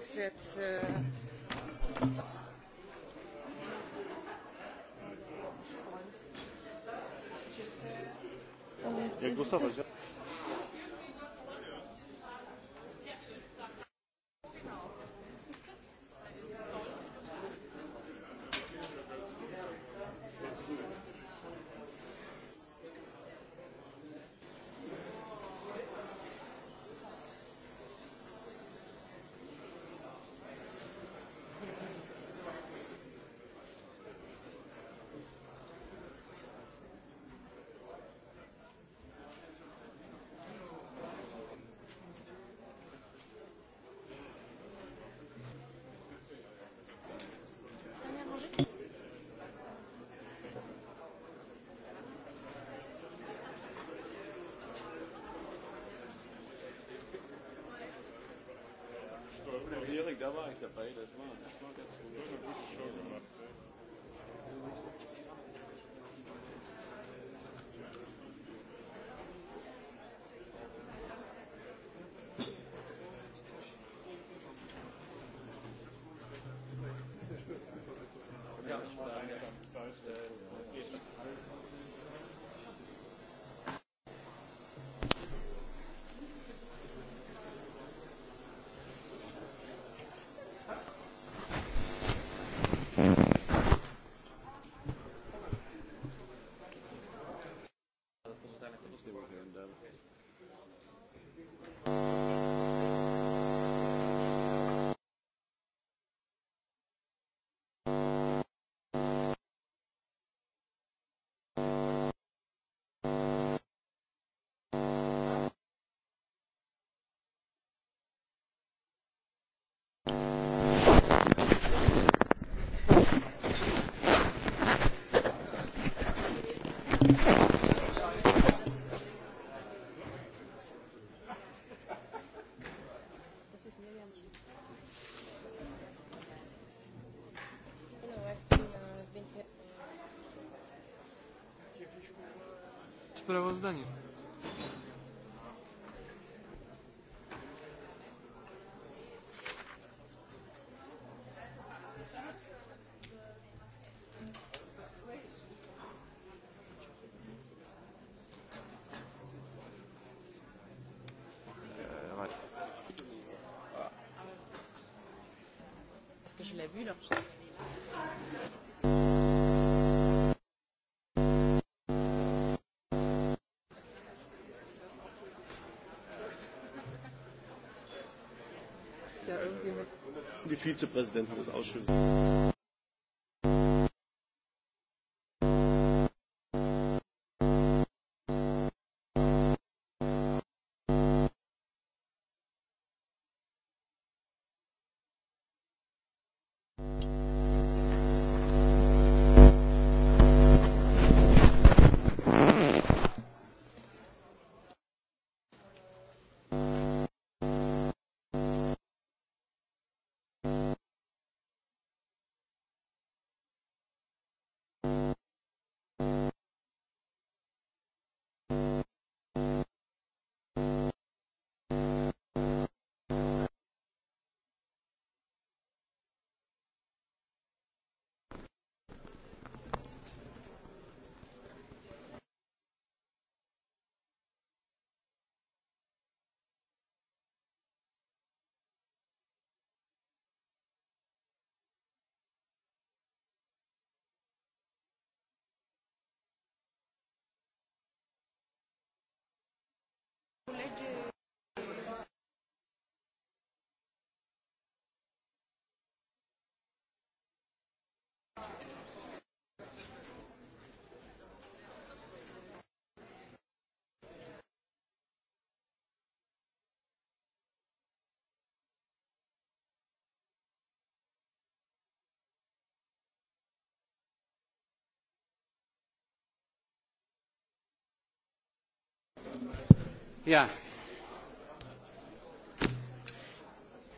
c'est jetzt äh, Jak Erik, da war ich dabei, das war, das war ganz gut. Das hat richtig Show gemacht. Ja, ich war sprawozdanie. Euh, je l'ai vu, leur die Vizepräsidentin des Ausschusses.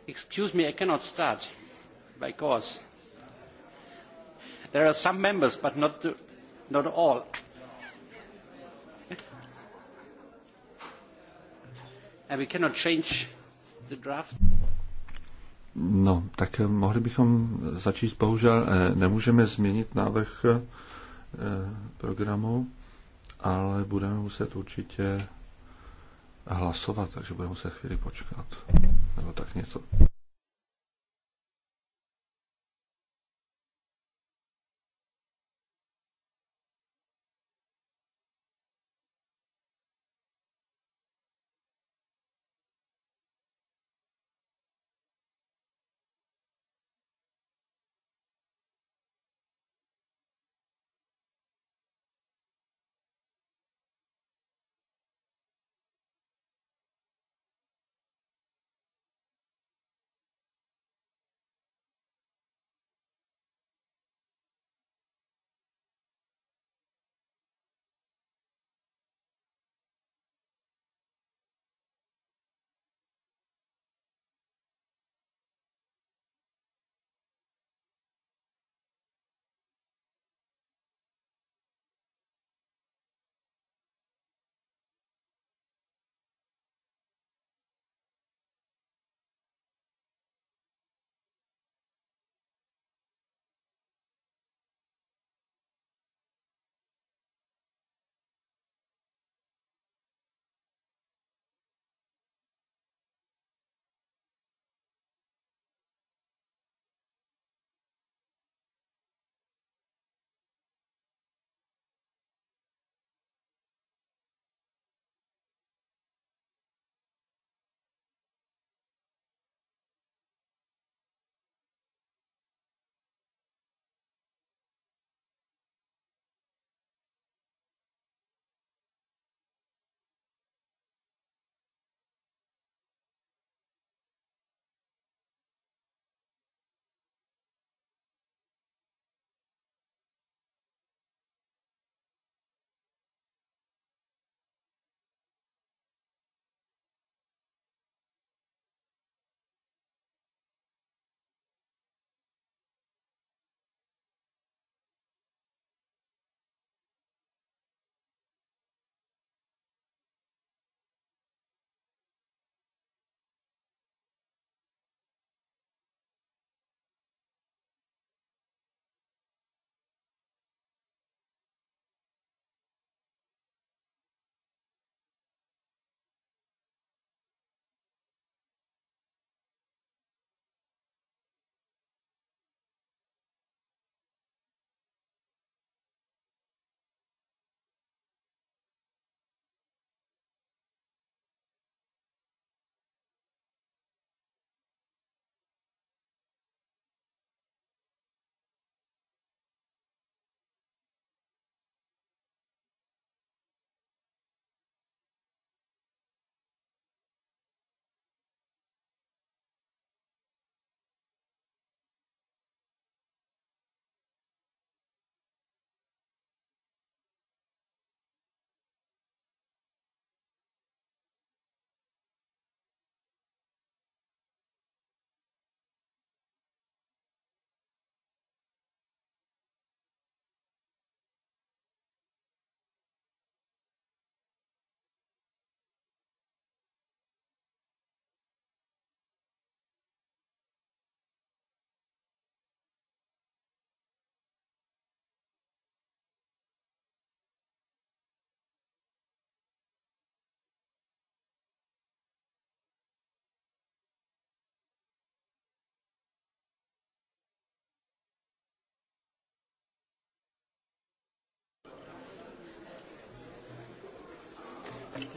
Excuse me, I cannot start because there are some members, but not, the, not all. and we cannot change the draft. No, tak eh, mohli bychom začít, bohužel eh, nemůžeme změnit návrh eh, programu, ale budeme muset určitě hlasovat, takže budeme muset chvíli počkat. Nebo tak něco.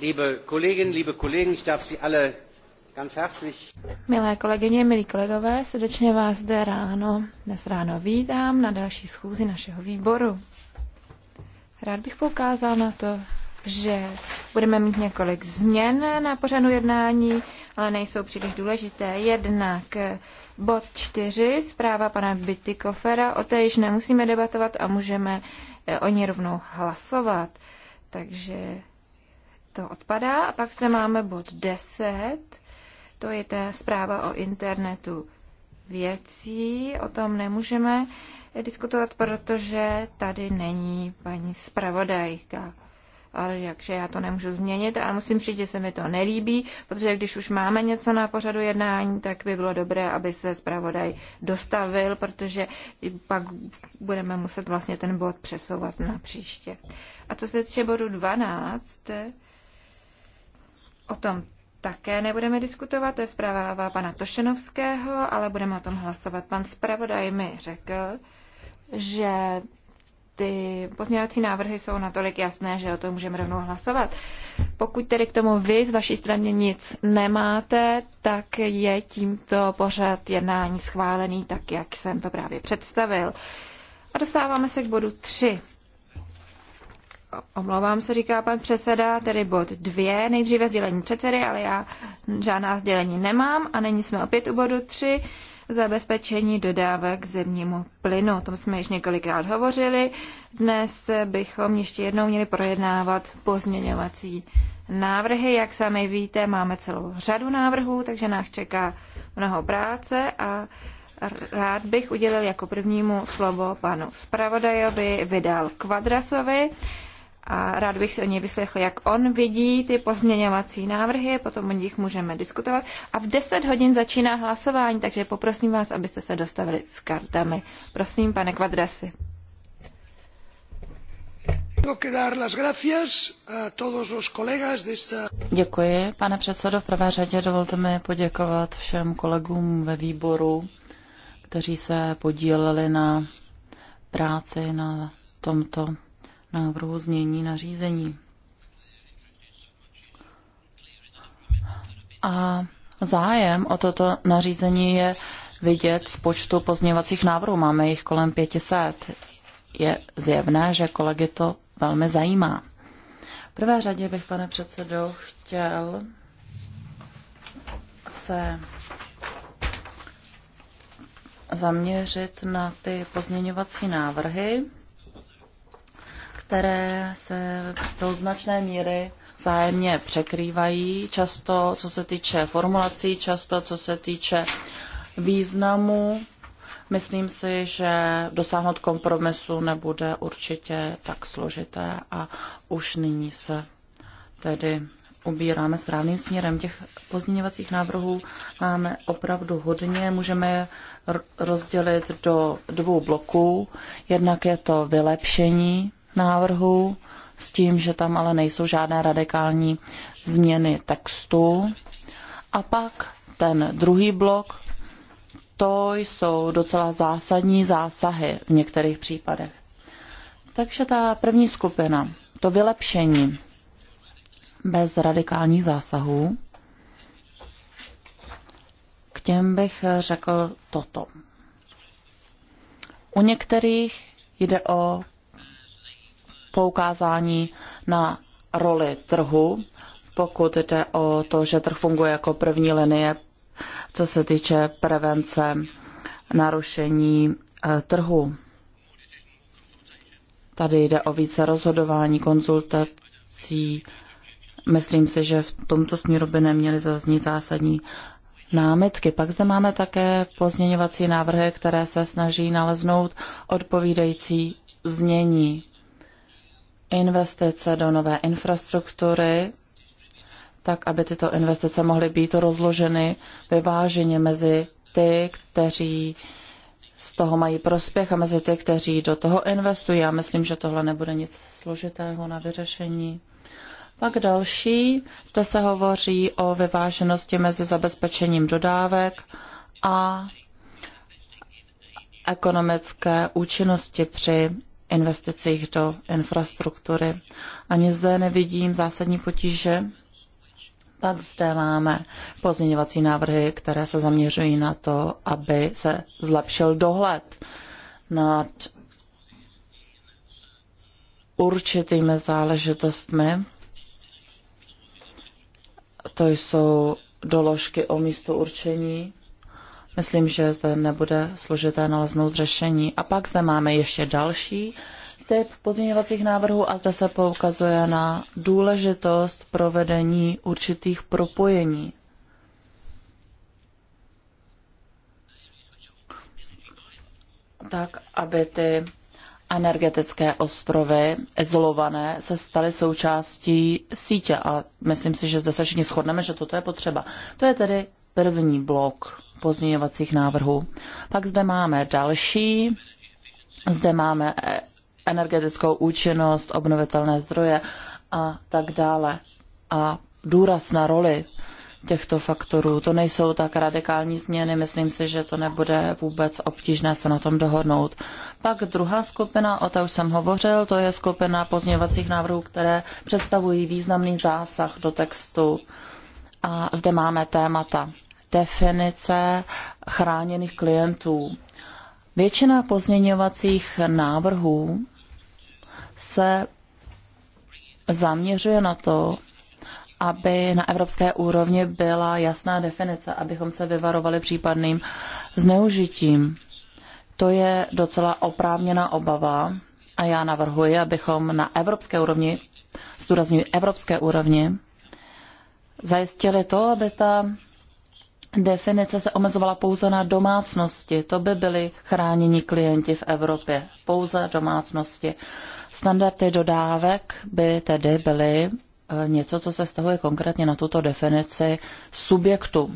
Liebe Kolleginnen, liebe Kollegen, ich darf Sie alle ganz herzlich. Milé kolegyně, milí kolegové, srdečně vás zde ráno, dnes ráno vítám na další schůzi našeho výboru. Rád bych poukázal na to, že budeme mít několik změn na pořadu jednání, ale nejsou příliš důležité. Jednak bod čtyři, zpráva pana Bitykofera, o té již nemusíme debatovat a můžeme eh, o ní rovnou hlasovat. Takže to odpadá. A pak zde máme bod 10, to je ta zpráva o internetu věcí, o tom nemůžeme diskutovat, protože tady není paní zpravodajka. Ale jakže já to nemůžu změnit a musím říct, že se mi to nelíbí, protože když už máme něco na pořadu jednání, tak by bylo dobré, aby se zpravodaj dostavil, protože pak budeme muset vlastně ten bod přesouvat na příště. A co se týče bodu 12, O tom také nebudeme diskutovat, to je zpráva pana Tošenovského, ale budeme o tom hlasovat. Pan zpravodaj mi řekl, že ty pozměňovací návrhy jsou natolik jasné, že o tom můžeme rovnou hlasovat. Pokud tedy k tomu vy z vaší strany nic nemáte, tak je tímto pořad jednání schválený tak, jak jsem to právě představil. A dostáváme se k bodu 3 omlouvám se, říká pan předseda, tedy bod dvě, nejdříve sdělení předsedy, ale já žádná sdělení nemám a nyní jsme opět u bodu tři, zabezpečení dodávek zemnímu plynu. O tom jsme již několikrát hovořili. Dnes bychom ještě jednou měli projednávat pozměňovací návrhy. Jak sami víte, máme celou řadu návrhů, takže nás čeká mnoho práce a rád bych udělil jako prvnímu slovo panu zpravodajovi Vidal Kvadrasovi a rád bych si o něj vyslechl, jak on vidí ty pozměňovací návrhy, potom o nich můžeme diskutovat. A v 10 hodin začíná hlasování, takže poprosím vás, abyste se dostavili s kartami. Prosím, pane Kvadrasi. Děkuji, pane předsedo. V prvé řadě dovolte mi poděkovat všem kolegům ve výboru, kteří se podíleli na práci na tomto návrhu znění nařízení. A zájem o toto nařízení je vidět z počtu pozměňovacích návrhů. Máme jich kolem 500. Je zjevné, že kolegy to velmi zajímá. V prvé řadě bych, pane předsedo, chtěl se zaměřit na ty pozměňovací návrhy které se do značné míry zájemně překrývají, často co se týče formulací, často co se týče významu. Myslím si, že dosáhnout kompromisu nebude určitě tak složité a už nyní se tedy ubíráme správným směrem. Těch pozměňovacích návrhů máme opravdu hodně. Můžeme je rozdělit do dvou bloků. Jednak je to vylepšení návrhů, s tím, že tam ale nejsou žádné radikální změny textu. A pak ten druhý blok, to jsou docela zásadní zásahy v některých případech. Takže ta první skupina, to vylepšení bez radikálních zásahů, k těm bych řekl toto. U některých jde o poukázání na roli trhu, pokud jde o to, že trh funguje jako první linie, co se týče prevence narušení e, trhu. Tady jde o více rozhodování, konzultací. Myslím si, že v tomto směru by neměly zaznít zásadní námitky. Pak zde máme také pozměňovací návrhy, které se snaží naleznout odpovídající znění investice do nové infrastruktury, tak aby tyto investice mohly být rozloženy vyváženě mezi ty, kteří z toho mají prospěch a mezi ty, kteří do toho investují. Já myslím, že tohle nebude nic složitého na vyřešení. Pak další, zde se hovoří o vyváženosti mezi zabezpečením dodávek a ekonomické účinnosti při investicích do infrastruktury. Ani zde nevidím zásadní potíže. Pak zde máme pozměňovací návrhy, které se zaměřují na to, aby se zlepšil dohled nad určitými záležitostmi. To jsou doložky o místu určení Myslím, že zde nebude složité naleznout řešení. A pak zde máme ještě další typ pozměňovacích návrhů a zde se poukazuje na důležitost provedení určitých propojení. Tak, aby ty energetické ostrovy izolované se staly součástí sítě a myslím si, že zde se všichni shodneme, že toto je potřeba. To je tedy první blok pozměňovacích návrhů. Pak zde máme další, zde máme e, energetickou účinnost, obnovitelné zdroje a tak dále. A důraz na roli těchto faktorů. To nejsou tak radikální změny, myslím si, že to nebude vůbec obtížné se na tom dohodnout. Pak druhá skupina, o té už jsem hovořil, to je skupina pozměňovacích návrhů, které představují významný zásah do textu. A zde máme témata definice chráněných klientů. Většina pozměňovacích návrhů se zaměřuje na to, aby na evropské úrovni byla jasná definice, abychom se vyvarovali případným zneužitím. To je docela oprávněná obava a já navrhuji, abychom na evropské úrovni, zdůraznuju evropské úrovni, zajistili to, aby ta definice se omezovala pouze na domácnosti. To by byly chráněni klienti v Evropě. Pouze domácnosti. Standardy dodávek by tedy byly eh, něco, co se stahuje konkrétně na tuto definici subjektu.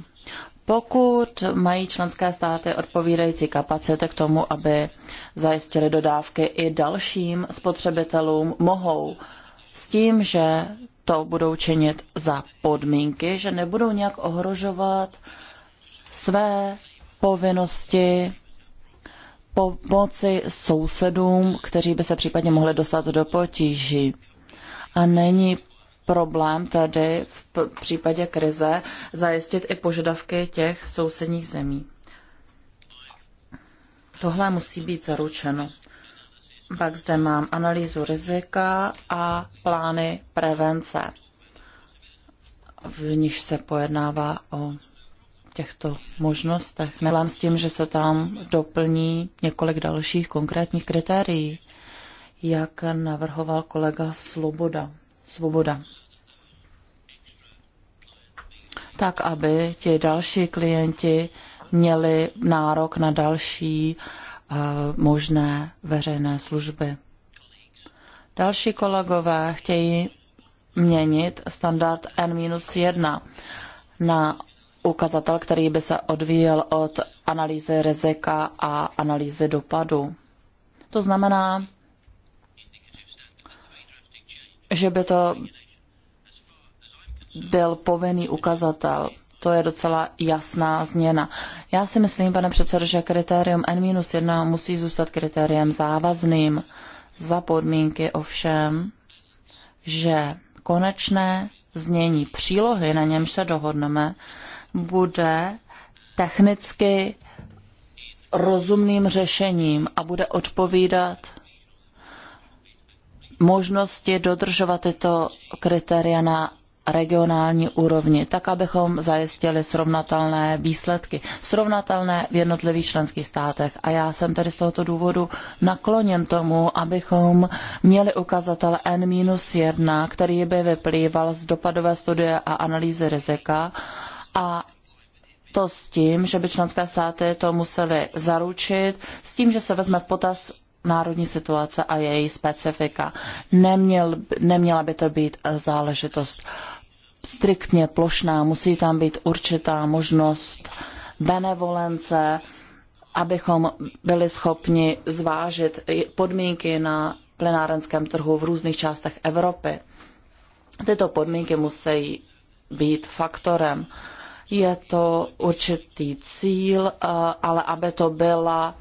Pokud mají členské státy odpovídající kapacity k tomu, aby zajistili dodávky i dalším spotřebitelům, mohou s tím, že to budou činit za podmínky, že nebudou nějak ohrožovat uh, své povinnosti pomoci sousedům, kteří by se případně mohli dostat do potíží. A není problém tedy v případě krize zajistit i požadavky těch sousedních zemí. Tohle musí být zaručeno. Pak zde mám analýzu rizika a plány prevence, v níž se pojednává o těchto možnostech. Nelám s tím, že se tam doplní několik dalších konkrétních kritérií, jak navrhoval kolega Sloboda. Svoboda. Tak, aby ti další klienti měli nárok na další uh, možné veřejné služby. Další kolegové chtějí měnit standard N-1 na ukazatel, který by se odvíjel od analýzy rizika a analýzy dopadu. To znamená, že by to byl povinný ukazatel. To je docela jasná změna. Já si myslím, pane předsedo, že kritérium N-1 musí zůstat kritériem závazným za podmínky ovšem, že konečné znění přílohy, na němž se dohodneme, bude technicky rozumným řešením a bude odpovídat možnosti dodržovat tyto kritéria na regionální úrovni, tak abychom zajistili srovnatelné výsledky, srovnatelné v jednotlivých členských státech. A já jsem tedy z tohoto důvodu nakloněn tomu, abychom měli ukazatel N-1, který by vyplýval z dopadové studie a analýzy rizika a to s tím, že by členské státy to musely zaručit, s tím, že se vezme v potaz národní situace a její specifika. Neměl, neměla by to být záležitost striktně plošná, musí tam být určitá možnost benevolence, abychom byli schopni zvážit podmínky na plenárenském trhu v různých částech Evropy. Tyto podmínky musí být faktorem. Je to určitý cíl, eh, ale aby to byla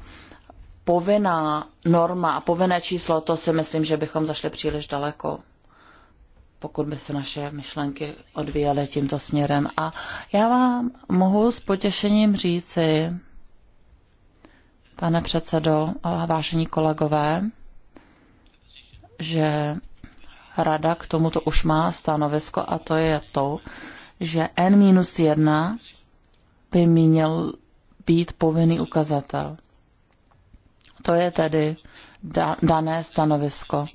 povinná norma a povinné číslo, to si myslím, že bychom zašli příliš daleko pokud by se naše myšlenky odvíjely tímto směrem. A já vám mohu s potěšením říci, pane předsedo a vážení kolegové, že rada k tomuto už má stanovisko a to je to, že n-1 minus by měl být povinný ukazatel. To je tedy da- dané stanovisko.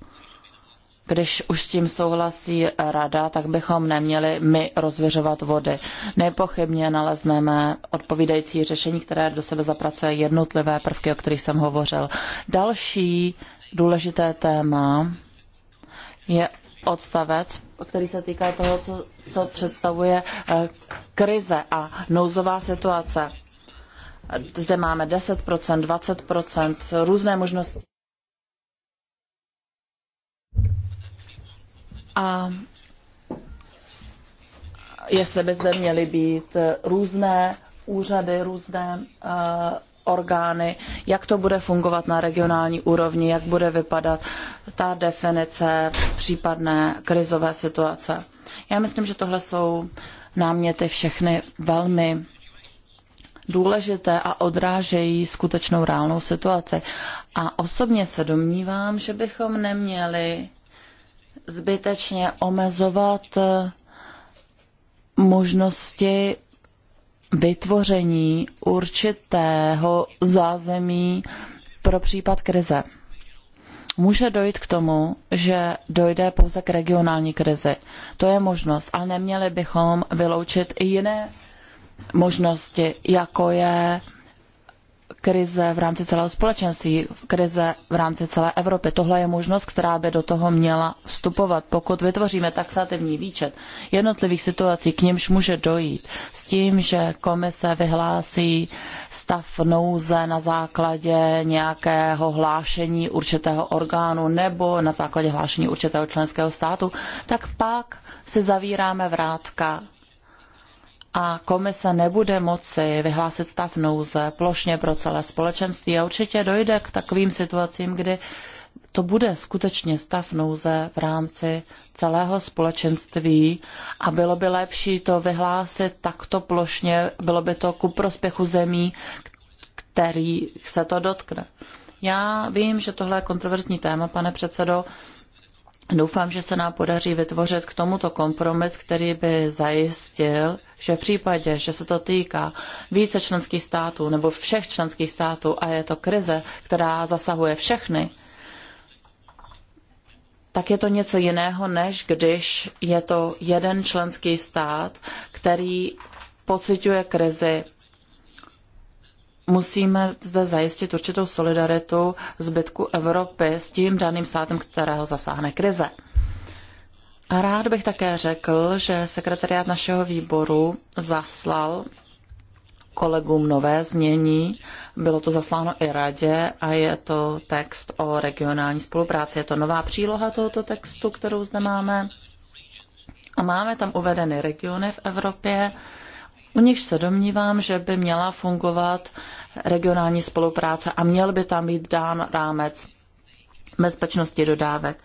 Když už s tím souhlasí rada, tak bychom neměli my rozvěřovat vody. Nepochybně nalezneme odpovídající řešení, které do sebe zapracuje jednotlivé prvky, o kterých jsem hovořil. Další důležité téma je odstavec, který se týká toho, co, co představuje eh, krize a nouzová situace. Zde máme 10%, 20%, různé možnosti. A jestli by zde měly být různé úřady, různé eh, orgány, jak to bude fungovat na regionální úrovni, jak bude vypadat ta definice případné krizové situace. Já myslím, že tohle jsou náměty všechny velmi důležité a odrážejí skutečnou reálnou situaci. A osobně se domnívám, že bychom neměli zbytečně omezovat možnosti vytvoření určitého zázemí pro případ krize. Může dojít k tomu, že dojde pouze k regionální krizi. To je možnost, ale neměli bychom vyloučit i jiné možnosti, jako je krize v rámci celého společenství, krize v rámci celé Evropy. Tohle je možnost, která by do toho měla vstupovat, pokud vytvoříme taxativní výčet jednotlivých situací, k nimž může dojít, s tím, že komise vyhlásí stav nouze na základě nějakého hlášení určitého orgánu nebo na základě hlášení určitého členského státu, tak pak si zavíráme vrátka a komise nebude moci vyhlásit stav nouze plošně pro celé společenství a určitě dojde k takovým situacím, kdy to bude skutečně stav nouze v rámci celého společenství a bylo by lepší to vyhlásit takto plošně, bylo by to ku prospěchu zemí, kterých se to dotkne. Já vím, že tohle je kontroverzní téma, pane předsedo, Doufám, že se nám podaří vytvořit k tomuto kompromis, který by zajistil, že v případě, že se to týká více členských států nebo všech členských států a je to krize, která zasahuje všechny, tak je to něco jiného, než když je to jeden členský stát, který pociťuje krizi musíme zde zajistit určitou solidaritu zbytku Evropy s tím daným státem, kterého zasáhne krize. A rád bych také řekl, že sekretariát našeho výboru zaslal kolegům nové znění. Bylo to zasláno i radě a je to text o regionální spolupráci. Je to nová příloha tohoto textu, kterou zde máme. A máme tam uvedeny regiony v Evropě u nich se domnívám, že by měla fungovat regionální spolupráce a měl by tam být dán rámec bezpečnosti dodávek.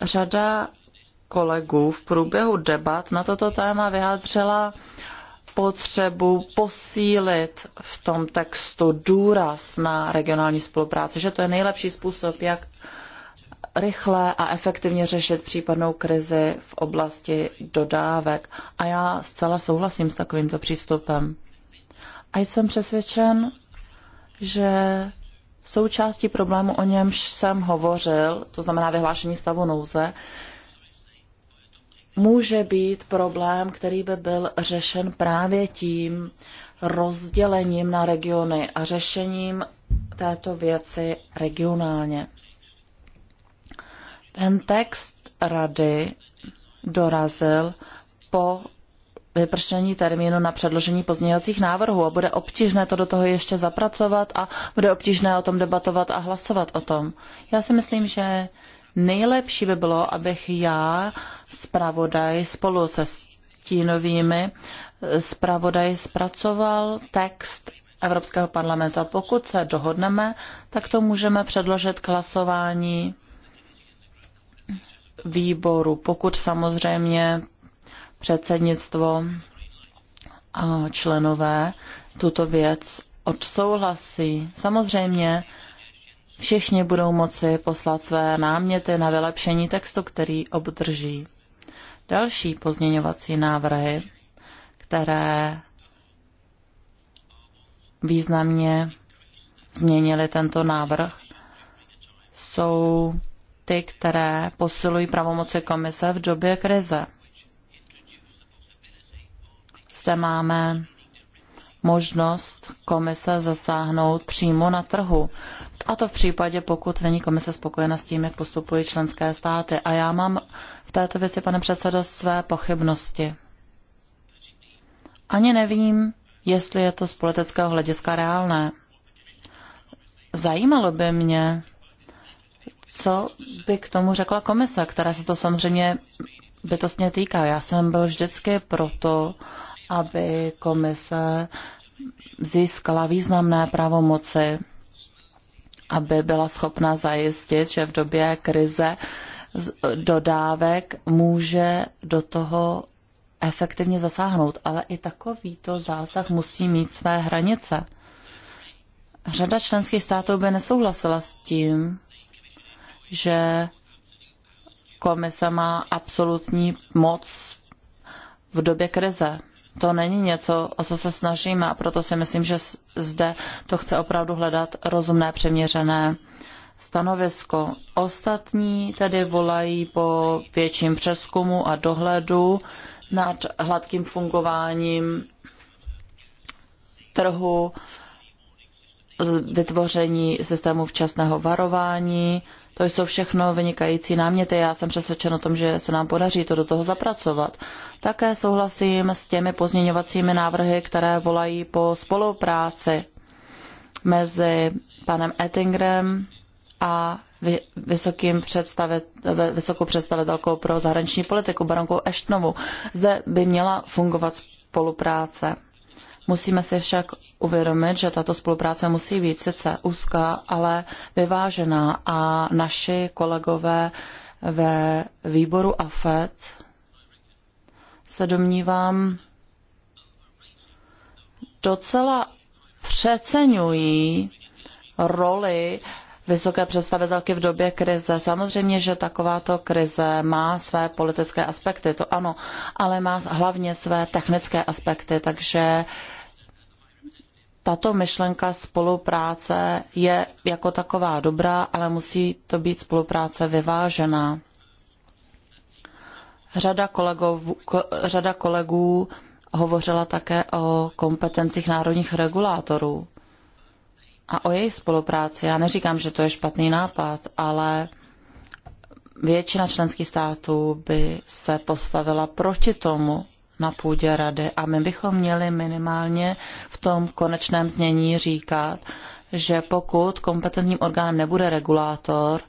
Řada kolegů v průběhu debat na toto téma vyjádřila potřebu posílit v tom textu důraz na regionální spolupráci, že to je nejlepší způsob, jak rychle a efektivně řešit případnou krizi v oblasti dodávek. A já zcela souhlasím s takovýmto přístupem. A jsem přesvědčen, že součástí problému, o němž jsem hovořil, to znamená vyhlášení stavu nouze, může být problém, který by byl řešen právě tím rozdělením na regiony a řešením této věci regionálně. Ten text rady dorazil po vypršení termínu na předložení pozměňovacích návrhů a bude obtížné to do toho ještě zapracovat a bude obtížné o tom debatovat a hlasovat o tom. Já si myslím, že nejlepší by bylo, abych já, zpravodaj, spolu se stínovými, zpravodaj zpracoval text Evropského parlamentu a pokud se dohodneme, tak to můžeme předložit k hlasování výboru, pokud samozřejmě předsednictvo a členové tuto věc odsouhlasí. Samozřejmě všichni budou moci poslat své náměty na vylepšení textu, který obdrží. Další pozměňovací návrhy, které významně změnily tento návrh, jsou ty, které posilují pravomoci komise v době krize. Zde máme možnost komise zasáhnout přímo na trhu. A to v případě, pokud není komise spokojena s tím, jak postupují členské státy. A já mám v této věci, pane předsedo, své pochybnosti. Ani nevím, jestli je to z politického hlediska reálné. Zajímalo by mě, co by k tomu řekla komise, která se to samozřejmě bytostně týká. Já jsem byl vždycky proto, aby komise získala významné pravomoci, aby byla schopna zajistit, že v době krize dodávek může do toho efektivně zasáhnout. Ale i takovýto zásah musí mít své hranice. Řada členských států by nesouhlasila s tím, že komise má absolutní moc v době krize. To není něco, o co se snažíme a proto si myslím, že zde to chce opravdu hledat rozumné, přeměřené stanovisko. Ostatní tedy volají po větším přeskumu a dohledu nad hladkým fungováním trhu, vytvoření systému včasného varování, to jsou všechno vynikající náměty. Já jsem přesvědčen o tom, že se nám podaří to do toho zapracovat. Také souhlasím s těmi pozměňovacími návrhy, které volají po spolupráci mezi panem Ettingrem a vysokým představit, vysokou představitelkou pro zahraniční politiku, baronkou Eštnovou. Zde by měla fungovat spolupráce. Musíme si však uvědomit, že tato spolupráce musí být sice úzká, ale vyvážená a naši kolegové ve výboru AFET se domnívám docela přeceňují roli vysoké představitelky v době krize. Samozřejmě, že takováto krize má své politické aspekty, to ano, ale má hlavně své technické aspekty, takže tato myšlenka spolupráce je jako taková dobrá, ale musí to být spolupráce vyvážená. Řada, kolegov, řada kolegů hovořila také o kompetencích národních regulátorů a o jejich spolupráci. Já neříkám, že to je špatný nápad, ale většina členských států by se postavila proti tomu, na půdě rady a my bychom měli minimálně v tom konečném znění říkat, že pokud kompetentním orgánem nebude regulátor,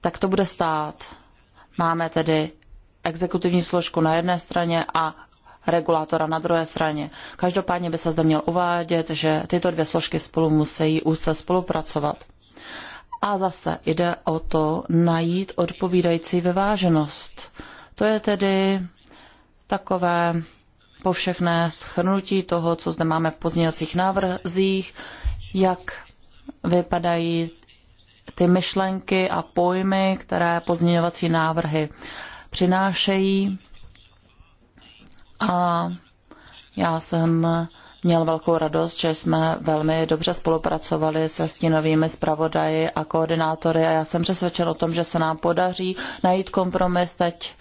tak to bude stát. Máme tedy exekutivní složku na jedné straně a regulátora na druhé straně. Každopádně by se zde měl uvádět, že tyto dvě složky spolu musí úzce spolupracovat. A zase jde o to najít odpovídající vyváženost. To je tedy takové povšechné schrnutí toho, co zde máme v pozdějacích návrzích, jak vypadají ty myšlenky a pojmy, které pozměňovací návrhy přinášejí. A já jsem měl velkou radost, že jsme velmi dobře spolupracovali se stínovými zpravodaji a koordinátory a já jsem přesvědčen o tom, že se nám podaří najít kompromis teď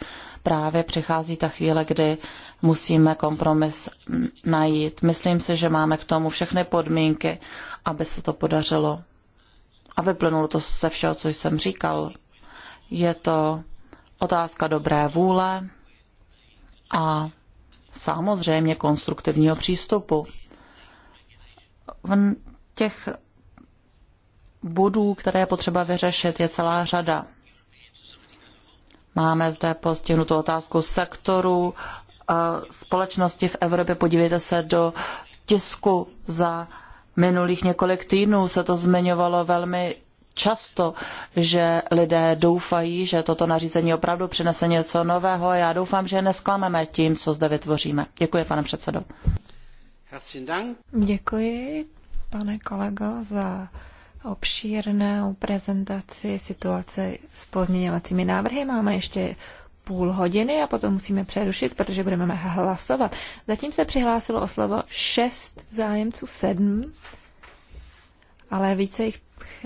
právě přichází ta chvíle, kdy musíme kompromis najít. Myslím si, že máme k tomu všechny podmínky, aby se to podařilo. A vyplynulo to se všeho, co jsem říkal. Je to otázka dobré vůle a samozřejmě konstruktivního přístupu. V těch bodů, které je potřeba vyřešit, je celá řada. Máme zde postihnutou otázku sektoru eh, společnosti v Evropě. Podívejte se do tisku za minulých několik týdnů se to zmiňovalo velmi často, že lidé doufají, že toto nařízení opravdu přinese něco nového a já doufám, že je nesklameme tím, co zde vytvoříme. Děkuji, pane předsedo. Děkuji, pane kolego, za obšírnou prezentaci situace s pozměňovacími návrhy. Máme ještě půl hodiny a potom musíme přerušit, protože budeme hlasovat. Zatím se přihlásilo o slovo šest zájemců, sedm, ale více jich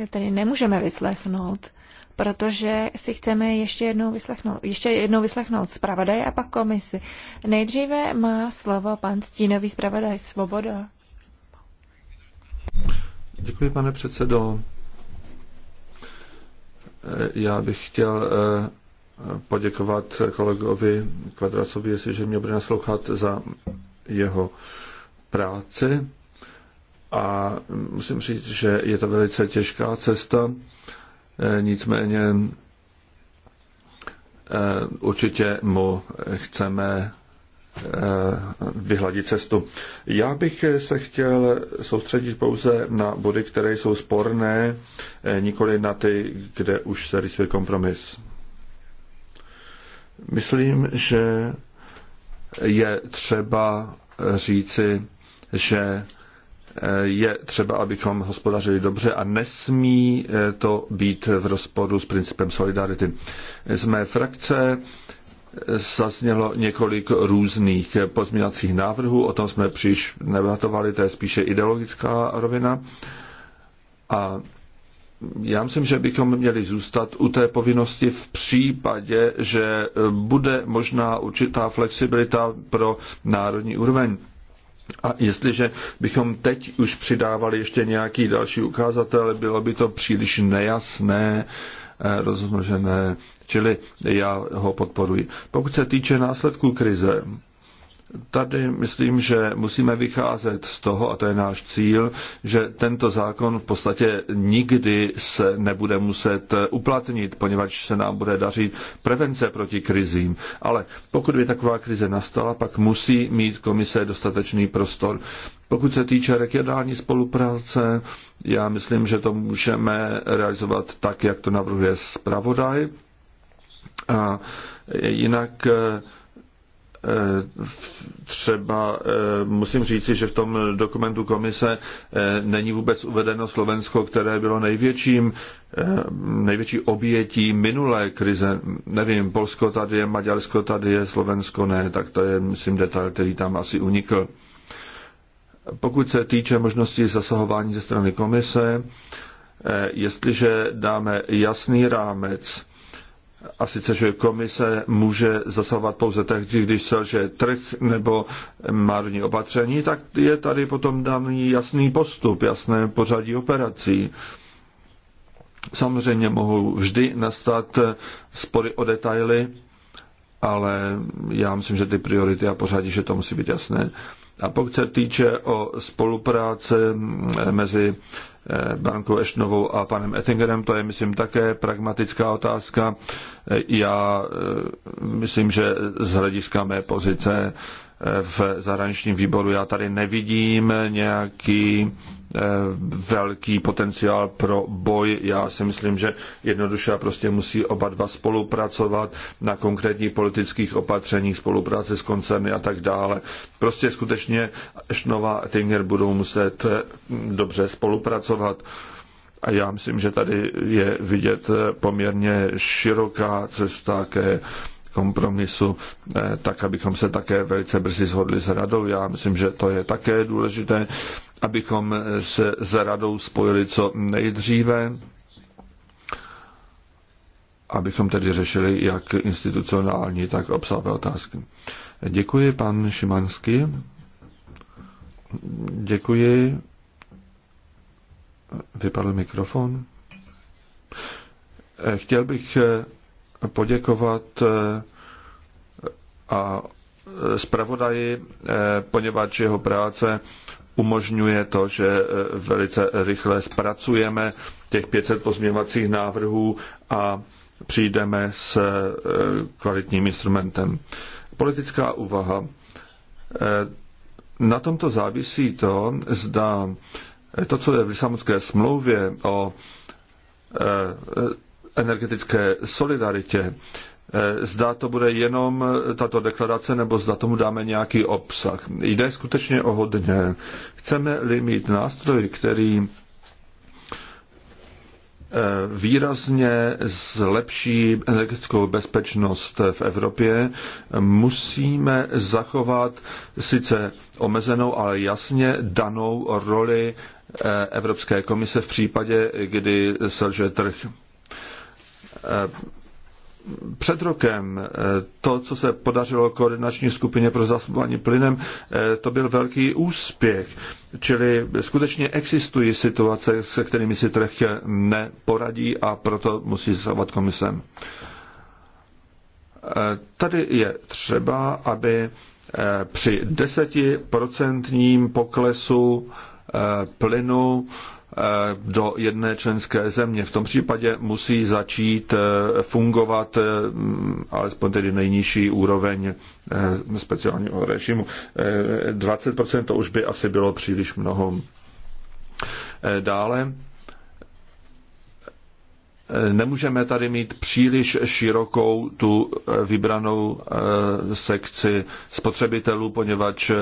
tedy nemůžeme vyslechnout, protože si chceme ještě jednou vyslechnout, ještě jednou vyslechnout zpravodaj a pak komisi. Nejdříve má slovo pan stínový zpravodaj Svoboda. Děkuji, pane předsedo. Eh, já bych chtěl eh, poděkovat kolegovi Kvadrasovi, jestliže mě bude naslouchat za jeho práci. A musím říct, že je to velice těžká cesta. Eh, nicméně určitě mu chceme Eh, vyhladí cestu. Já bych se chtěl soustředit pouze na body, které jsou sporné, eh, nikoli na ty, kde už se rysuje kompromis. Myslím, že je třeba říci, že eh, je třeba, abychom hospodařili dobře a nesmí to být v rozporu s principem solidarity. Z mé frakce zaznělo několik různých pozměňovacích návrhů, o tom jsme příliš nevatovali, to je spíše ideologická rovina. A já myslím, že bychom měli zůstat u té povinnosti v případě, že bude možná určitá flexibilita pro národní úroveň. A jestliže bychom teď už přidávali ještě nějaký další ukazatel, bylo by to příliš nejasné Eh, rozmnožené, čili já ho podporuji. Pokud se týče následků krize, Tady myslím, že musíme vycházet z toho, a to je náš cíl, že tento zákon v podstatě nikdy se nebude muset uplatnit, poněvadž se nám bude dařit prevence proti krizím. Ale pokud by taková krize nastala, pak musí mít komise dostatečný prostor. Pokud se týče regionální spolupráce, já myslím, že to můžeme realizovat tak, jak to navrhuje zpravodaj. A jinak Eh, třeba eh, musím říci, že v tom dokumentu komise eh, není vůbec uvedeno Slovensko, které bylo největším, největší obětí minulé krize. Nevím, Polsko tady je, Maďarsko tady je, Slovensko ne, tak to je, myslím, detail, který tam asi unikl. Pokud se týče možnosti zasahování ze strany komise, jestliže dáme jasný rámec, a sice, že komise může zasahovat pouze tehdy, když selže trh nebo marní opatření, tak je tady potom daný jasný postup, jasné pořadí operací. Samozřejmě mohou vždy nastat spory o detaily, ale já myslím, že ty priority a pořadí, že to musí být jasné. A pokud se týče o spolupráce mezi Eh, Brankou Eštnovou a panem Ettingerem. To je, myslím, také pragmatická otázka. Já eh, myslím, že z hlediska mé pozice v zahraničním výboru. Já tady nevidím nějaký eh, velký potenciál pro boj. Já si myslím, že jednoduše a prostě musí oba dva spolupracovat na konkrétních politických opatřeních, spolupráce s koncerny a tak dále. Prostě skutečně Šnova a Tinger budou muset eh, dobře spolupracovat. A já myslím, že tady je vidět eh, poměrně široká cesta ke kompromisu, eh, tak abychom se také velice brzy shodli s radou. Já myslím, že to je také důležité, abychom eh, se s radou spojili co nejdříve, abychom tedy řešili jak institucionální, tak obsahové otázky. Děkuji, pan Šimanský. Děkuji. Vypadl mikrofon. Eh, chtěl bych poděkovat eh, a eh, zpravodaji, eh, poněvadž jeho práce umožňuje to, že velice rychle zpracujeme těch 500 pozměňovacích návrhů a přijdeme s kvalitním instrumentem. Politická úvaha. Na tomto závisí to, zda to, co je v Lisabonské smlouvě o energetické solidaritě, eh, zda to bude jenom tato deklarace, nebo zda tomu dáme nějaký obsah. Jde skutečně o hodně. Chceme-li mít nástroj, který eh, výrazně zlepší energetickou bezpečnost v Evropě, musíme zachovat sice omezenou, ale jasně danou roli eh, Evropské komise v případě, kdy selže trh. Eh, před rokem eh, to, co se podařilo koordinační skupině pro zásobování plynem, eh, to byl velký úspěch. Čili skutečně existují situace, se kterými si trh neporadí a proto musí zasahovat komisem. Tady je třeba, aby při desetiprocentním poklesu plynu Eh, do jedné členské země. V tom případě musí začít eh, fungovat eh, mm, alespoň tedy nejnižší úroveň speciálního režimu. 20% to už by asi bylo příliš mnoho. Dále nemůžeme tady mít příliš širokou tu vybranou eh, sekci spotřebitelů, poněvadž eh,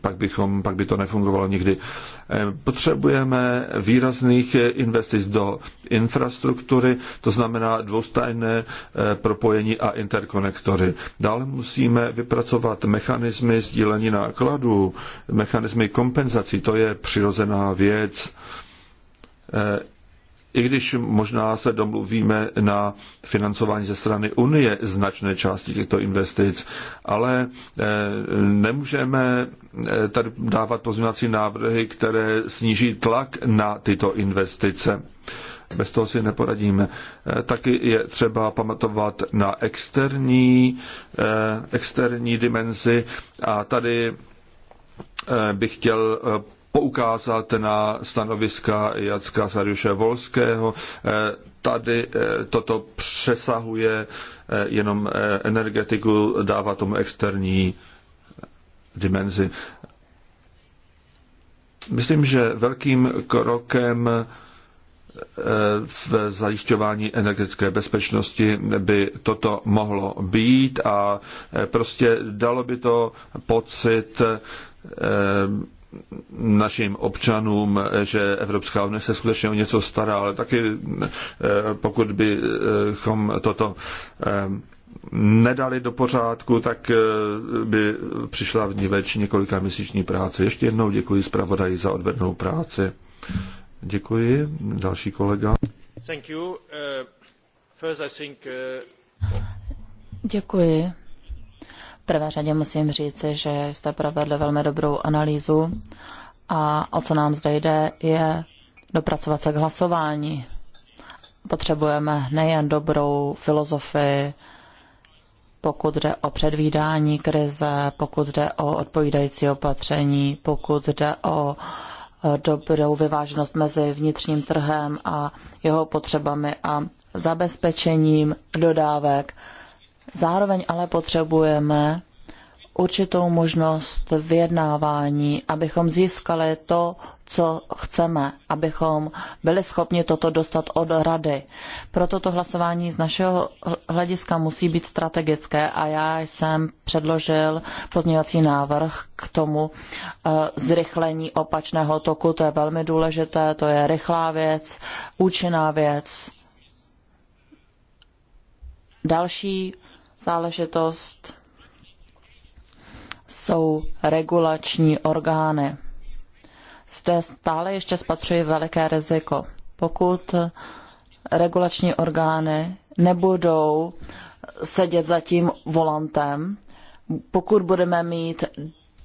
pak, bychom, pak by to nefungovalo nikdy. Eh, potřebujeme výrazných investic do infrastruktury, to znamená dvoustajné propojení a interkonektory. Dále musíme vypracovat mechanismy sdílení nákladů, mechanismy kompenzací, to je přirozená věc i když možná se domluvíme na financování ze strany Unie značné části těchto investic, ale eh, nemůžeme eh, tady dávat pozměňovací návrhy, které sníží tlak na tyto investice. Bez toho si neporadíme. Eh, taky je třeba pamatovat na externí, externí dimenzi a tady bych chtěl poukázat na stanoviska Jacka Sariuše Volského. Eh, tady eh, toto přesahuje eh, jenom energetiku, dává tomu externí dimenzi. Myslím, že velkým krokem v zajišťování energetické bezpečnosti by toto mohlo být a prostě dalo by to pocit našim občanům, že Evropská unie se skutečně o něco stará, ale taky eh, pokud bychom toto eh, nedali do pořádku, tak eh, by přišla v ní něveč několika měsíční práce. Ještě jednou děkuji zpravodaji za odvednou práci. Děkuji. Další kolega. Uh, uh, děkuji prvé řadě musím říct, že jste provedli velmi dobrou analýzu a o co nám zde jde, je dopracovat se k hlasování. Potřebujeme nejen dobrou filozofii, pokud jde o předvídání krize, pokud jde o odpovídající opatření, pokud jde o e, dobrou vyváženost mezi vnitřním trhem a jeho potřebami a zabezpečením dodávek Zároveň ale potřebujeme určitou možnost vyjednávání, abychom získali to, co chceme, abychom byli schopni toto dostat od rady. Proto to hlasování z našeho hlediska musí být strategické a já jsem předložil pozměňovací návrh k tomu eh, zrychlení opačného toku. To je velmi důležité, to je rychlá věc, účinná věc. Další záležitost jsou regulační orgány. Zde stále ještě spatřuji veliké riziko. Pokud regulační orgány nebudou sedět za tím volantem, pokud budeme mít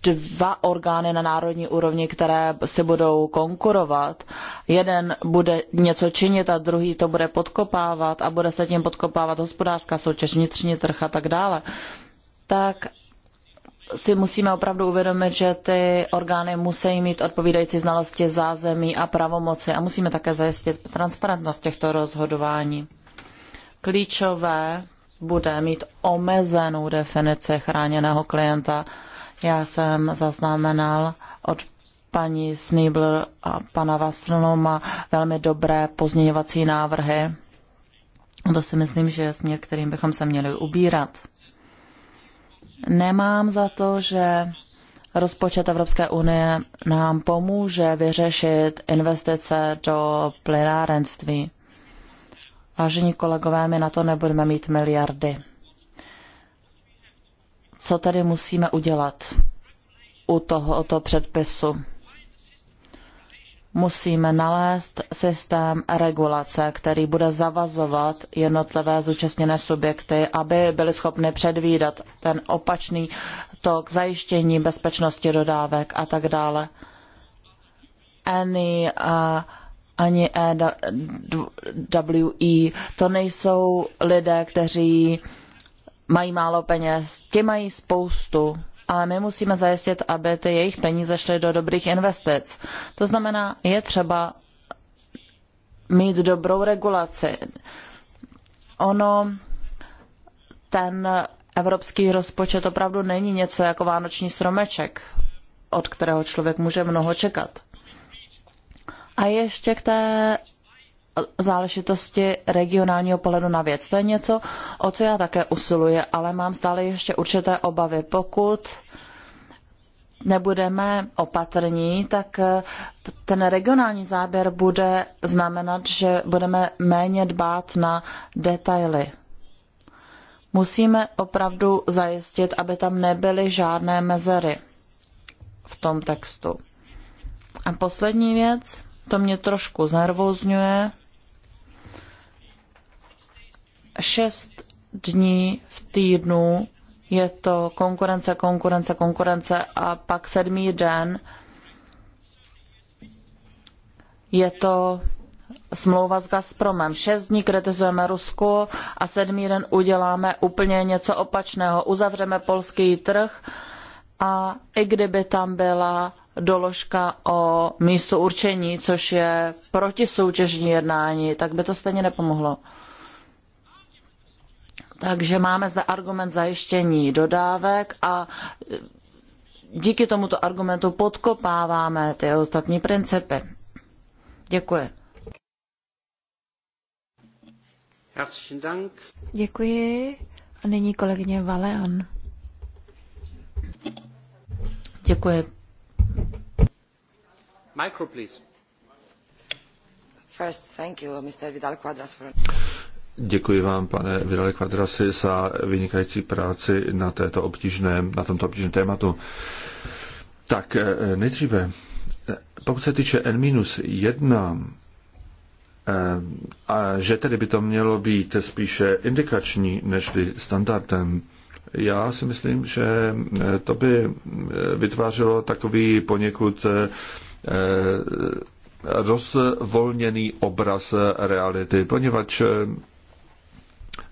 dva orgány na národní úrovni, které si budou konkurovat. Jeden bude něco činit a druhý to bude podkopávat a bude se tím podkopávat hospodářská soutěž, vnitřní trh a tak dále. Tak si musíme opravdu uvědomit, že ty orgány musí mít odpovídající znalosti zázemí a pravomoci a musíme také zajistit transparentnost těchto rozhodování. Klíčové bude mít omezenou definici chráněného klienta já jsem zaznamenal od paní Snibler a pana Vastronoma velmi dobré pozměňovací návrhy. To si myslím, že je směr, kterým bychom se měli ubírat. Nemám za to, že rozpočet Evropské unie nám pomůže vyřešit investice do plynárenství. Vážení kolegové, my na to nebudeme mít miliardy co tady musíme udělat u tohoto předpisu? Musíme nalézt systém regulace, který bude zavazovat jednotlivé zúčastněné subjekty, aby byly schopny předvídat ten opačný tok zajištění bezpečnosti dodávek a tak dále. Any, uh, ani EWE, e, to nejsou lidé, kteří mají málo peněz, ti mají spoustu, ale my musíme zajistit, aby ty jejich peníze šly do dobrých investic. To znamená, je třeba mít dobrou regulaci. Ono, ten evropský rozpočet opravdu není něco jako vánoční stromeček, od kterého člověk může mnoho čekat. A ještě k té záležitosti regionálního pohledu na věc. To je něco, o co já také usiluji, ale mám stále ještě určité obavy. Pokud nebudeme opatrní, tak eh, ten regionální záběr bude znamenat, že budeme méně dbát na detaily. Musíme opravdu zajistit, aby tam nebyly žádné mezery v tom textu. A poslední věc, to mě trošku znervozňuje, Šest dní v týdnu je to konkurence, konkurence, konkurence a pak sedmý den je to smlouva s Gazpromem. Šest dní kritizujeme Rusko a sedmý den uděláme úplně něco opačného. Uzavřeme polský trh a i kdyby tam byla doložka o místu určení, což je protisoutěžní jednání, tak by to stejně nepomohlo. Takže máme zde argument zajištění dodávek a e, díky tomuto argumentu podkopáváme ty ostatní principy. Děkuji. Děkuji. A nyní kolegyně Valean. Děkuji. Micro, please. First, thank you, Mr. Vidal Quadras, for... Děkuji vám, pane Vidale Kvadrasi, za vynikající práci na, této obtížném, na tomto obtížném tématu. Tak eh, nejdříve, eh, pokud se týče N-1, eh, a že tedy by to mělo být spíše indikační než standardem, já si myslím, že to by vytvářelo takový poněkud rozvolněný obraz reality, poněvadž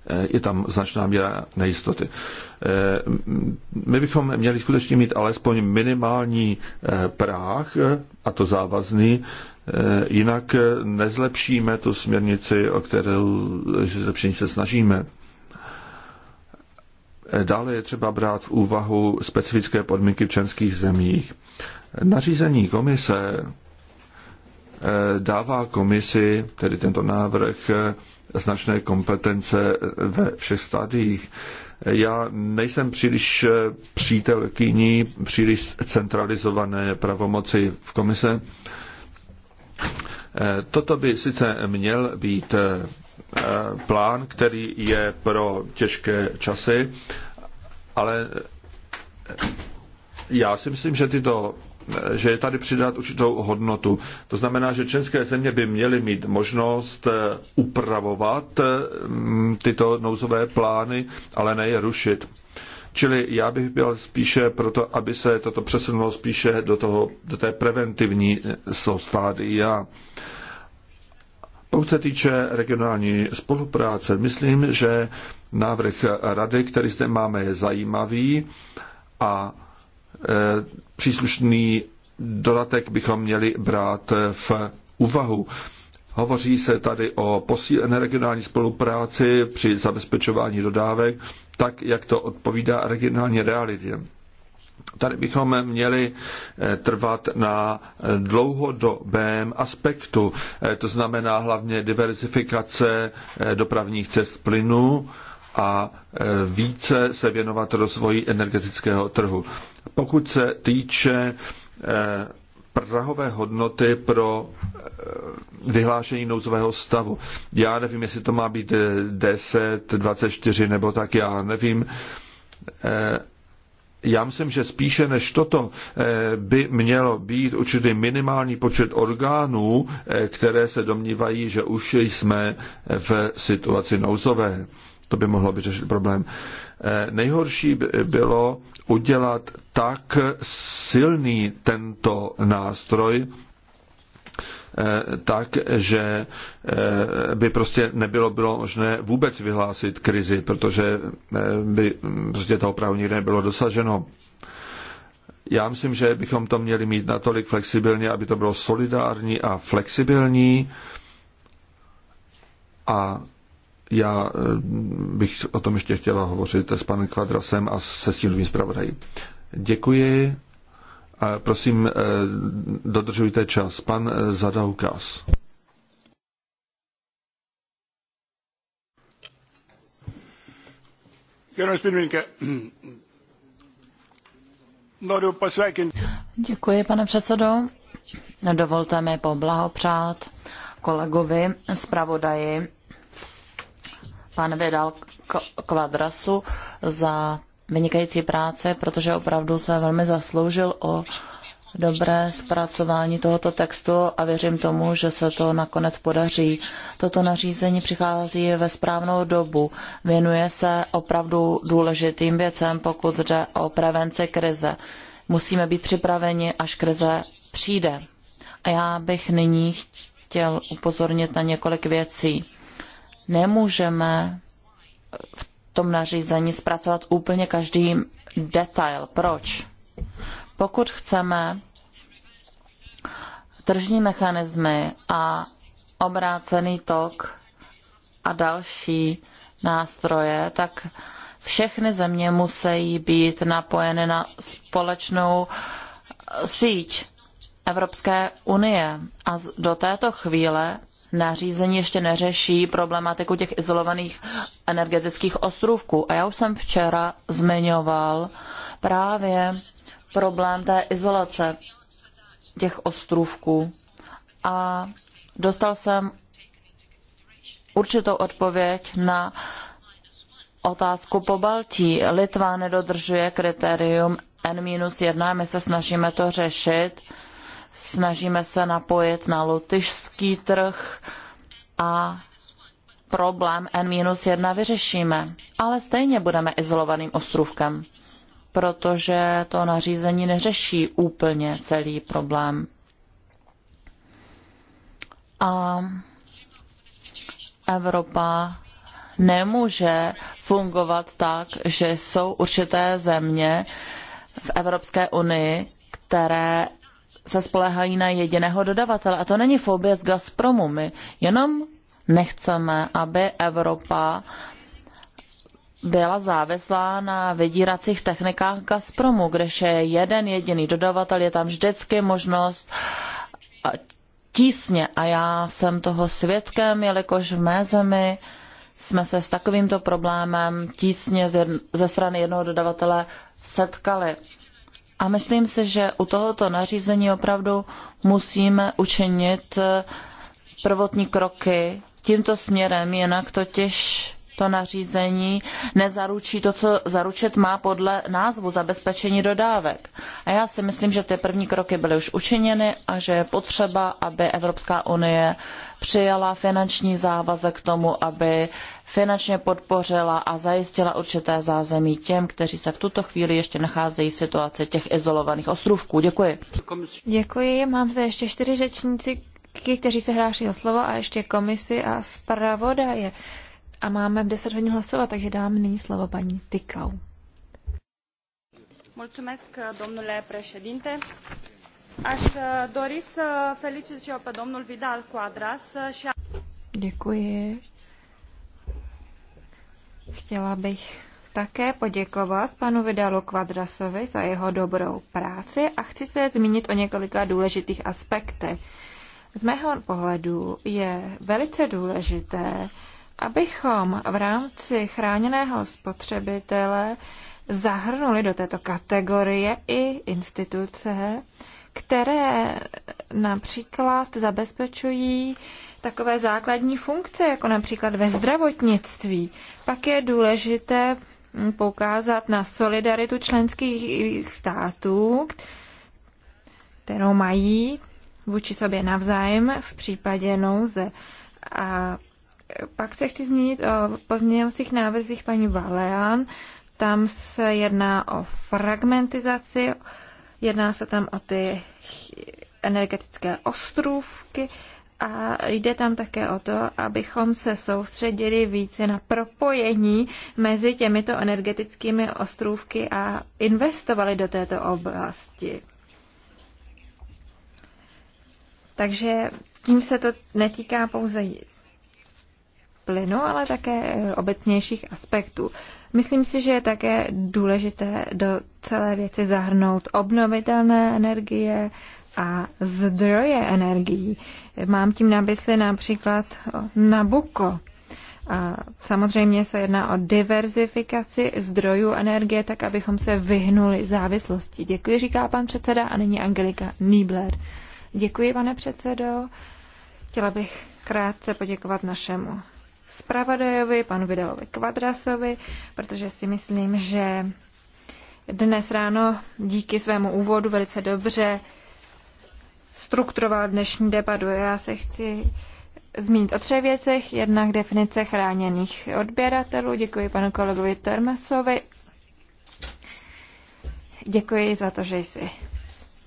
Eh, je tam značná míra nejistoty. Eh, my bychom měli skutečně mít alespoň minimální eh, práh, a to závazný, jinak nezlepšíme tu směrnici, o kterou zlepšení se snažíme. Dále je třeba brát v úvahu specifické podmínky v členských zemích. Nařízení komise Eh, dává komisi, tedy tento návrh, eh, značné kompetence ve všech stadiích. Já nejsem příliš eh, přítelkyní příliš centralizované pravomoci v komise. Toto by sice měl být plán, který je pro těžké časy, ale já si myslím, že tyto že je tady přidat určitou hodnotu. To znamená, že české země by měly mít možnost eh, upravovat mm, tyto nouzové plány, ale ne je rušit. Čili já bych byl spíše proto, aby se toto přesunulo spíše do, toho, do té preventivní eh, stádia. Pokud se týče regionální spolupráce, myslím, že návrh rady, který zde máme, je zajímavý a Eh, příslušný dodatek bychom měli brát eh, v úvahu. Hovoří se tady o posílené regionální spolupráci při zabezpečování dodávek, tak jak to odpovídá regionální realitě. Tady bychom měli eh, trvat na dlouhodobém aspektu, to znamená hlavně diversifikace dopravních cest plynu, a e, více se věnovat rozvoji energetického trhu. Pokud se týče e, prahové hodnoty pro e, vyhlášení nouzového stavu. Já nevím, jestli to má být 10, 24 nebo tak, já nevím. Já myslím, že spíše než toto by mělo být určitý minimální počet orgánů, které se domnívají, že už jsme v situaci nouzové. To by mohlo vyřešit problém. Eh, nejhorší by bylo udělat tak silný tento nástroj, eh, tak, že eh, by prostě nebylo bylo možné vůbec vyhlásit krizi, protože by prostě toho právo nikdy nebylo dosaženo. Já myslím, že bychom to měli mít natolik flexibilně, aby to bylo solidární a flexibilní a já eh, bych o tom ještě chtěla hovořit s panem Kvadrasem a se stínovým zpravodají. Děkuji. A prosím, eh, dodržujte čas. Pan eh, Zadaukas. No, Děkuji, pane předsedo. Dovolte mi poblahopřát kolegovi zpravodaji pan Vidal Kvadrasu za vynikající práce, protože opravdu se velmi zasloužil o dobré zpracování tohoto textu a věřím tomu, že se to nakonec podaří. Toto nařízení přichází ve správnou dobu. Věnuje se opravdu důležitým věcem, pokud jde o prevenci krize. Musíme být připraveni, až krize přijde. A já bych nyní chtěl upozornit na několik věcí nemůžeme v tom nařízení zpracovat úplně každý detail. Proč? Pokud chceme tržní mechanismy a obrácený tok a další nástroje, tak všechny země musí být napojeny na společnou síť Evropské unie a do této chvíle nařízení ještě neřeší problematiku těch izolovaných energetických ostrůvků. A já už jsem včera zmiňoval právě problém té izolace těch ostrůvků a dostal jsem určitou odpověď na otázku po Baltí. Litva nedodržuje kritérium N-1, my se snažíme to řešit snažíme se napojit na lotyšský trh a problém N-1 vyřešíme. Ale stejně budeme izolovaným ostrůvkem, protože to nařízení neřeší úplně celý problém. A Evropa nemůže fungovat tak, že jsou určité země v Evropské unii, které se spolehají na jediného dodavatele. A to není fobie z Gazpromu. My jenom nechceme, aby Evropa byla závislá na vydíracích technikách Gazpromu, když je jeden jediný dodavatel, je tam vždycky možnost tísně a já jsem toho svědkem, jelikož v mé zemi jsme se s takovýmto problémem tísně ze strany jednoho dodavatele setkali. A myslím si, že u tohoto nařízení opravdu musíme učinit eh, prvotní kroky tímto směrem, jinak totiž to nařízení nezaručí to, co zaručit má podle názvu zabezpečení dodávek. A já si myslím, že ty první kroky byly už učiněny a že je potřeba, aby Evropská unie přijala finanční závazek k tomu, aby finančně podpořila a zajistila určité zázemí těm, kteří se v tuto chvíli ještě nacházejí v situaci těch izolovaných ostrůvků. Děkuji. Děkuji. Mám zde ještě čtyři řečníci, kteří se hráší o slovo a ještě komisi a zpravodaje. A máme v 10 hodin hlasovat, takže dám nyní slovo paní Tykau. Mulțumesc, domnule președinte. Aș uh, dori să felicit și eu pe domnul Vidal Quadras uh, și Děkuji. Chtěla bych také poděkovat panu Vidalu Kvadrasovi za jeho dobrou práci a chci se zmínit o několika důležitých aspektech. Z mého pohledu je velice důležité, abychom v rámci chráněného spotřebitele zahrnuli do této kategorie i instituce, které například zabezpečují takové základní funkce, jako například ve zdravotnictví, pak je důležité mm, poukázat na solidaritu členských států, kterou mají vůči sobě navzájem v případě nouze. A pak se chci zmínit o pozměňovacích návrzích paní Valean. Tam se jedná o fragmentizaci, jedná se tam o ty energetické ostrůvky, a jde tam také o to, abychom se soustředili více na propojení mezi těmito energetickými ostrůvky a investovali do této oblasti. Takže tím se to netýká pouze plynu, ale také eh, obecnějších aspektů. Myslím si, že je také důležité do celé věci zahrnout obnovitelné energie, a zdroje energií. Mám tím na mysli například Nabuko. A samozřejmě se jedná o diverzifikaci zdrojů energie, tak abychom se vyhnuli závislosti. Děkuji, říká pan předseda a nyní Angelika Niebler. Děkuji, pane předsedo. Chtěla bych krátce poděkovat našemu zpravodajovi, panu Vidalovi Kvadrasovi, protože si myslím, že dnes ráno díky svému úvodu velice dobře strukturoval dnešní debatu. Já se chci zmínit o třech věcech. Jednak definice chráněných odběratelů. Děkuji panu kolegovi Termesovi. Děkuji za to, že jsi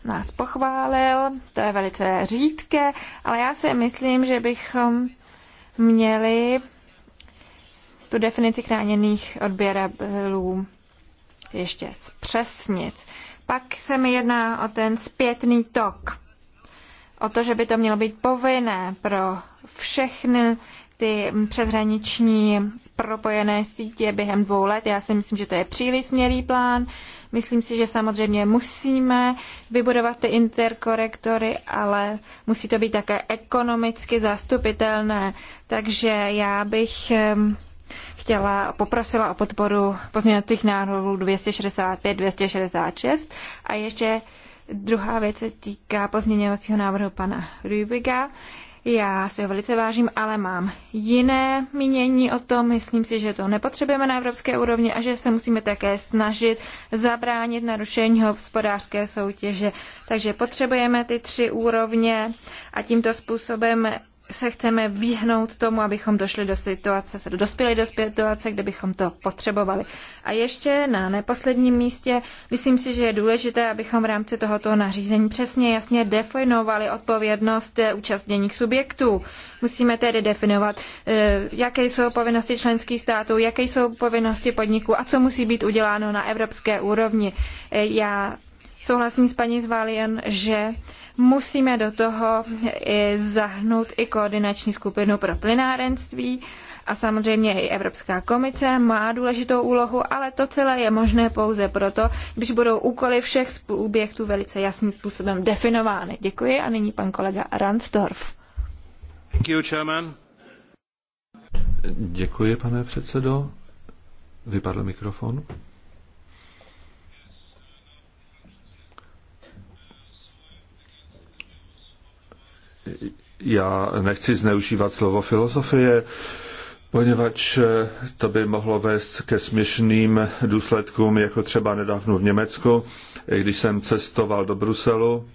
nás pochválil. To je velice řídké, ale já si myslím, že bychom měli tu definici chráněných odběratelů ještě zpřesnit. Pak se mi jedná o ten zpětný tok o to, že by to mělo být povinné pro všechny ty přeshraniční propojené sítě během dvou let. Já si myslím, že to je příliš směrý plán. Myslím si, že samozřejmě musíme vybudovat ty interkorektory, ale musí to být také ekonomicky zastupitelné. Takže já bych chtěla, poprosila o podporu pozměňovacích návrhů 265, 266 a ještě Druhá věc se týká pozměňovacího návrhu pana Rubiga. Já si ho velice vážím, ale mám jiné mínění o tom. Myslím si, že to nepotřebujeme na evropské úrovni a že se musíme také snažit zabránit narušení hospodářské soutěže. Takže potřebujeme ty tři úrovně a tímto způsobem se chceme vyhnout tomu, abychom došli do situace, se dospěli do situace, kde bychom to potřebovali. A ještě na neposledním místě, myslím si, že je důležité, abychom v rámci tohoto nařízení přesně jasně definovali odpovědnost eh, účastněných subjektů. Musíme tedy definovat, eh, jaké jsou povinnosti členských států, jaké jsou povinnosti podniků a co musí být uděláno na evropské úrovni. Eh, já souhlasím s paní Zvalien, že musíme do toho i zahnout i koordinační skupinu pro plynárenství a samozřejmě i Evropská komise má důležitou úlohu, ale to celé je možné pouze proto, když budou úkoly všech subjektů velice jasným způsobem definovány. Děkuji a nyní pan kolega Ransdorf. Děkuji, pane předsedo. Vypadl mikrofon. já nechci zneužívat slovo filozofie, poněvadž eh, to by mohlo vést ke směšným důsledkům, jako třeba nedávno v Německu, eh, když jsem cestoval do Bruselu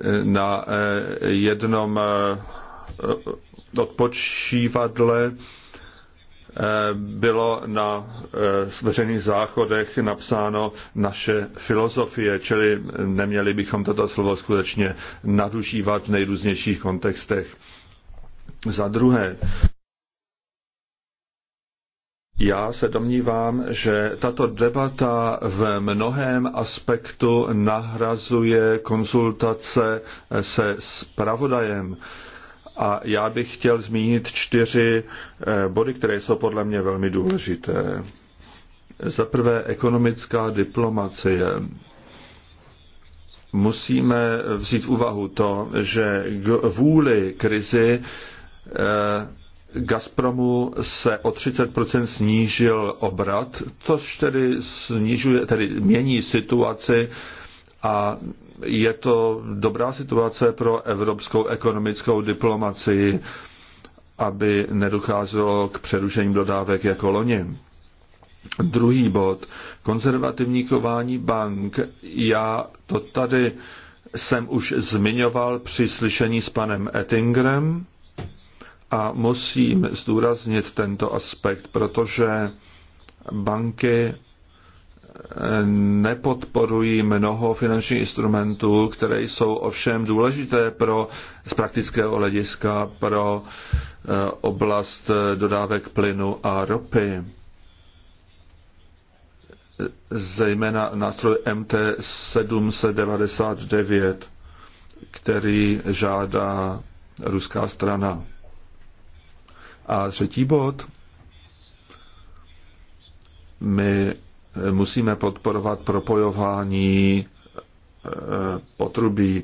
eh, na jednom odpočívadle bylo na eh, veřejných záchodech napsáno naše filozofie, čili neměli bychom toto slovo skutečně nadužívat v nejrůznějších kontextech. Za druhé, já se domnívám, že tato debata v mnohém aspektu nahrazuje konzultace se spravodajem. pravodajem a já bych chtěl zmínit čtyři eh, body, které jsou podle mě velmi důležité. Za prvé ekonomická diplomacie. Musíme vzít v úvahu to, že vůli krizi eh, Gazpromu se o 30% snížil obrat, což tedy snižuje, tedy mění situaci a je to dobrá situace pro evropskou ekonomickou diplomacii, aby nedocházelo k přerušení dodávek jako loni. Druhý bod. Konzervativní chování bank. Já to tady jsem už zmiňoval při slyšení s panem Ettingrem a musím zdůraznit tento aspekt, protože banky nepodporují mnoho finančních instrumentů, které jsou ovšem důležité pro, z praktického hlediska pro eh, oblast eh, dodávek plynu a ropy. Zejména nástroj MT799, který žádá ruská strana. A třetí bod. My musíme podporovat propojování e, potrubí. E,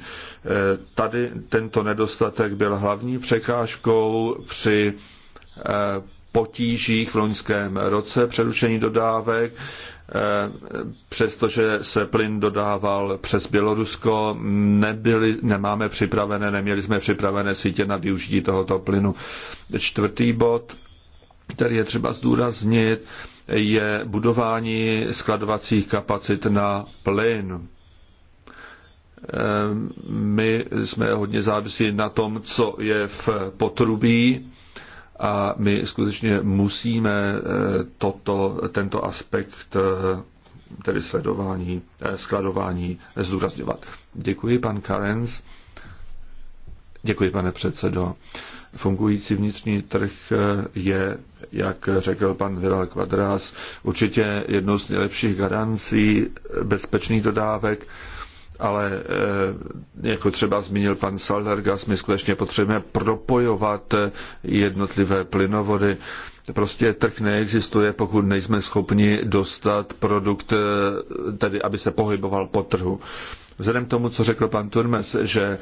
tady tento nedostatek byl hlavní překážkou při e, potížích v loňském roce přerušení dodávek, přestože se plyn dodával přes Bělorusko, nebyli, nemáme připravené, neměli jsme připravené sítě na využití tohoto plynu. Čtvrtý bod, který je třeba zdůraznit, je budování skladovacích kapacit na plyn. Ehm, my jsme hodně závislí na tom, co je v potrubí a my skutečně musíme eh, toto, tento aspekt eh, tedy sledování, eh, skladování zdůrazňovat. Děkuji, pan Karens. Děkuji, pane předsedo fungující vnitřní trh je, jak řekl pan Viral Quadras, určitě jednou z nejlepších garancí bezpečných dodávek, ale eh, jako třeba zmínil pan Saldergas, my skutečně potřebujeme propojovat eh, jednotlivé plynovody. Prostě trh neexistuje, pokud nejsme schopni dostat produkt, eh, tedy aby se pohyboval po trhu. Vzhledem k tomu, co řekl pan Turmes, že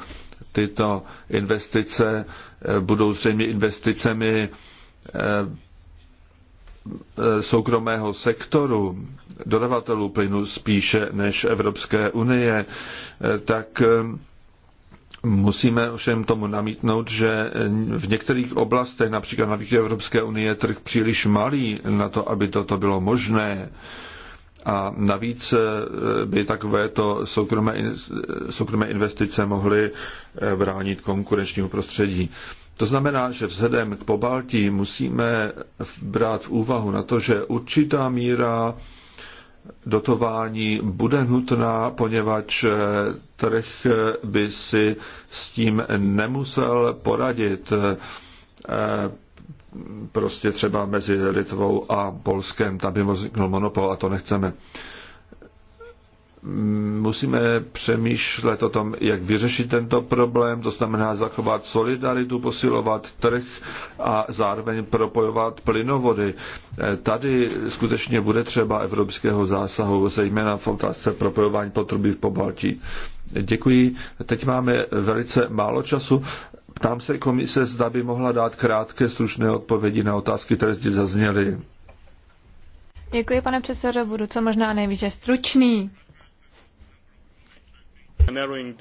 tyto investice eh, budou zřejmě investicemi eh, eh, soukromého sektoru, dodavatelů plynu spíše než Evropské unie, tak musíme všem tomu namítnout, že v některých oblastech, například na východě Evropské unie, je trh příliš malý na to, aby toto bylo možné. A navíc eh, by takovéto soukromé, soukromé investice mohly eh, bránit konkurenčního prostředí. To znamená, že vzhledem k pobaltí musíme brát v úvahu na to, že určitá míra dotování bude nutná, poněvadž eh, trh by si s tím nemusel poradit prostě třeba mezi Litvou a Polskem, tam by vznikl monopol a to nechceme. Musíme přemýšlet o tom, jak vyřešit tento problém, to znamená zachovat solidaritu, posilovat trh a zároveň propojovat plynovody. Tady skutečně bude třeba evropského zásahu, zejména v otázce propojování potrubí v Pobaltí. Děkuji. Teď máme velice málo času. Ptám se komise, zda by mohla dát krátké stručné odpovědi na otázky, které zde zazněly. Děkuji, pane předsedo, budu co možná nejvíce stručný.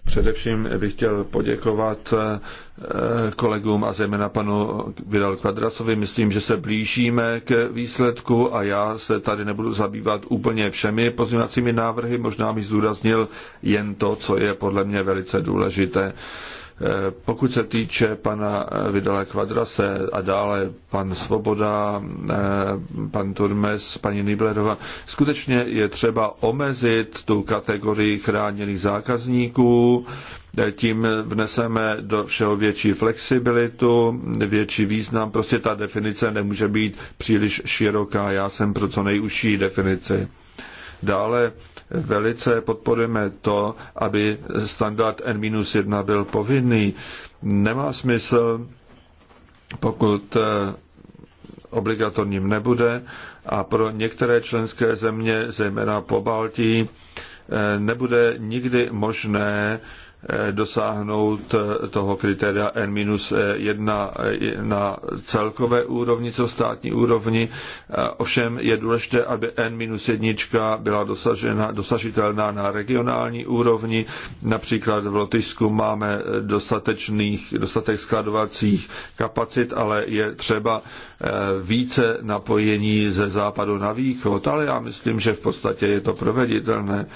Především bych chtěl poděkovat eh, kolegům a zejména panu Vidal Kvadracovi. Myslím, že se blížíme k výsledku a já se tady nebudu zabývat úplně všemi pozměňovacími návrhy. Možná bych zdůraznil jen to, co je podle mě velice důležité. Eh, pokud se týče pana eh, Vidala Kvadrase a dále pan Svoboda, eh, pan Turmes, paní Niblerova, skutečně je třeba omezit tu kategorii chráněných zákazníků, tím vneseme do všeho větší flexibilitu, větší význam. Prostě ta definice nemůže být příliš široká. Já jsem pro co nejužší definici. Dále velice podporujeme to, aby standard N-1 byl povinný. Nemá smysl, pokud eh, obligatorním nebude a pro některé členské země, zejména po Baltii, eh, nebude nikdy možné Eh, dosáhnout eh, toho kritéria N-1 eh, na celkové úrovni, celostátní úrovni. Ovšem je důležité, aby N-1 byla dosažena, dosažitelná na regionální úrovni. Například v Lotyšsku máme dostatečných, dostatek skladovacích kapacit, ale je třeba více napojení ze západu na východ. Ale já myslím, že v podstatě je to proveditelné.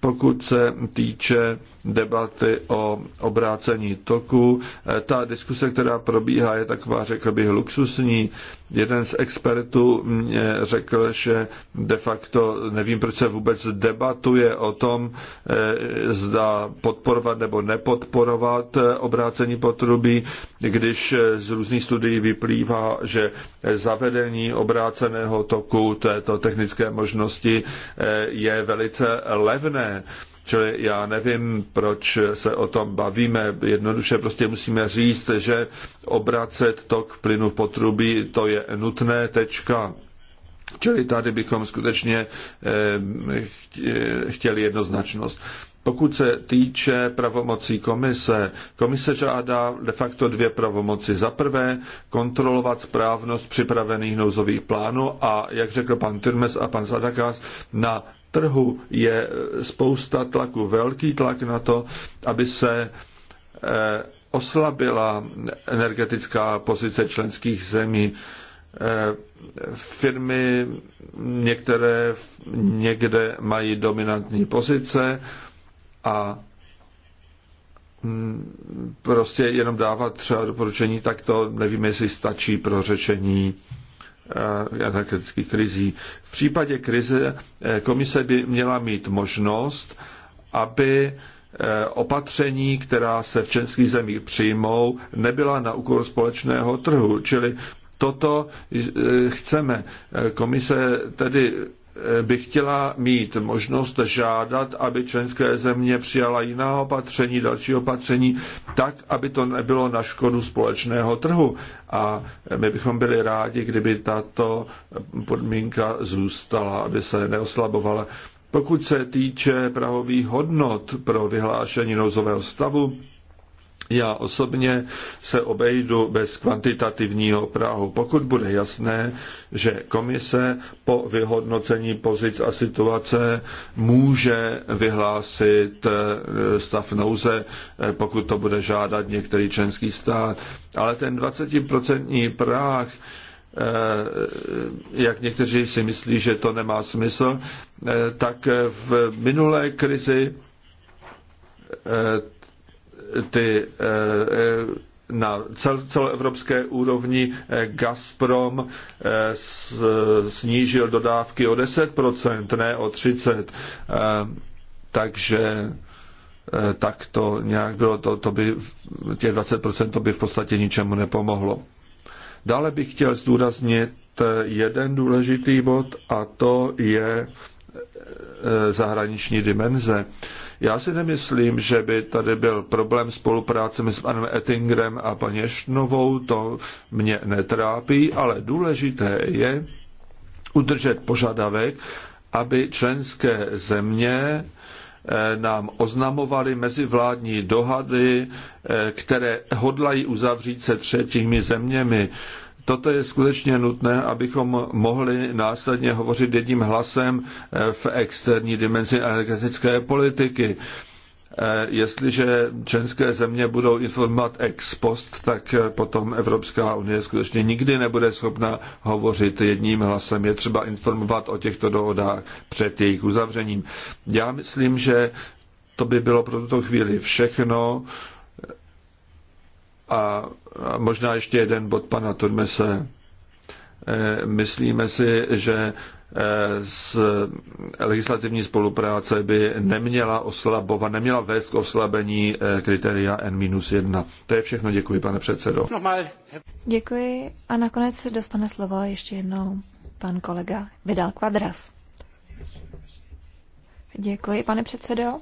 Pokud se týče debaty o obrácení toku. E, ta diskuse, která probíhá, je taková, řekl bych, luxusní. Jeden z expertů mě řekl, že de facto nevím, proč se vůbec debatuje o tom, e, zda podporovat nebo nepodporovat e, obrácení potrubí, když z různých studií vyplývá, že zavedení obráceného toku této technické možnosti je velice levné Čili já nevím, proč se o tom bavíme. Jednoduše prostě musíme říct, že obracet tok plynu v potrubí, to je nutné, tečka. Čili tady bychom skutečně eh, chtěli jednoznačnost. Pokud se týče pravomocí komise, komise žádá de facto dvě pravomoci. Za prvé kontrolovat správnost připravených nouzových plánů a, jak řekl pan Tyrmes a pan Zadakas, na trhu je eh, spousta tlaku, velký tlak na to, aby se eh, oslabila energetická pozice členských zemí. Eh, firmy některé někde mají dominantní pozice a mm, prostě jenom dávat třeba doporučení, tak to nevíme, jestli stačí pro řešení Eh, energetických krizí. V případě krize eh, komise by měla mít možnost, aby eh, opatření, která se v členských zemích přijmou, nebyla na úkor společného trhu. Čili toto chceme. Komise tedy by chtěla mít možnost žádat, aby členské země přijala jiná opatření, další opatření, tak, aby to nebylo na škodu společného trhu. A my bychom byli rádi, kdyby tato podmínka zůstala, aby se neoslabovala. Pokud se týče prahových hodnot pro vyhlášení nouzového stavu, já osobně se obejdu bez kvantitativního práhu, pokud bude jasné, že komise po vyhodnocení pozic a situace může vyhlásit eh, stav nouze, eh, pokud to bude žádat některý členský stát. Ale ten 20% práh, eh, jak někteří si myslí, že to nemá smysl, tak v minulé krizi ty eh, na cel, celoevropské úrovni eh, Gazprom eh, snížil dodávky o 10%, ne o 30%. Takže tak to nějak bylo, to, to by těch 20% to by v podstatě ničemu nepomohlo. Dále bych chtěl zdůraznit jeden důležitý bod a to je zahraniční dimenze. Já si nemyslím, že by tady byl problém spolupráce mezi panem Ettingrem a paní Šnovou. to mě netrápí, ale důležité je udržet požadavek, aby členské země eh, nám oznamovali mezivládní dohady, eh, které hodlají uzavřít se třetími zeměmi. Toto je skutečně nutné, abychom mohli následně hovořit jedním hlasem eh, v externí dimenzi energetické politiky. Eh, jestliže členské země budou informovat ex post, tak eh, potom Evropská unie skutečně nikdy nebude schopna hovořit jedním hlasem. Je třeba informovat o těchto dohodách před jejich uzavřením. Já myslím, že to by bylo pro tuto chvíli všechno a možná ještě jeden bod pana Turmese. Eh, myslíme si, že z eh, legislativní spolupráce by neměla oslabovat, neměla vést k oslabení eh, kritéria N-1. To je všechno. Děkuji, pane předsedo. Děkuji a nakonec se dostane slovo ještě jednou pan kolega Vidal Quadras. Děkuji, pane předsedo.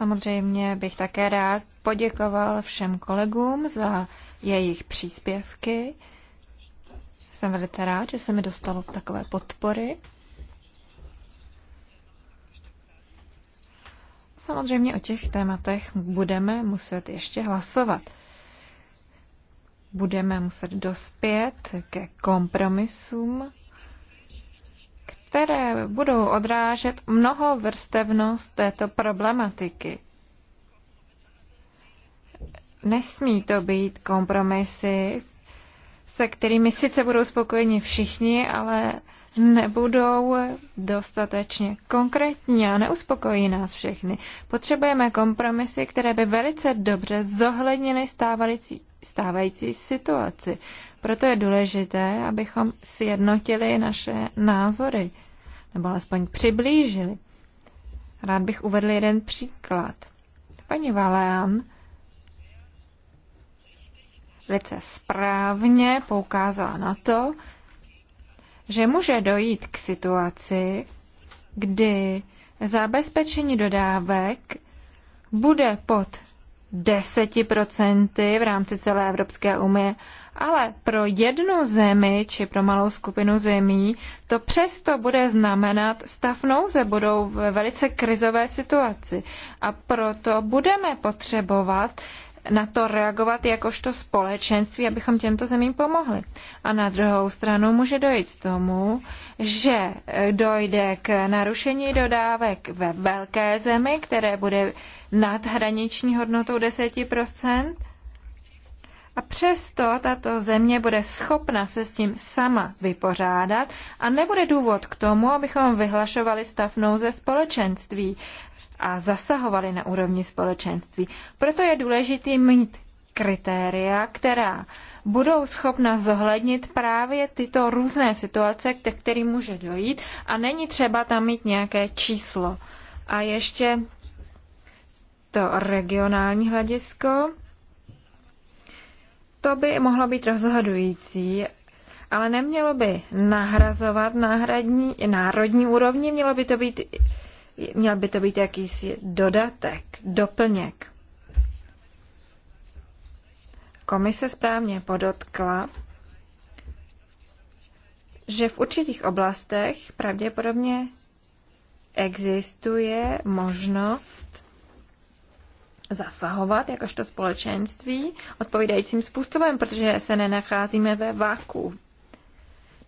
Samozřejmě bych také rád poděkoval všem kolegům za jejich příspěvky. Jsem velice rád, že se mi dostalo takové podpory. Samozřejmě o těch tématech budeme muset ještě hlasovat. Budeme muset dospět ke kompromisům které budou odrážet mnoho vrstevnost této problematiky. Nesmí to být kompromisy, se kterými sice budou spokojeni všichni, ale nebudou dostatečně konkrétní a neuspokojí nás všechny. Potřebujeme kompromisy, které by velice dobře zohlednily stávající stávající situaci. Proto je důležité, abychom sjednotili naše názory, nebo alespoň přiblížili. Rád bych uvedl jeden příklad. Paní Valéan velice správně poukázala na to, že může dojít k situaci, kdy zabezpečení dodávek bude pod 10% v rámci celé Evropské unie, ale pro jednu zemi či pro malou skupinu zemí to přesto bude znamenat stav nouze, budou v velice krizové situaci. A proto budeme potřebovat na to reagovat jakožto společenství, abychom těmto zemím pomohli. A na druhou stranu může dojít k tomu, že dojde k narušení dodávek ve velké zemi, které bude nad hraniční hodnotou 10%. A přesto tato země bude schopna se s tím sama vypořádat a nebude důvod k tomu, abychom vyhlašovali stav nouze společenství a zasahovali na úrovni společenství. Proto je důležité mít kritéria, která budou schopna zohlednit právě tyto různé situace, ke kterým může dojít a není třeba tam mít nějaké číslo. A ještě to regionální hledisko. To by mohlo být rozhodující, ale nemělo by nahrazovat náhradní, národní úrovni, mělo by to být Měl by to být jakýsi dodatek, doplněk. Komise správně podotkla, že v určitých oblastech pravděpodobně existuje možnost zasahovat jakožto společenství odpovídajícím způsobem, protože se nenacházíme ve váku.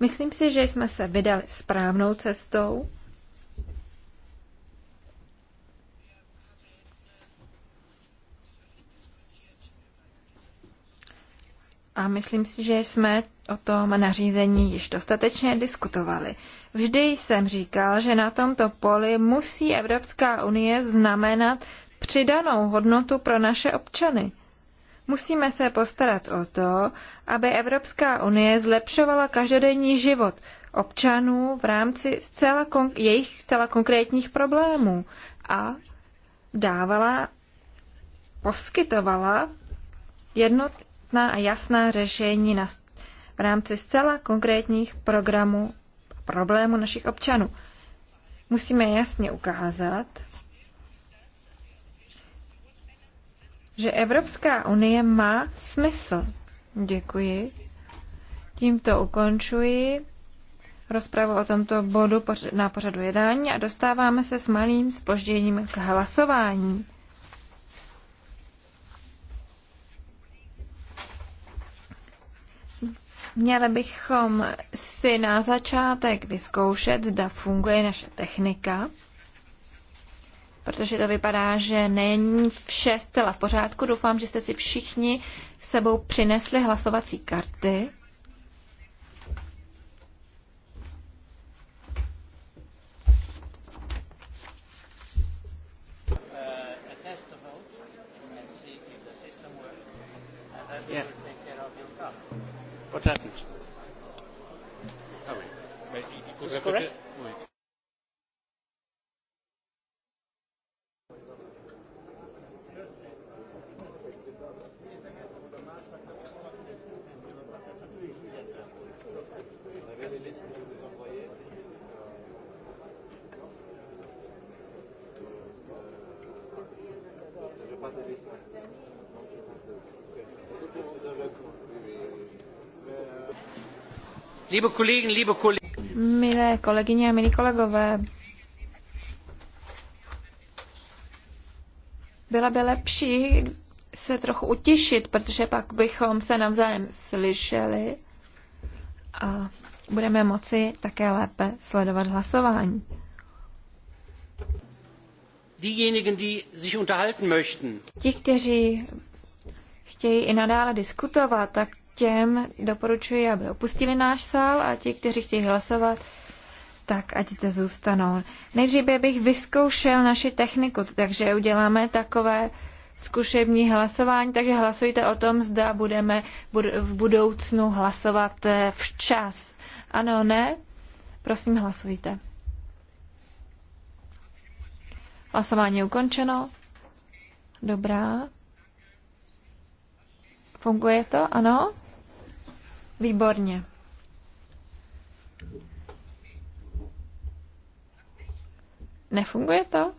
Myslím si, že jsme se vydali správnou cestou a myslím si, že jsme o tom nařízení již dostatečně diskutovali. Vždy jsem říkal, že na tomto poli musí Evropská unie znamenat přidanou hodnotu pro naše občany. Musíme se postarat o to, aby Evropská unie zlepšovala každodenní život občanů v rámci zcela jejich zcela konkrétních problémů a dávala, poskytovala jednot, jednotná a jasná řešení na, v rámci zcela konkrétních programů problémů našich občanů. Musíme jasně ukázat, že Evropská unie má smysl. Děkuji. Tímto ukončuji rozpravu o tomto bodu na pořadu jednání a dostáváme se s malým spožděním k hlasování. Měli bychom si na začátek vyzkoušet, zda funguje naše technika, protože to vypadá, že není vše zcela v pořádku. Doufám, že jste si všichni sebou přinesli hlasovací karty. Milé kolegyně a milí kolegové, byla by lepší se trochu utišit, protože pak bychom se navzájem slyšeli a budeme moci také lépe sledovat hlasování. Diejenigen, die sich unterhalten möchten. Ti, kteří chtějí i nadále diskutovat, tak těm doporučuji, aby opustili náš sál a ti, kteří chtějí hlasovat, tak ať zde zůstanou. Nejdříve bych vyzkoušel naši techniku, takže uděláme takové zkušební hlasování, takže hlasujte o tom, zda budeme v budoucnu hlasovat eh, včas. Ano, ne? Prosím, hlasujte. Hlasování je ukončeno. Dobrá. Funguje to? Ano? Výborně. Nefunguje to?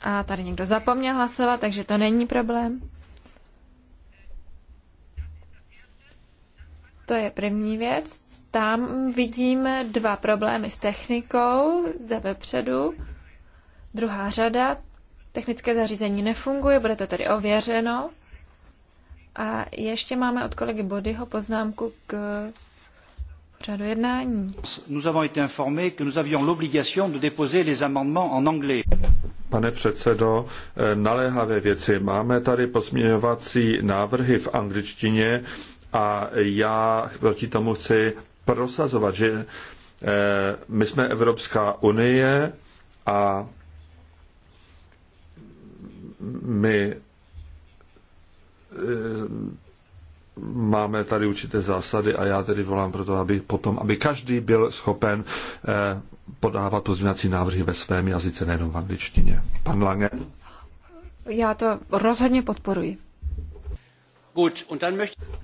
A tady někdo zapomněl hlasovat, takže to není problém. To je první věc. Tam vidíme dva problémy s technikou, zde vepředu. Druhá řada, technické zařízení nefunguje, bude to tady ověřeno. A ještě máme od kolegy Bodyho poznámku k pořadu jednání. Nous avons été informés que nous avions l'obligation de déposer les amendements en anglais. Pane předsedo, eh, naléhavé věci. Máme tady pozměňovací návrhy v angličtině a já proti tomu chci prosazovat, že eh, my jsme Evropská unie a my Eh, máme tady určité zásady a já tedy volám pro to, aby potom, aby každý byl schopen eh, podávat pozměňovací návrhy ve svém jazyce, nejenom v angličtině. Pan Lange. Já to rozhodně podporuji.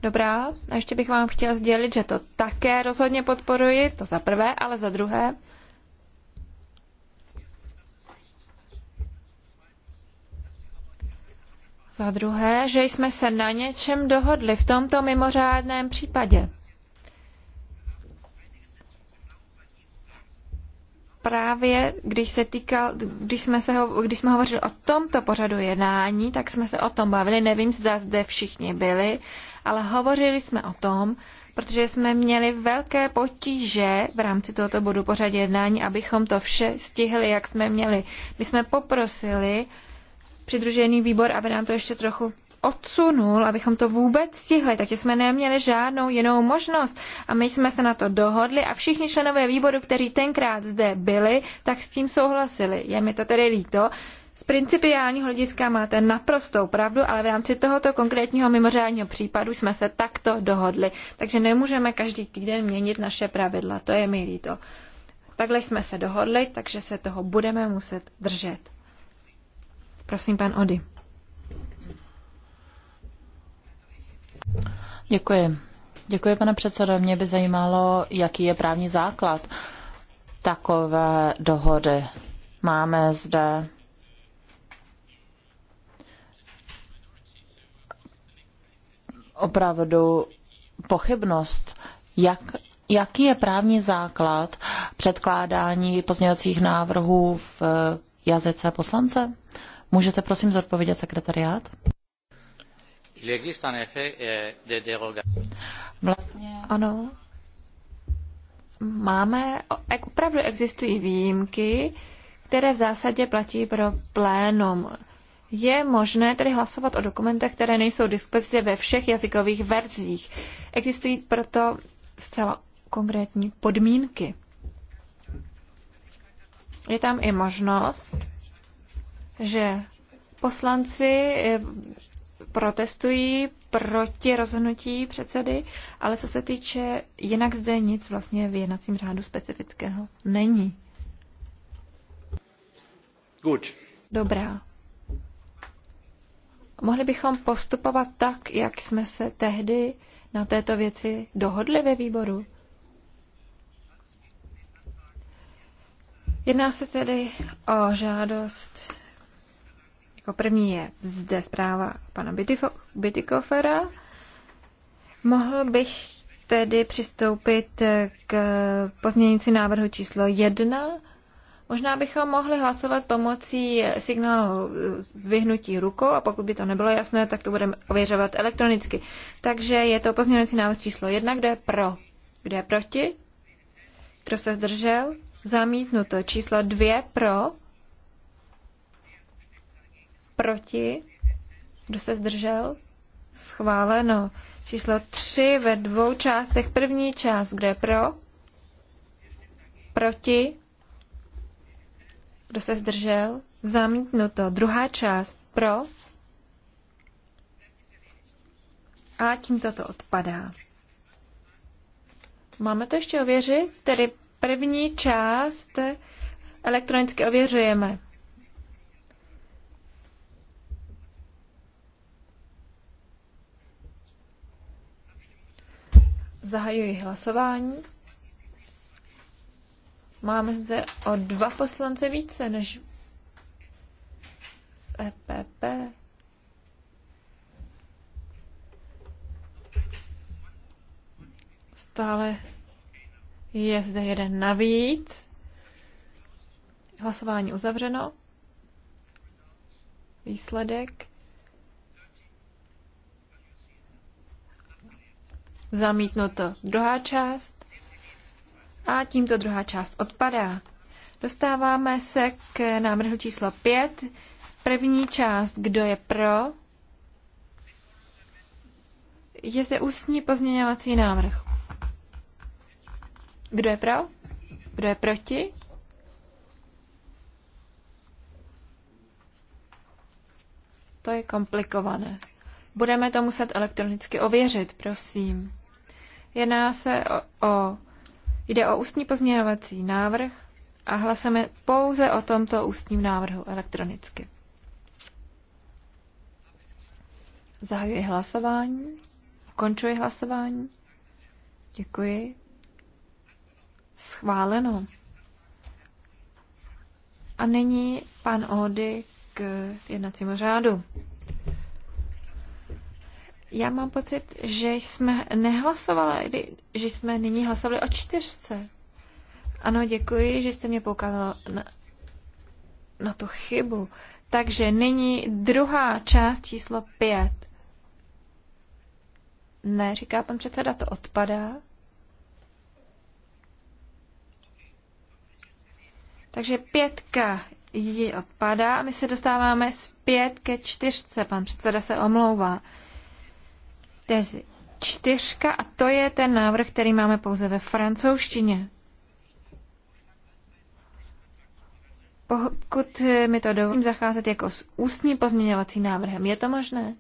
Dobrá, a ještě bych vám chtěla sdělit, že to také rozhodně podporuji, to za prvé, ale za druhé Za druhé, že jsme se na něčem dohodli v tomto mimořádném případě. Právě když, se týkal, když, jsme se, když jsme hovořili o tomto pořadu jednání, tak jsme se o tom bavili. Nevím, zda zde všichni byli, ale hovořili jsme o tom, protože jsme měli velké potíže v rámci tohoto bodu pořadu jednání, abychom to vše stihli, jak jsme měli. My jsme poprosili, přidružený výbor, aby nám to ještě trochu odsunul, abychom to vůbec stihli, takže jsme neměli žádnou jinou možnost. A my jsme se na to dohodli a všichni členové výboru, kteří tenkrát zde byli, tak s tím souhlasili. Je mi to tedy líto. Z principiálního hlediska máte naprostou pravdu, ale v rámci tohoto konkrétního mimořádního případu jsme se takto dohodli. Takže nemůžeme každý týden měnit naše pravidla, to je mi líto. Takhle jsme se dohodli, takže se toho budeme muset držet. Prosím, pan Ody. Děkuji. Děkuji, pane předsedo. Mě by zajímalo, jaký je právní základ takové dohody. Máme zde opravdu pochybnost, jak, jaký je právní základ předkládání pozměňovacích návrhů v jazyce poslance. Můžete prosím zodpovědět sekretariát? Eh, vlastně ano. Máme, opravdu existují výjimky, které v zásadě platí pro plénum. Je možné tedy hlasovat o dokumentech, které nejsou dispozice ve všech jazykových verzích. Existují proto zcela konkrétní podmínky. Je tam i možnost že poslanci eh, protestují proti rozhodnutí předsedy, ale co se týče, jinak zde nic vlastně v jednacím řádu specifického není. Good. Dobrá. Mohli bychom postupovat tak, jak jsme se tehdy na této věci dohodli ve výboru? Jedná se tedy o žádost jako první je zde zpráva pana Bytykofera. Mohl bych tedy přistoupit k pozměnící návrhu číslo 1. Možná bychom mohli hlasovat pomocí signálu zvyhnutí rukou a pokud by to nebylo jasné, tak to budeme ověřovat elektronicky. Takže je to pozměňující návrh číslo 1, kde je pro, kde je proti, kdo se zdržel, zamítnuto. Číslo 2 pro, Proti? Kdo se zdržel? Schváleno. Číslo 3 ve dvou částech. První část, kde pro? Proti? Kdo se zdržel? Zamítnuto. Druhá část pro? A tímto to odpadá. Máme to ještě ověřit, tedy první část elektronicky ověřujeme. Zahajuji hlasování. Máme zde o dva poslance více než z EPP. Stále je zde jeden navíc. Hlasování uzavřeno. Výsledek Zamítnuto. Druhá část. A tímto druhá část odpadá. Dostáváme se k návrhu číslo 5. První část, kdo je pro? Je zde ústní pozměňovací návrh. Kdo je pro? Kdo je proti? To je komplikované. Budeme to muset elektronicky ověřit, prosím. Jedná se o, o jde o ústní pozměňovací návrh a hlasujeme pouze o tomto ústním návrhu elektronicky. Zahajuji hlasování. končuji hlasování. Děkuji. Schváleno. A nyní pan Ody k jednacímu řádu. Já mám pocit, že jsme nehlasovali, že jsme nyní hlasovali o čtyřce. Ano, děkuji, že jste mě poukázal na, na tu chybu. Takže nyní druhá část číslo pět. Ne, říká pan předseda, to odpadá. Takže pětka ji odpadá a my se dostáváme zpět ke čtyřce. Pan předseda se omlouvá čtyři, čtyřka a to je ten návrh, který máme pouze ve francouzštině. Pokud mi to dovolím zacházet jako s ústním pozměňovacím návrhem, je to možné?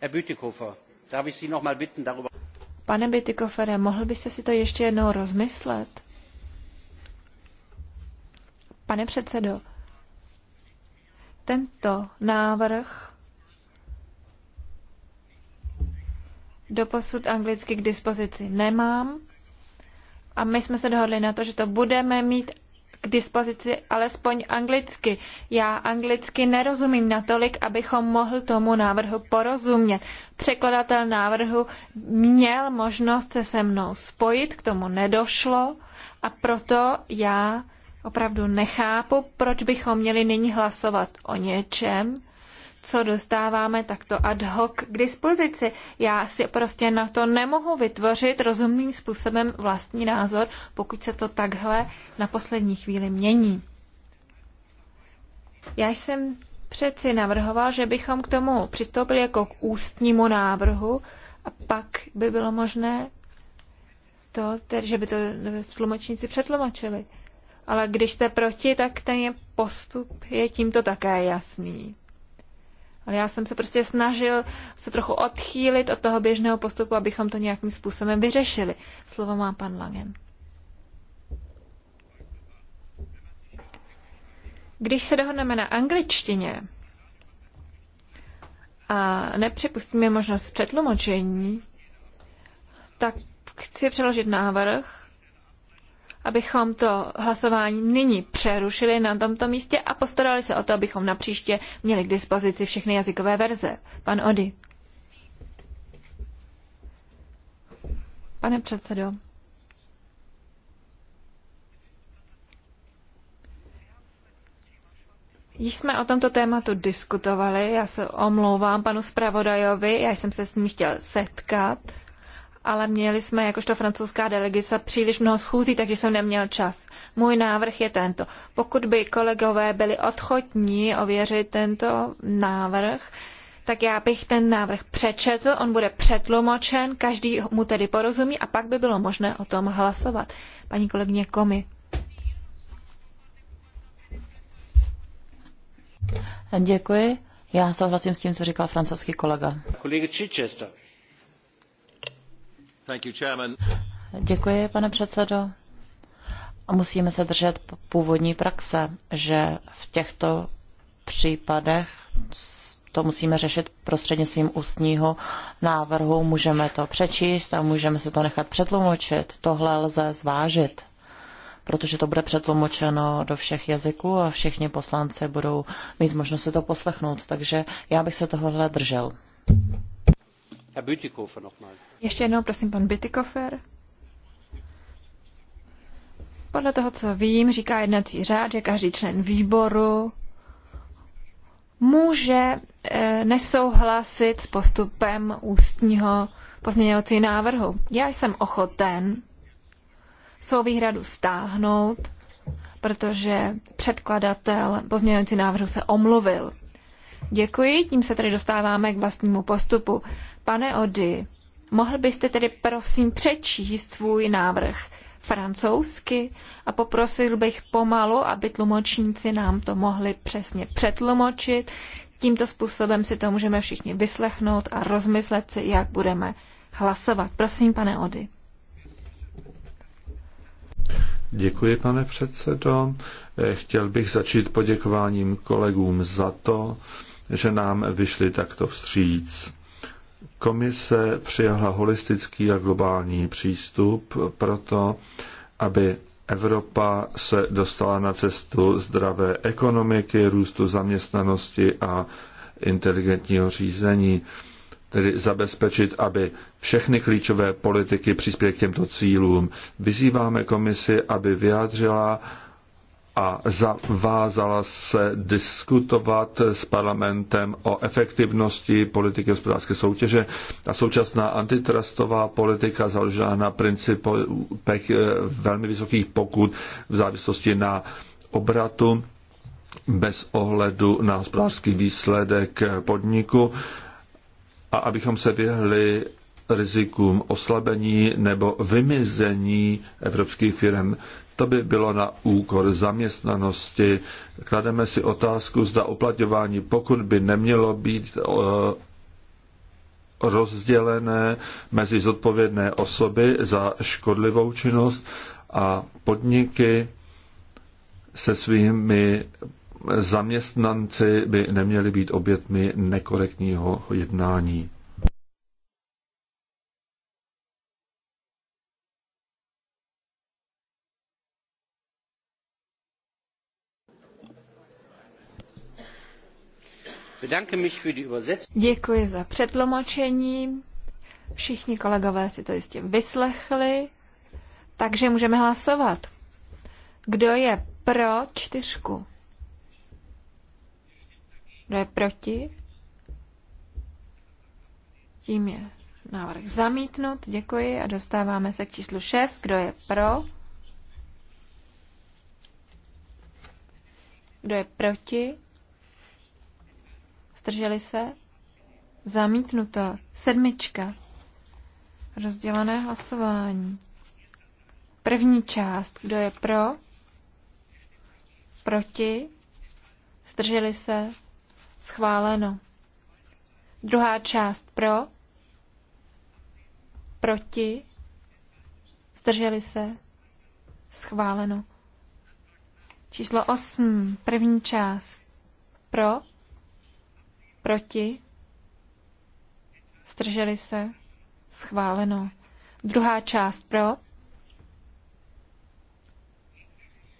Herr Bütikofer, darf ich Sie noch mal bitten, darüber... Pane Bytykofere, mohl byste si to ještě jednou rozmyslet? Pane předsedo, tento návrh doposud anglicky k dispozici nemám a my jsme se dohodli na to, že to budeme mít k dispozici alespoň anglicky. Já anglicky nerozumím natolik, abychom mohl tomu návrhu porozumět. Překladatel návrhu měl možnost se se mnou spojit, k tomu nedošlo a proto já opravdu nechápu, proč bychom měli nyní hlasovat o něčem, co dostáváme takto ad hoc k dispozici. Já si prostě na to nemohu vytvořit rozumným způsobem vlastní názor, pokud se to takhle na poslední chvíli mění. Já jsem přeci navrhoval, že bychom k tomu přistoupili jako k ústnímu návrhu a pak by bylo možné to, tedy, že by to tlumočníci přetlumočili. Ale když jste proti, tak ten je postup je tímto také jasný. Ale já jsem se prostě snažil se trochu odchýlit od toho běžného postupu, abychom to nějakým způsobem vyřešili. Slovo má pan Langen. Když se dohodneme na angličtině a nepřipustíme možnost přetlumočení, tak chci přeložit návrh, abychom to hlasování nyní přerušili na tomto místě a postarali se o to, abychom na příště měli k dispozici všechny jazykové verze. Pan Ody. Pane předsedo. Již jsme o tomto tématu diskutovali, já se omlouvám panu zpravodajovi, já jsem se s ním chtěl setkat ale měli jsme jakožto francouzská delegace příliš mnoho schůzí, takže jsem neměl čas. Můj návrh je tento. Pokud by kolegové byli odchotní ověřit tento návrh, tak já bych ten návrh přečetl, on bude přetlumočen, každý mu tedy porozumí a pak by bylo možné o tom hlasovat. Paní kolegyně Komi. Děkuji. Já souhlasím s tím, co říkal francouzský kolega. Kolega Chichester. Děkuji, pane předsedající. musíme se držet původní praxe, že v těchto případech to musíme řešit prostřednictvím ústního návrhu. Můžeme to přečíst a můžeme se to nechat přetlumočit. Tohle lze zvážit, protože to bude přetlumočeno do všech jazyků a všichni poslanci budou mít možnost si to poslechnout. Takže já bych se tohohle držel. Ještě jednou, prosím, pan Bitykofer. Podle toho, co vím, říká jednací řád, že každý člen výboru může eh, nesouhlasit s postupem ústního pozměňovací návrhu. Já jsem ochoten svou výhradu stáhnout, protože předkladatel pozměňovací návrhu se omluvil. Děkuji, tím se tedy dostáváme k vlastnímu postupu. Pane Ody, Mohl byste tedy prosím přečíst svůj návrh francouzsky a poprosil bych pomalu, aby tlumočníci nám to mohli přesně přetlumočit. Tímto způsobem si to můžeme všichni vyslechnout a rozmyslet si, jak budeme hlasovat. Prosím, pane Ody. Děkuji, pane předsedo. Chtěl bych začít poděkováním kolegům za to, že nám vyšli takto vstříc. Komise přijala holistický a globální přístup proto, aby Evropa se dostala na cestu zdravé ekonomiky, růstu zaměstnanosti a inteligentního řízení, tedy zabezpečit, aby všechny klíčové politiky přispěly k těmto cílům. Vyzýváme komisi, aby vyjádřila a zavázala se diskutovat s parlamentem o efektivnosti politiky hospodářské soutěže a současná antitrustová politika založená na principech eh, velmi vysokých pokut v závislosti na obratu bez ohledu na hospodářský výsledek podniku a abychom se vyhli rizikům oslabení nebo vymizení evropských firm to by bylo na úkor zaměstnanosti. Klademe si otázku, zda uplatňování, pokud by nemělo být eh, rozdělené mezi zodpovědné osoby za škodlivou činnost a podniky se svými zaměstnanci by neměli být obětmi nekorektního jednání. Děkuji za přetlumočení. Všichni kolegové si to jistě vyslechli, takže můžeme hlasovat. Kdo je pro čtyřku? Kdo je proti? Tím je návrh zamítnut. Děkuji a dostáváme se k číslu 6. Kdo je pro? Kdo je proti? Zdrželi se? Zamítnuto. Sedmička. Rozdělené hlasování. První část. Kdo je pro? Proti? Zdrželi se? Schváleno. Druhá část pro? Proti? Zdrželi se? Schváleno. Číslo 8. První část. Pro? Proti? Zdrželi se? Schváleno. Druhá část pro?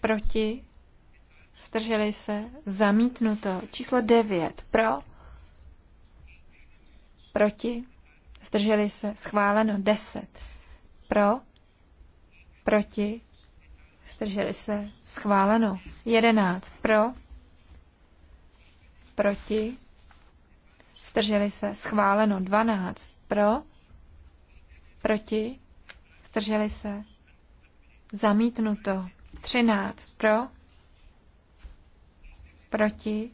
Proti? Zdrželi se? Zamítnuto. Číslo 9. Pro? Proti? Zdrželi se? Schváleno. 10. Pro? Proti? Zdrželi se? Schváleno. 11. Pro? Proti? zdrželi se, schváleno 12 pro, proti, zdrželi se, zamítnuto 13 pro, proti,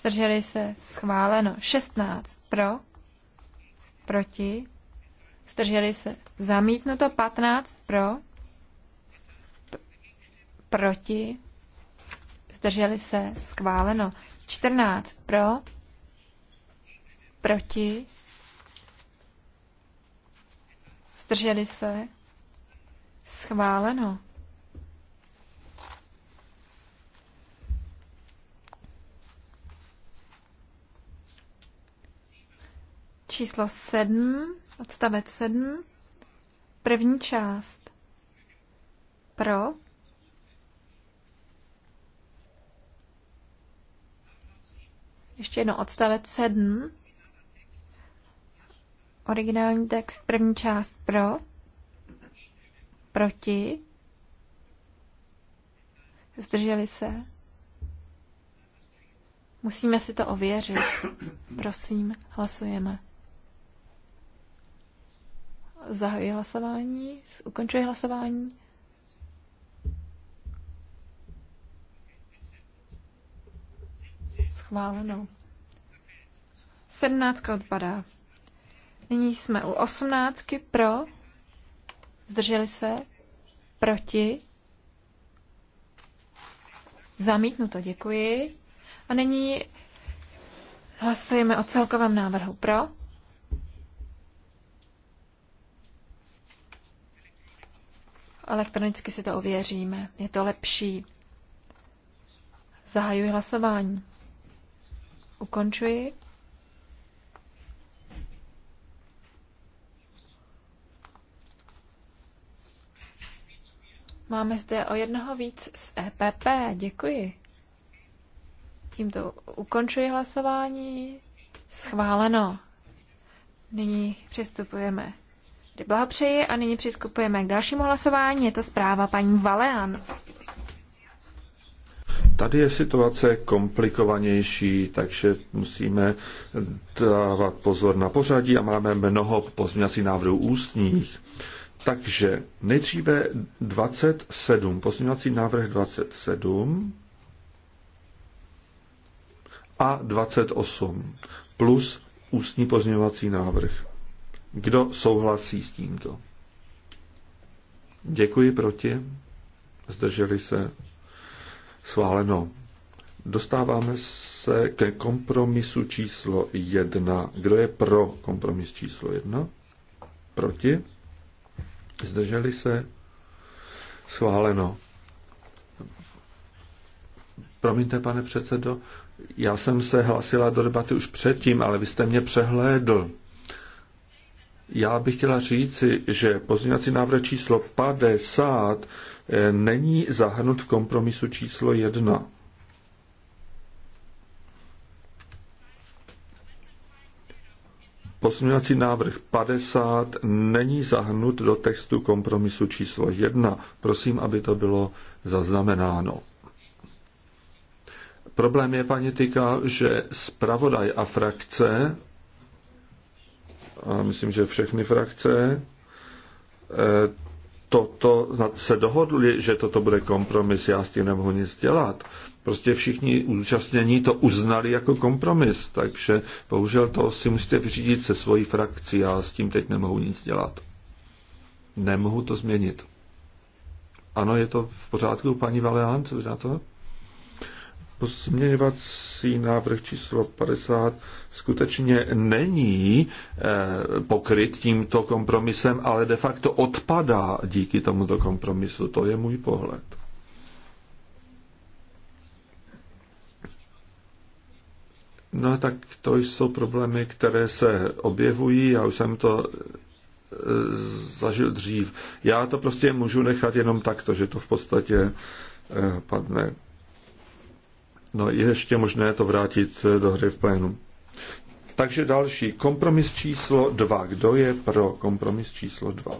zdrželi se, schváleno 16 pro, proti, zdrželi se, zamítnuto 15 pro, proti, zdrželi se, schváleno 14 pro, Proti? Zdrželi se? Schváleno. Číslo 7, odstavec 7, první část. Pro. Ještě jedno, odstavec 7. Originální text, první část pro, proti, zdrželi se. Musíme si to ověřit. Prosím, hlasujeme. Zahajuji hlasování, ukončuji hlasování. Schváleno. Sedmnáctka odpadá. Nyní jsme u osmnáctky pro, zdrželi se, proti, zamítnuto, děkuji. A nyní hlasujeme o celkovém návrhu pro. Elektronicky si to ověříme, je to lepší. Zahajuji hlasování. Ukončuji. Máme zde o jednoho víc z EPP. Děkuji. Tímto ukončuji hlasování. Schváleno. Nyní přistupujeme. Blahopřeji a nyní přistupujeme k dalšímu hlasování. Je to zpráva paní Valean. Tady je situace komplikovanější, takže musíme dávat pozor na pořadí a máme mnoho pozměňovacích návrhů ústních. Takže nejdříve 27, pozměňovací návrh 27 a 28 plus ústní pozměňovací návrh. Kdo souhlasí s tímto? Děkuji proti. Zdrželi se. Schváleno. Dostáváme se ke kompromisu číslo 1. Kdo je pro kompromis číslo 1? Proti? Zdrželi se? Schváleno. Promiňte, pane předsedo, já jsem se hlasila do debaty už předtím, ale vy jste mě přehlédl. Já bych chtěla říci, že pozměňovací návrh číslo 50 eh, není zahrnut v kompromisu číslo 1. Pozměňovací návrh 50 není zahnut do textu kompromisu číslo 1. Prosím, aby to bylo zaznamenáno. Problém je, paní Tyka, že zpravodaj a frakce, a myslím, že všechny frakce, eh, toto se dohodli, že toto bude kompromis, já s tím nemohu nic dělat. Prostě všichni účastnění to uznali jako kompromis, takže bohužel to si musíte vyřídit se svojí frakcí, já s tím teď nemohu nic dělat. Nemohu to změnit. Ano, je to v pořádku, paní Valeant, na to? Pozměňovací návrh číslo 50 skutečně není eh, pokryt tímto kompromisem, ale de facto odpadá díky tomuto kompromisu. To je můj pohled. No tak to jsou problémy, které se objevují, já už jsem to eh, zažil dřív. Já to prostě můžu nechat jenom takto, že to v podstatě eh, padne. No, je ještě možné to vrátit eh, do hry v plénu. Takže další, kompromis číslo dva. Kdo je pro kompromis číslo dva.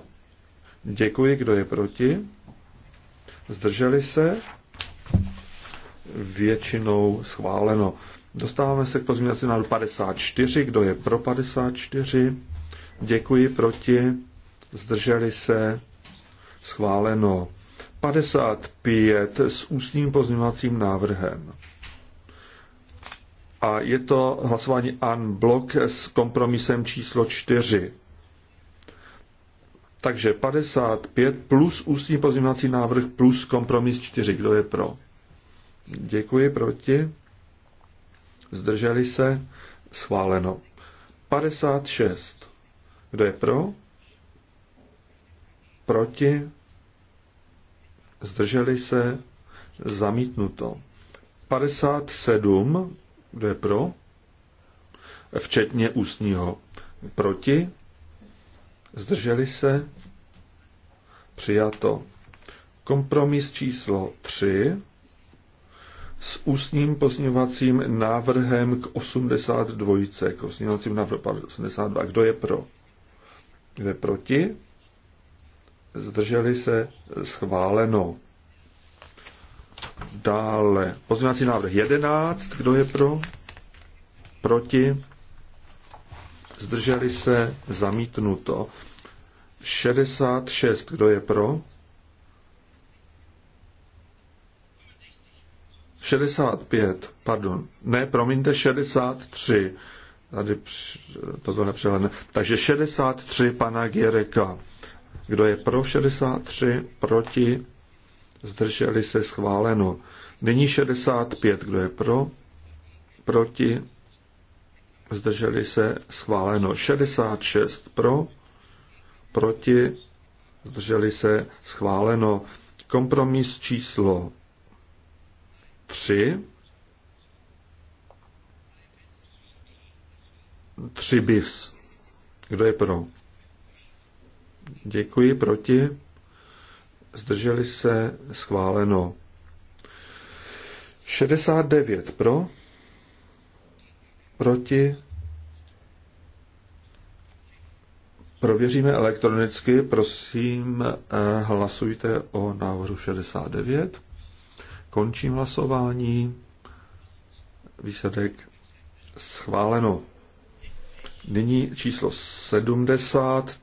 Děkuji, kdo je proti? Zdrželi se? Většinou schváleno. Dostáváme se k pozměňovací návrhu 54. Kdo je pro 54? Děkuji, proti? Zdrželi se? Schváleno. 55 s ústním pozměňovacím návrhem a je to hlasování an blok s kompromisem číslo 4. Takže 55 plus ústní pozměňovací návrh plus kompromis 4. Kdo je pro? Děkuji, proti. Zdrželi se? Schváleno. 56. Kdo je pro? Proti? Zdrželi se? Zamítnuto. 57 kdo je pro? Včetně ústního. Proti? Zdrželi se? Přijato. Kompromis číslo 3 s ústním pozměňovacím návrhem k 82, k pozměňovacím návrhem 82. Kdo je pro? Kdo je proti? Zdrželi se schváleno. Dále pozměňovací návrh 11. Kdo je pro? Proti? Zdrželi se? Zamítnuto. 66. Kdo je pro? 65, pardon, ne, promiňte, 63. Tady to bylo nepřehledné. Takže 63 pana Gereka. Kdo je pro 63, proti, zdrželi se schváleno. Nyní 65, kdo je pro, proti, zdrželi se schváleno. 66 pro, proti, zdrželi se schváleno. Kompromis číslo 3, 3 bis. Kdo je pro? Děkuji, proti zdrželi se, schváleno. 69 pro, proti, prověříme elektronicky, prosím, eh, hlasujte o návrhu 69. Končím hlasování. Výsledek schváleno. Nyní číslo 70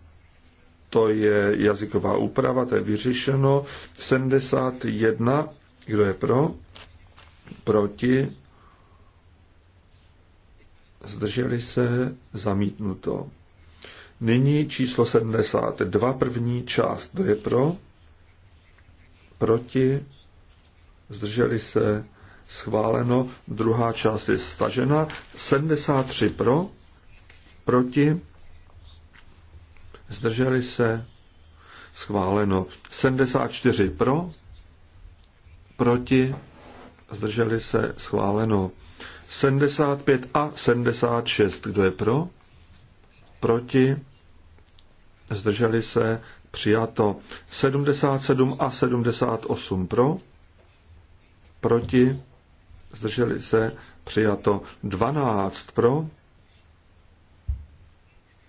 to je jazyková úprava, to je vyřešeno. 71, kdo je pro? Proti? Zdrželi se? Zamítnuto. Nyní číslo 72, první část, kdo je pro? Proti? Zdrželi se? Schváleno. Druhá část je stažena. 73 pro? Proti? zdrželi se, schváleno 74 pro, proti, zdrželi se, schváleno 75 a 76, kdo je pro, proti, zdrželi se, přijato 77 a 78 pro, proti, zdrželi se, přijato 12 pro,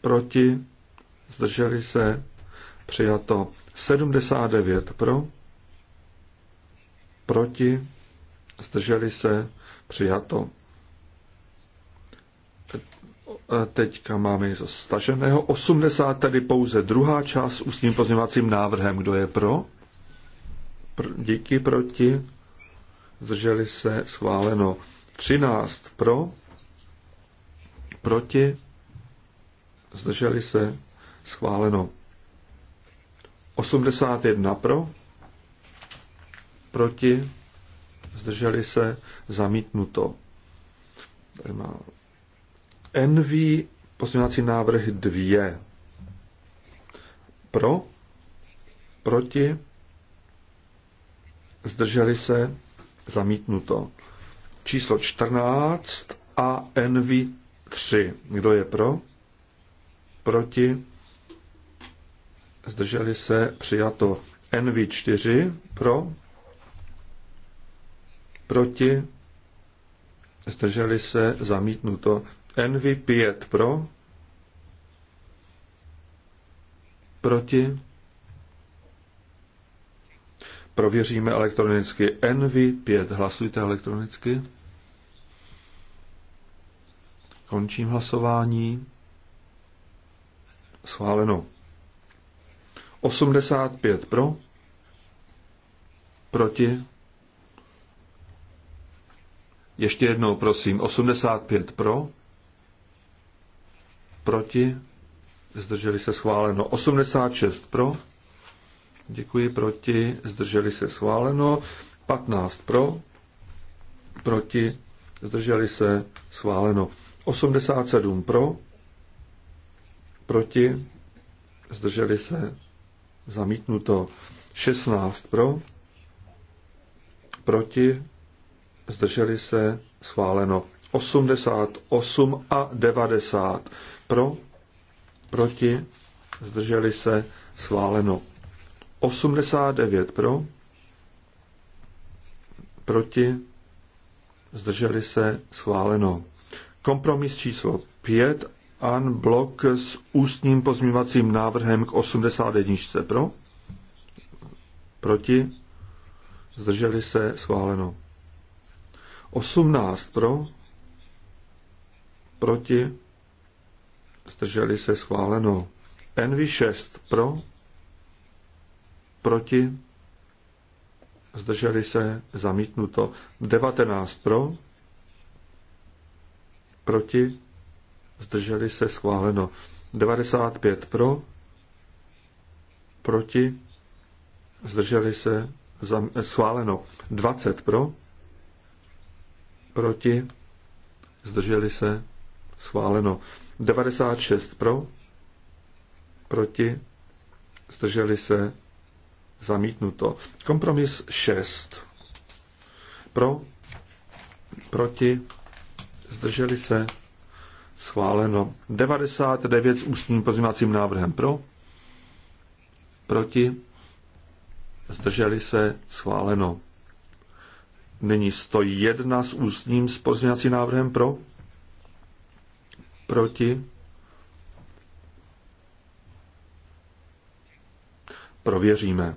proti, zdrželi se, přijato 79 pro, proti, zdrželi se, přijato. E, teďka máme něco staženého. 80 tedy pouze druhá část s tím pozměvacím návrhem. Kdo je pro? Pr- díky proti. Zdrželi se schváleno. 13 pro. Proti. Zdrželi se Schváleno. 81 pro, proti, zdrželi se, zamítnuto. Tady má NV pozměňovací návrh 2. Pro, proti, zdrželi se, zamítnuto. Číslo 14 a NV 3. Kdo je pro? Proti, zdrželi se, přijato. NV4 pro, proti, zdrželi se, zamítnuto. NV5 pro, proti, prověříme elektronicky. NV5, hlasujte elektronicky. Končím hlasování. Schváleno. 85 pro, proti, ještě jednou prosím, 85 pro, proti, zdrželi se schváleno, 86 pro, děkuji, proti, zdrželi se schváleno, 15 pro, proti, zdrželi se schváleno, 87 pro, proti, zdrželi se zamítnuto 16 pro, proti, zdrželi se, schváleno 88 a 90 pro, proti, zdrželi se, schváleno 89 pro, proti, zdrželi se, schváleno. Kompromis číslo 5 an blok s ústním pozměňovacím návrhem k 81. Pro? Proti? Zdrželi se? Schváleno. 18 pro? Proti? Zdrželi se? Schváleno. NV6 pro? Proti? Zdrželi se? Zamítnuto. 19 pro? Proti? zdrželi se schváleno. 95 pro, proti, zdrželi se schváleno. 20 pro, proti, zdrželi se schváleno. 96 pro, proti, zdrželi se zamítnuto. Kompromis 6 pro, proti, zdrželi se Schváleno. 99 s ústním pozměňovacím návrhem pro. Proti. Zdrželi se. Schváleno. Nyní 101 s ústním s pozměňovacím návrhem pro. Proti. Prověříme.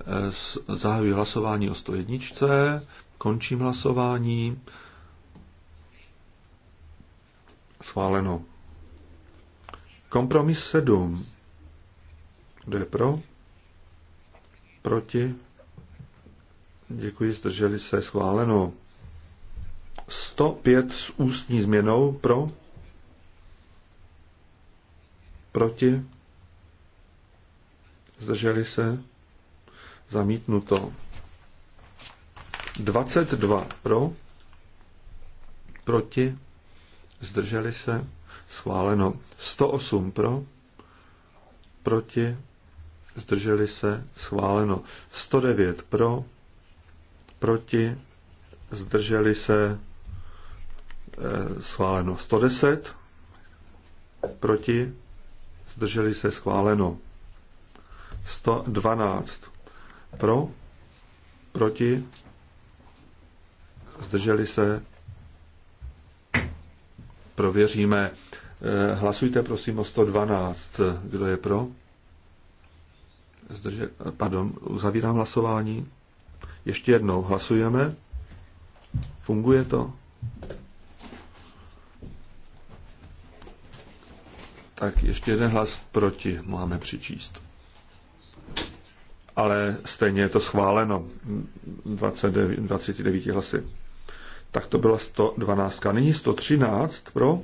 Eh, zahajuji hlasování o 101. Končím hlasování. Schváleno. Kompromis 7. Kdo je pro? Proti? Děkuji, zdrželi se. Schváleno. 105 s ústní změnou pro? Proti? Zdrželi se? Zamítnuto. 22 pro? Proti? zdrželi se, schváleno 108 pro, proti, zdrželi se, schváleno 109 pro, proti, zdrželi se, eh, schváleno 110, proti, zdrželi se, schváleno 112 pro, proti, zdrželi se, prověříme. Eh, hlasujte prosím o 112. Kdo je pro? Zdrže, pardon, uzavírám hlasování. Ještě jednou hlasujeme. Funguje to? Tak ještě jeden hlas proti máme přičíst. Ale stejně je to schváleno 29, 29 hlasy tak to byla 112. Nyní 113 pro,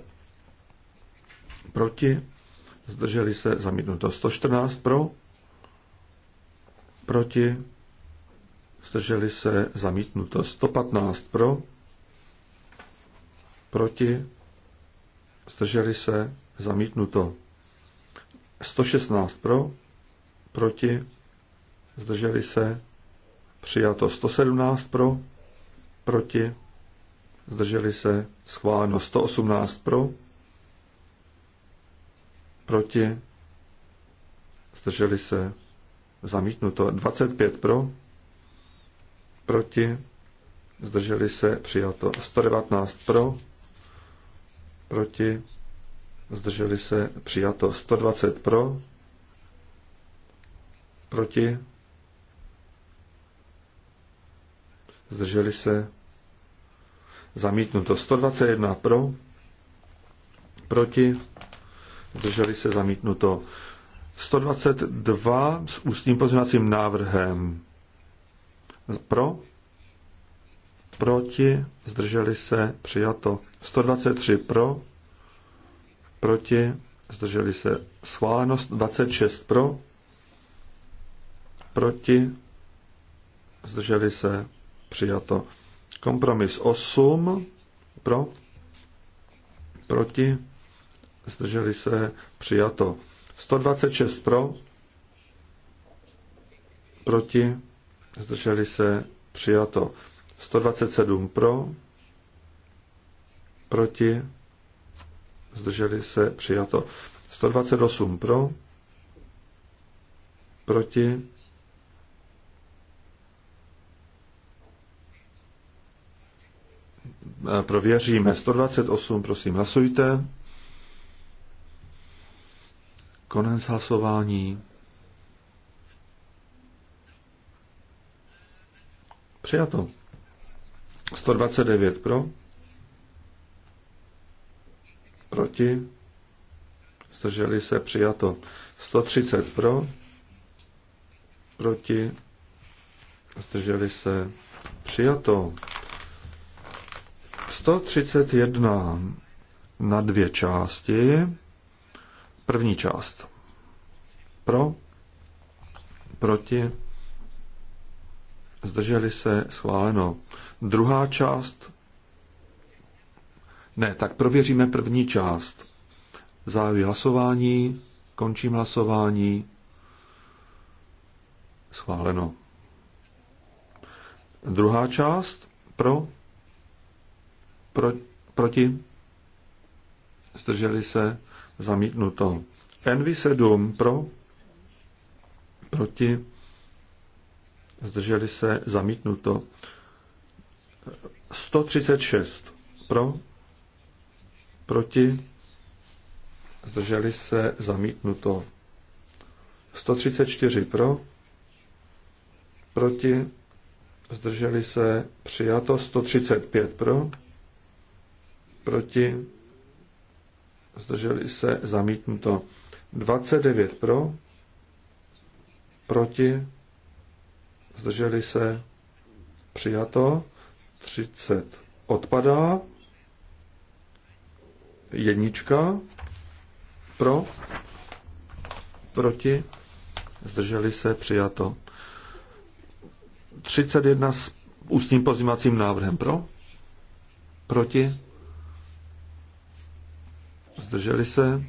proti, zdrželi se, zamítnuto. 114 pro, proti, zdrželi se, zamítnuto. 115 pro, proti, zdrželi se, zamítnuto. 116 pro, proti, zdrželi se, přijato. 117 pro, proti, zdrželi se, schváleno 118 pro, proti, zdrželi se, zamítnuto 25 pro, proti, zdrželi se, přijato 119 pro, proti, zdrželi se, přijato 120 pro, proti, zdrželi se, zamítnuto. 121 pro, proti, drželi se zamítnuto. 122 s ústním pozměňovacím návrhem pro, proti, zdrželi se, přijato. 123 pro, proti, zdrželi se, schváleno. 26 pro, proti, zdrželi se, přijato. Kompromis 8 pro, proti, zdrželi se, přijato. 126 pro, proti, zdrželi se, přijato. 127 pro, proti, zdrželi se, přijato. 128 pro, proti, prověříme. 128, prosím, hlasujte. Konec hlasování. Přijato. 129 pro. Proti. Zdrželi se přijato. 130 pro. Proti. Zdrželi se přijato. 131 na dvě části. První část. Pro, proti, zdrželi se, schváleno. Druhá část. Ne, tak prověříme první část. Zahajuji hlasování, končím hlasování. Schváleno. Druhá část pro pro, proti? Zdrželi se? Zamítnuto. NV7 pro? Proti? Zdrželi se? Zamítnuto. 136 pro? Proti? Zdrželi se? Zamítnuto. 134 pro? Proti? Zdrželi se? Přijato. 135 pro? proti, zdrželi se, zamítnuto. 29 pro, proti, zdrželi se, přijato. 30 odpadá, jednička pro, proti, zdrželi se, přijato. 31 s ústním pozimacím návrhem pro, proti, zdrželi se,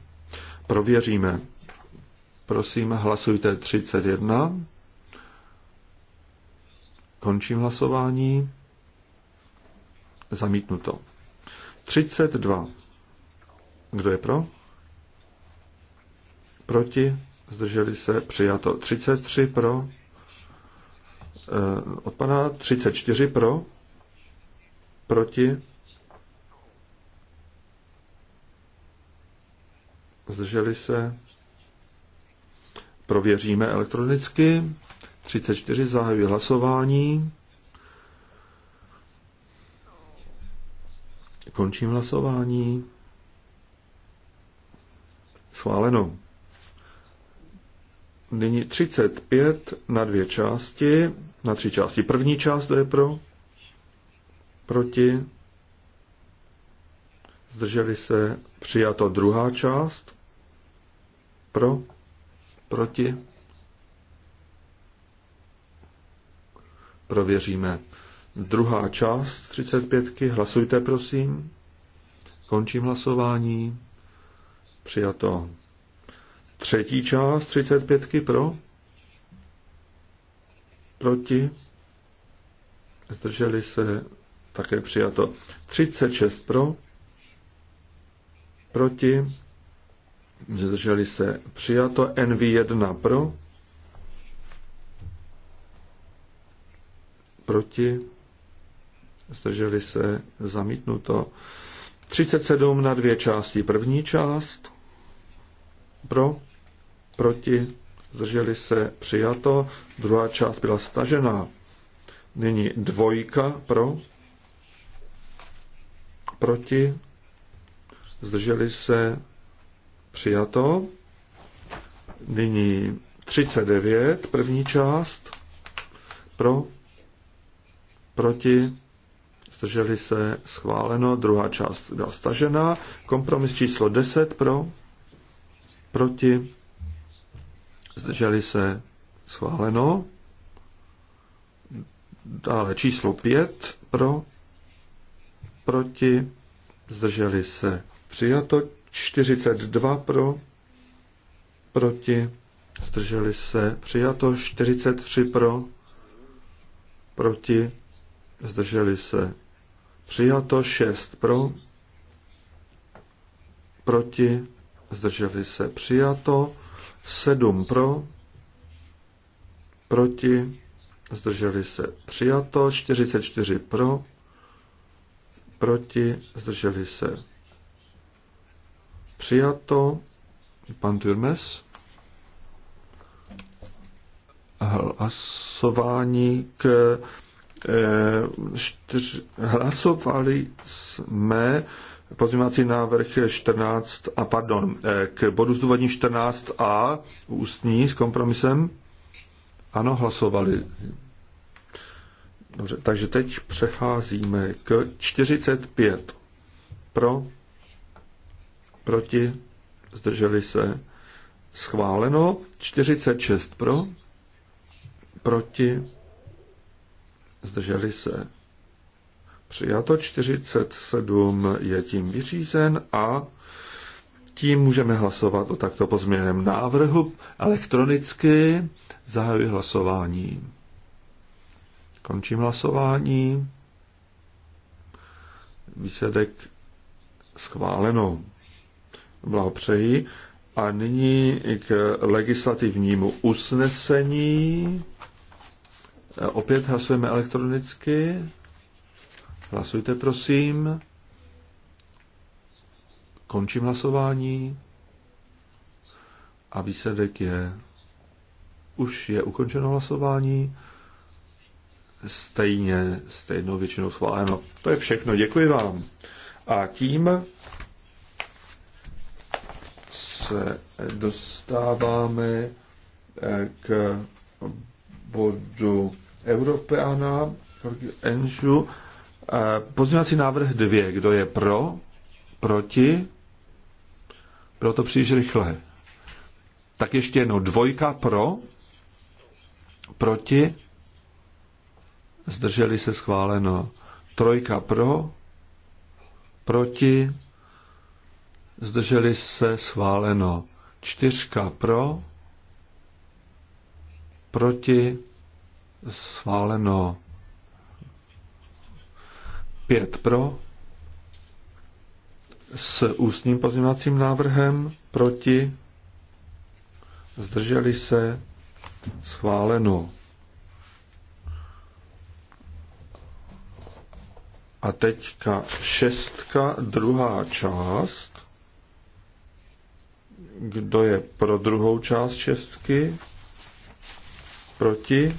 prověříme. Prosím, hlasujte 31. Končím hlasování. Zamítnuto. 32. Kdo je pro? Proti? Zdrželi se? Přijato. 33 pro? Od eh, odpadá. 34 pro? Proti? zdrželi se, prověříme elektronicky. 34 zahajuje hlasování. Končím hlasování. Schváleno. Nyní 35 na dvě části, na tři části. První část to je pro, proti, zdrželi se, přijato druhá část, pro, proti, prověříme. Druhá část 35. Hlasujte, prosím. Končím hlasování. Přijato. Třetí část 35. Pro. Proti. Zdrželi se. Také přijato. 36 pro proti, zdrželi se přijato, NV1 pro, proti, zdrželi se zamítnuto, 37 na dvě části, první část pro, proti, zdrželi se přijato, druhá část byla stažená. Nyní dvojka pro, proti, zdrželi se, přijato. Nyní 39, první část, pro, proti, zdrželi se, schváleno, druhá část byla stažena, kompromis číslo 10 pro, proti, zdrželi se, schváleno, dále číslo 5 pro, proti, zdrželi se, Přijato 42 pro, proti, zdrželi se. Přijato 43 pro, proti, zdrželi se. Přijato 6 pro, proti, zdrželi se. Přijato 7 pro, proti, zdrželi se. Přijato 44 pro, proti, zdrželi se Přijato. Pan Turmes. Hlasování k eh, čtyř, hlasovali jsme pozměňovací návrh 14 a pardon, eh, k bodu zdůvodní 14a ústní s kompromisem. Ano, hlasovali. Dobře, takže teď přecházíme k 45. Pro, proti, zdrželi se, schváleno, 46 pro, proti, zdrželi se. Přijato 47 je tím vyřízen a tím můžeme hlasovat o takto pozměněném návrhu elektronicky. Zahajuji hlasování. Končím hlasování. Výsledek schváleno. Blahopřeji. A nyní k legislativnímu usnesení. E, opět hlasujeme elektronicky. Hlasujte, prosím. Končím hlasování. A výsledek je. Už je ukončeno hlasování. Stejně, stejnou většinou schváleno. To je všechno. Děkuji vám. A tím se dostáváme eh, k bodu Evropeana, Enžu. Eh, pozměňovací návrh dvě. Kdo je pro? Proti? Bylo to příliš rychle. Tak ještě jednou. Dvojka pro? Proti? Zdrželi se schváleno. Trojka pro? Proti? zdrželi se schváleno. Čtyřka pro, proti, schváleno. Pět pro, s ústním pozměňovacím návrhem, proti, zdrželi se, schváleno. A teďka šestka, druhá část. Kdo je pro druhou část šestky? Proti?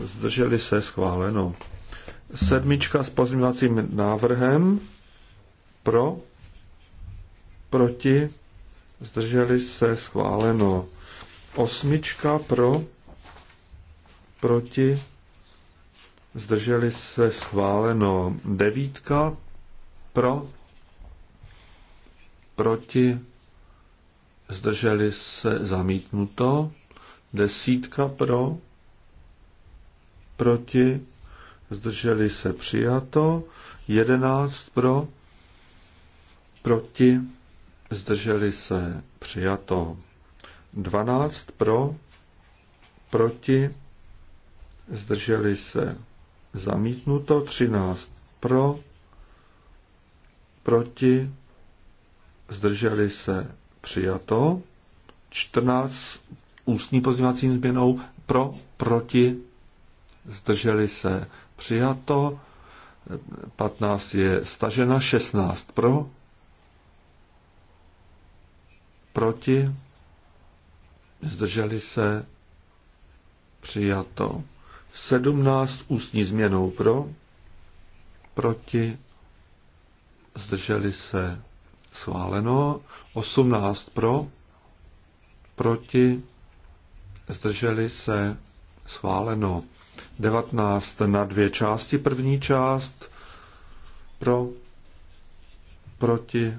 Zdrželi se schváleno. Sedmička s pozměňovacím návrhem. Pro? Proti? Zdrželi se schváleno. Osmička pro? Proti? Zdrželi se schváleno. Devítka pro? Proti? zdrželi se zamítnuto, desítka pro, proti, zdrželi se přijato, jedenáct pro, proti, zdrželi se přijato, dvanáct pro, proti, zdrželi se zamítnuto, třináct pro, proti, zdrželi se přijato. 14 ústní pozměňovací změnou pro, proti, zdrželi se přijato. 15 je stažena, 16 pro, proti, zdrželi se přijato. 17 ústní změnou pro, proti, zdrželi se Schváleno. 18 pro. Proti. Zdrželi se. Schváleno. 19 na dvě části. První část pro. Proti.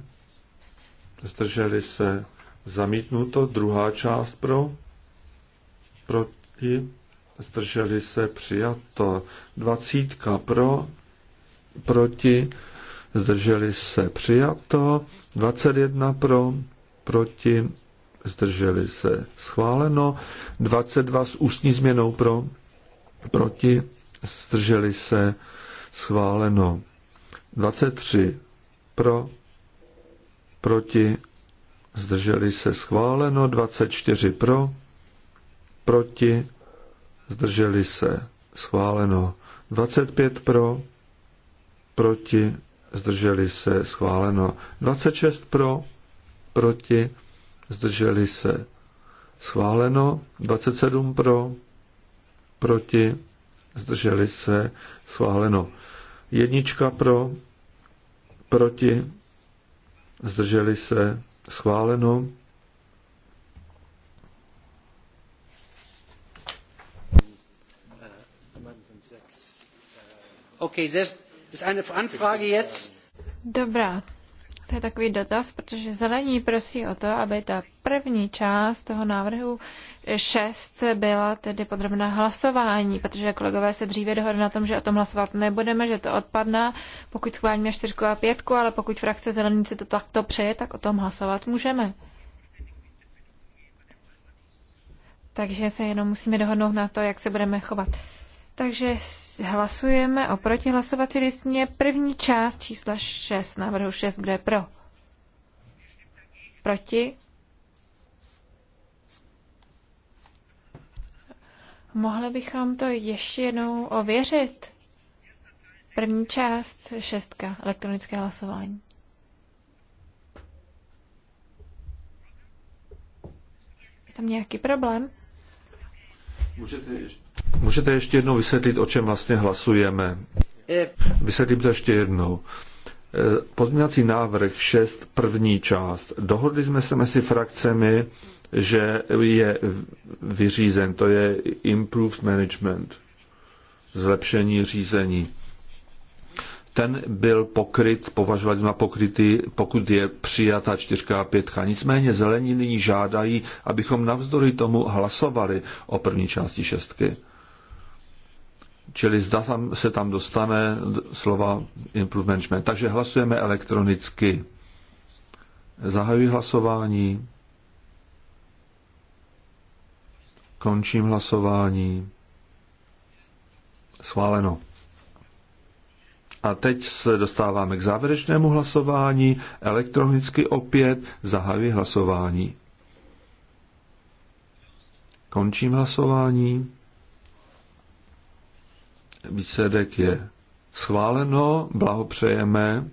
Zdrželi se. Zamítnuto. Druhá část pro. Proti. Zdrželi se. Přijato. Dvacítka pro. Proti zdrželi se přijato, 21 pro, proti, zdrželi se schváleno, 22 s ústní změnou pro, proti, zdrželi se schváleno, 23 pro, proti, zdrželi se schváleno, 24 pro, proti, zdrželi se schváleno, 25 pro, proti, zdrželi se schváleno 26 pro, proti, zdrželi se schváleno 27 pro, proti, zdrželi se schváleno jednička pro, proti, zdrželi se schváleno Okay, there's Dobrá. To je takový dotaz, protože zelení prosí o to, aby ta první část toho návrhu 6 byla tedy podrobná hlasování, protože kolegové se dříve dohodli na tom, že o tom hlasovat nebudeme, že to odpadne, pokud schválíme 4 a 5, ale pokud frakce zelení si to takto přeje, tak o tom hlasovat můžeme. Takže se jenom musíme dohodnout na to, jak se budeme chovat. Takže hlasujeme o protihlasovací listině první část čísla 6, návrhu 6, kde je pro. Proti. Mohli bychom to ještě jednou ověřit. První část, šestka, elektronické hlasování. Je tam nějaký problém? Můžete ještě. Můžete ještě jednou vysvětlit, o čem vlastně hlasujeme? Eh. Vysvětlím to ještě jednou. Eh, pozměňovací návrh 6, první část. Dohodli jsme se mezi frakcemi, že je vyřízen, to je improved management, zlepšení řízení. Ten byl pokryt, považovat na pokryty, pokud je přijata čtyřka a pětka. Nicméně zelení nyní žádají, abychom navzdory tomu hlasovali o první části šestky. Čili zda tam, se tam dostane slova improve management. Takže hlasujeme elektronicky. Zahajuji hlasování. Končím hlasování. Schváleno. A teď se dostáváme k závěrečnému hlasování. Elektronicky opět zahajuji hlasování. Končím hlasování. Výsledek je schváleno, blahopřejeme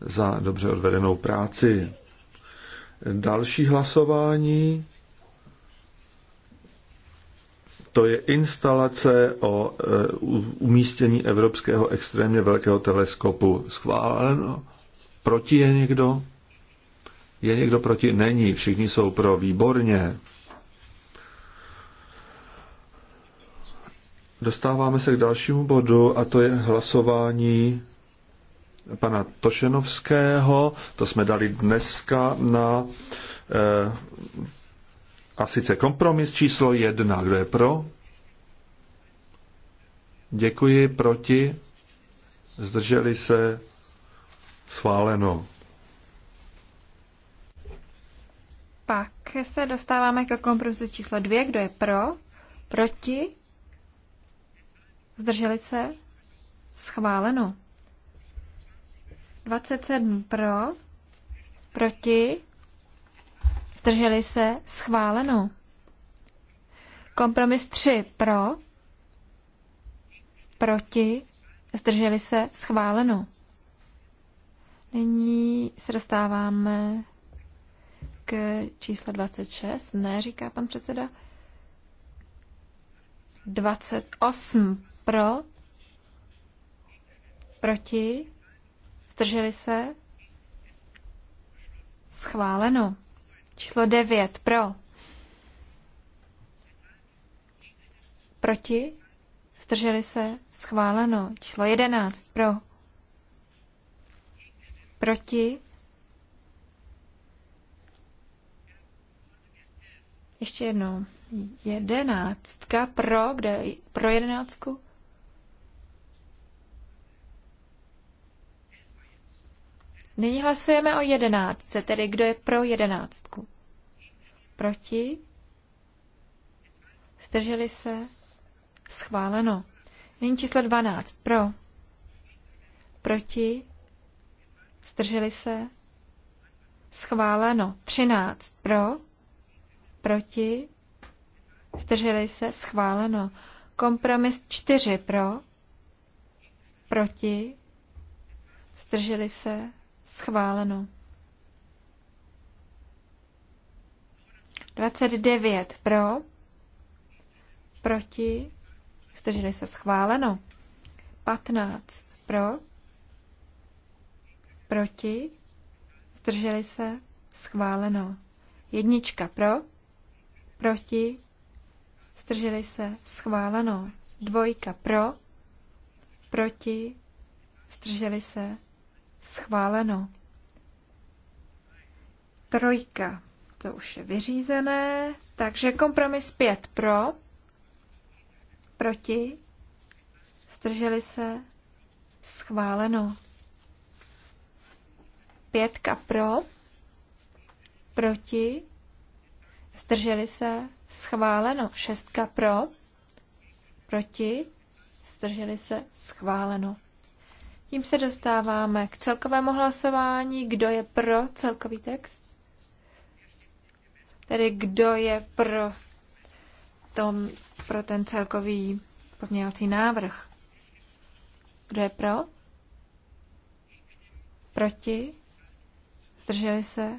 za dobře odvedenou práci. Další hlasování to je instalace o e, umístění evropského extrémně velkého teleskopu. Schváleno? Proti je někdo? Je někdo proti? Není. Všichni jsou pro. Výborně. Dostáváme se k dalšímu bodu a to je hlasování pana Tošenovského. To jsme dali dneska na eh, a sice kompromis číslo jedna. Kdo je pro? Děkuji. Proti? Zdrželi se? sváleno. Pak se dostáváme ke kompromisu číslo dvě. Kdo je pro? Proti? Zdrželi se? Schváleno. 27 pro, proti, zdrželi se, schváleno. Kompromis 3 pro, proti, zdrželi se, schváleno. Nyní se dostáváme k čísle 26. Ne, říká pan předseda. 28 pro? Proti? Zdrželi se? Schváleno. Číslo 9. Pro. Proti? Zdrželi se? Schváleno. Číslo 11. Pro. Proti? Ještě jednou. Jedenáctka pro, kde pro jedenáctku? Nyní hlasujeme o jedenáctce, tedy kdo je pro jedenáctku. Proti? Zdrželi se? Schváleno. Nyní číslo 12. Pro. Proti? Zdrželi se? Schváleno. 13. Pro. Proti? Zdrželi se? Schváleno. Kompromis 4. Pro. Proti? Zdrželi se? Schváleno. 29 pro, proti, zdrželi se schváleno. 15 pro, proti, zdrželi se schváleno. Jednička pro, proti, zdrželi se schváleno. Dvojka pro, proti, zdrželi se Schváleno. Trojka. To už je vyřízené. Takže kompromis 5 pro. Proti. Zdrželi se. Schváleno. Pětka pro. Proti. Zdrželi se. Schváleno. Šestka pro. Proti. Zdrželi se. Schváleno. Tím se dostáváme k celkovému hlasování. Kdo je pro celkový text? Tedy kdo je pro, tom, pro ten celkový pozměňovací návrh? Kdo je pro? Proti? Zdrželi se?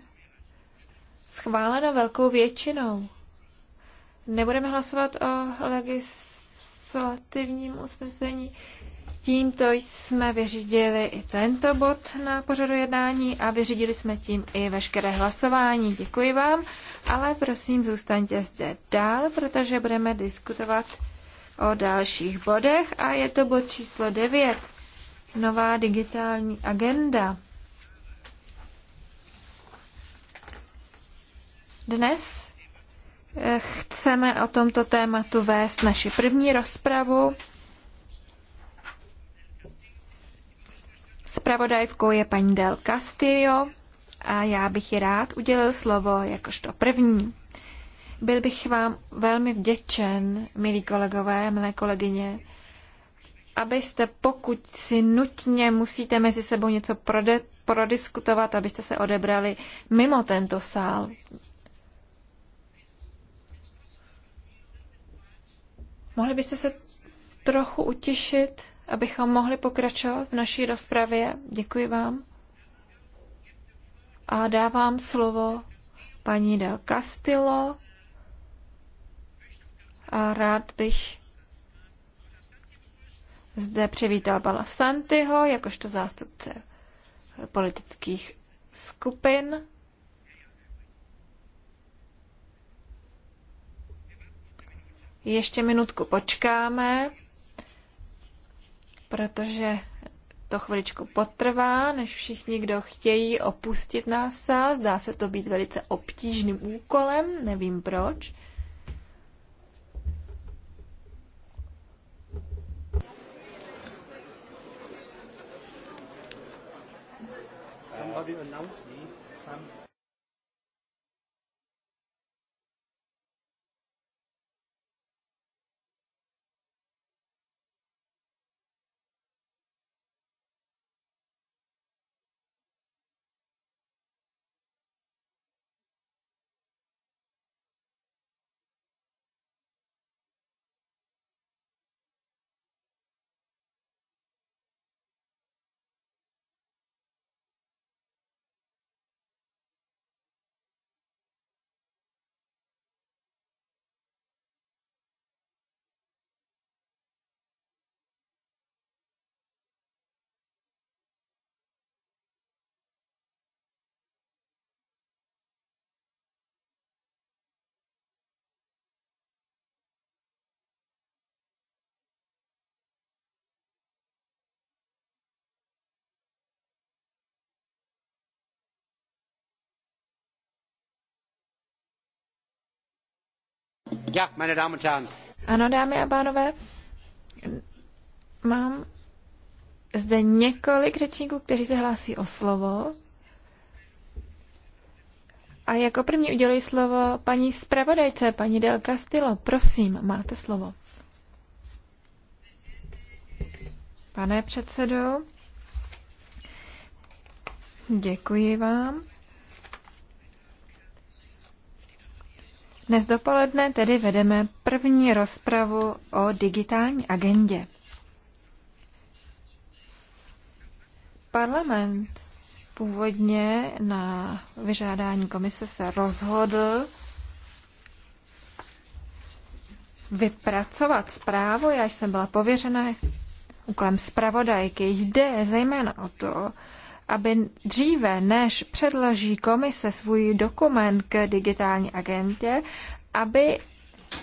Schváleno velkou většinou. Nebudeme hlasovat o legislativním usnesení Tímto jsme vyřídili i tento bod na pořadu jednání a vyřídili jsme tím i veškeré hlasování. Děkuji vám, ale prosím zůstaňte zde dál, protože budeme diskutovat o dalších bodech a je to bod číslo 9. Nová digitální agenda. Dnes eh, chceme o tomto tématu vést naši první rozpravu. Spravodajkou je paní Del Castillo a já bych ji rád udělil slovo jakožto první. Byl bych vám velmi vděčen, milí kolegové, milé kolegyně, abyste, pokud si nutně musíte mezi sebou něco prode- prodiskutovat, abyste se odebrali mimo tento sál. Mohli byste se trochu utěšit? abychom mohli pokračovat v naší rozpravě. Děkuji vám. A dávám slovo paní Del Castillo. A rád bych zde přivítal pana Santiho, jakožto zástupce politických skupin. Ještě minutku počkáme, protože to chviličku potrvá, než všichni, kdo chtějí opustit nás, Zdá se to být velice obtížným úkolem, nevím proč. Somebody announced Ano, dámy a pánové, mám zde několik řečníků, kteří se hlásí o slovo. A jako první uděluji slovo paní zpravodajce, paní Del Castillo. Prosím, máte slovo. Pane předsedo, děkuji vám. Dnes dopoledne tedy vedeme první rozpravu o digitální agendě. Parlament původně na vyžádání komise se rozhodl vypracovat zprávu. Já jsem byla pověřena úkolem zpravodajky. Jde zejména o to, aby dříve, než předloží komise svůj dokument k digitální agentě, aby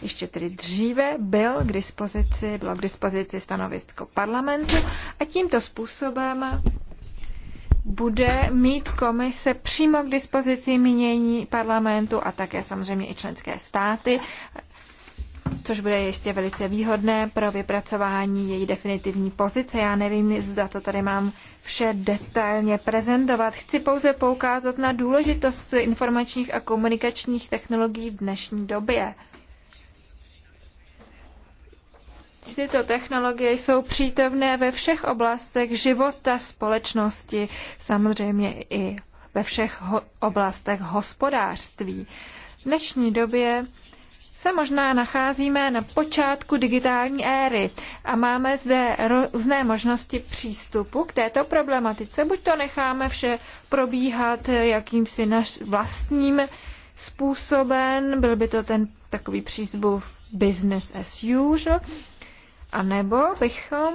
ještě tedy dříve byl k dispozici, bylo k dispozici stanovisko parlamentu a tímto způsobem bude mít komise přímo k dispozici mínění parlamentu a také samozřejmě i členské státy, což bude ještě velice výhodné pro vypracování její definitivní pozice. Já nevím, zda to tady mám vše detailně prezentovat. Chci pouze poukázat na důležitost informačních a komunikačních technologií v dnešní době. Tyto technologie jsou přítomné ve všech oblastech života společnosti, samozřejmě i ve všech ho- oblastech hospodářství. V dnešní době se možná nacházíme na počátku digitální éry a máme zde různé možnosti přístupu k této problematice. Buď to necháme vše probíhat jakýmsi naš vlastním způsobem, byl by to ten takový přístup business as usual, anebo bychom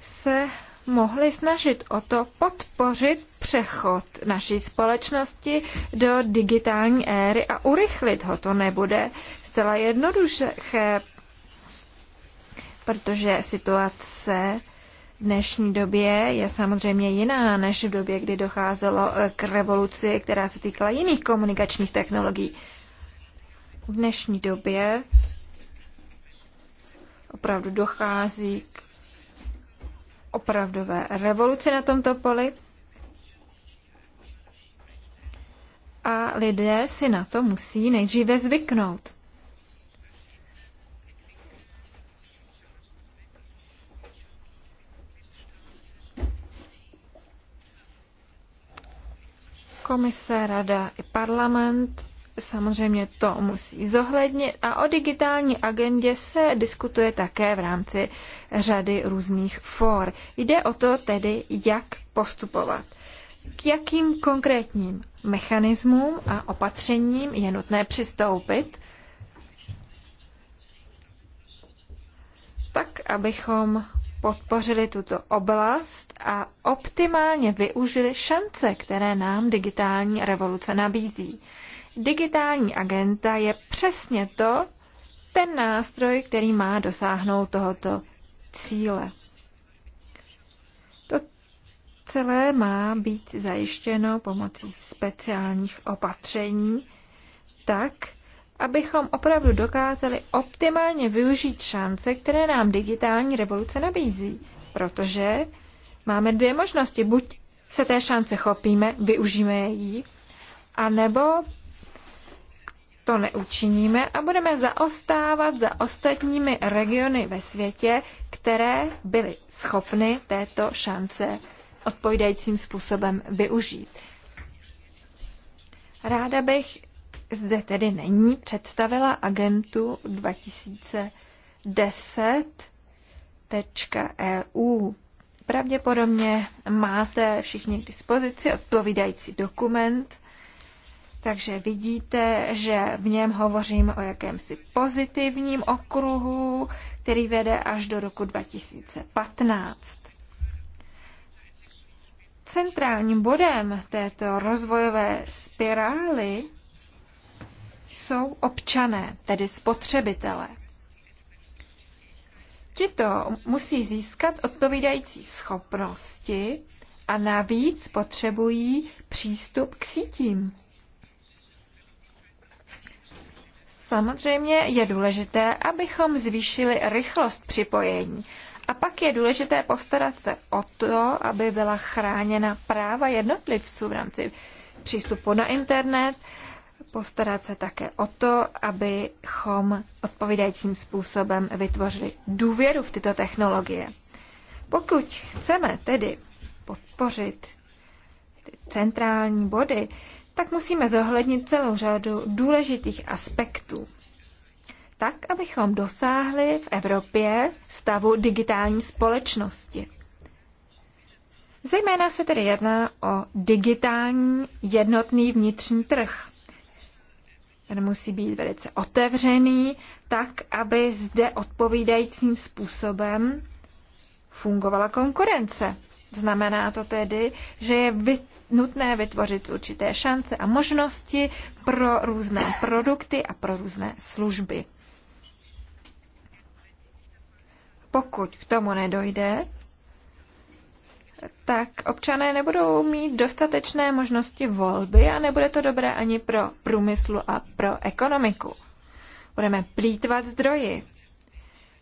se mohli snažit o to podpořit přechod naší společnosti do digitální éry a urychlit ho. To nebude zcela jednoduché, protože situace v dnešní době je samozřejmě jiná než v době, kdy docházelo k revoluci, která se týkala jiných komunikačních technologií. V dnešní době opravdu dochází k opravdové revoluci na tomto poli a lidé si na to musí nejdříve zvyknout. Komise, rada i parlament samozřejmě to musí zohlednit a o digitální agendě se diskutuje také v rámci řady různých for. Jde o to tedy, jak postupovat. K jakým konkrétním mechanismům a opatřením je nutné přistoupit, tak abychom podpořili tuto oblast a optimálně využili šance, které nám digitální revoluce nabízí. Digitální agenta je přesně to, ten nástroj, který má dosáhnout tohoto cíle. Celé má být zajištěno pomocí speciálních opatření, tak, abychom opravdu dokázali optimálně využít šance, které nám digitální revoluce nabízí. Protože máme dvě možnosti. Buď se té šance chopíme, využijeme ji, anebo to neučiníme a budeme zaostávat za ostatními regiony ve světě, které byly schopny této šance odpovídajícím způsobem využít. Ráda bych zde tedy není, představila agentu 2010.eu. E Pravděpodobně máte všichni k dispozici odpovídající dokument, takže vidíte, že v něm hovořím o jakémsi pozitivním okruhu, který vede až do roku 2015. Centrálním bodem této rozvojové spirály jsou občané, tedy spotřebitelé. Tito musí získat odpovídající schopnosti a navíc potřebují přístup k sítím. Samozřejmě je důležité, abychom zvýšili rychlost připojení, a pak je důležité postarat se o to, aby byla chráněna práva jednotlivců v rámci přístupu na internet, postarat se také o to, abychom odpovídajícím způsobem vytvořili důvěru v tyto technologie. Pokud chceme tedy podpořit centrální body, tak musíme zohlednit celou řadu důležitých aspektů tak, abychom dosáhli v Evropě stavu digitální společnosti. Zejména se tedy jedná o digitální jednotný vnitřní trh. Ten musí být velice otevřený, tak, aby zde odpovídajícím způsobem fungovala konkurence. Znamená to tedy, že je vyt, nutné vytvořit určité šance a možnosti pro různé produkty a pro různé služby. pokud k tomu nedojde, tak občané nebudou mít dostatečné možnosti volby a nebude to dobré ani pro průmysl a pro ekonomiku. Budeme plítvat zdroji.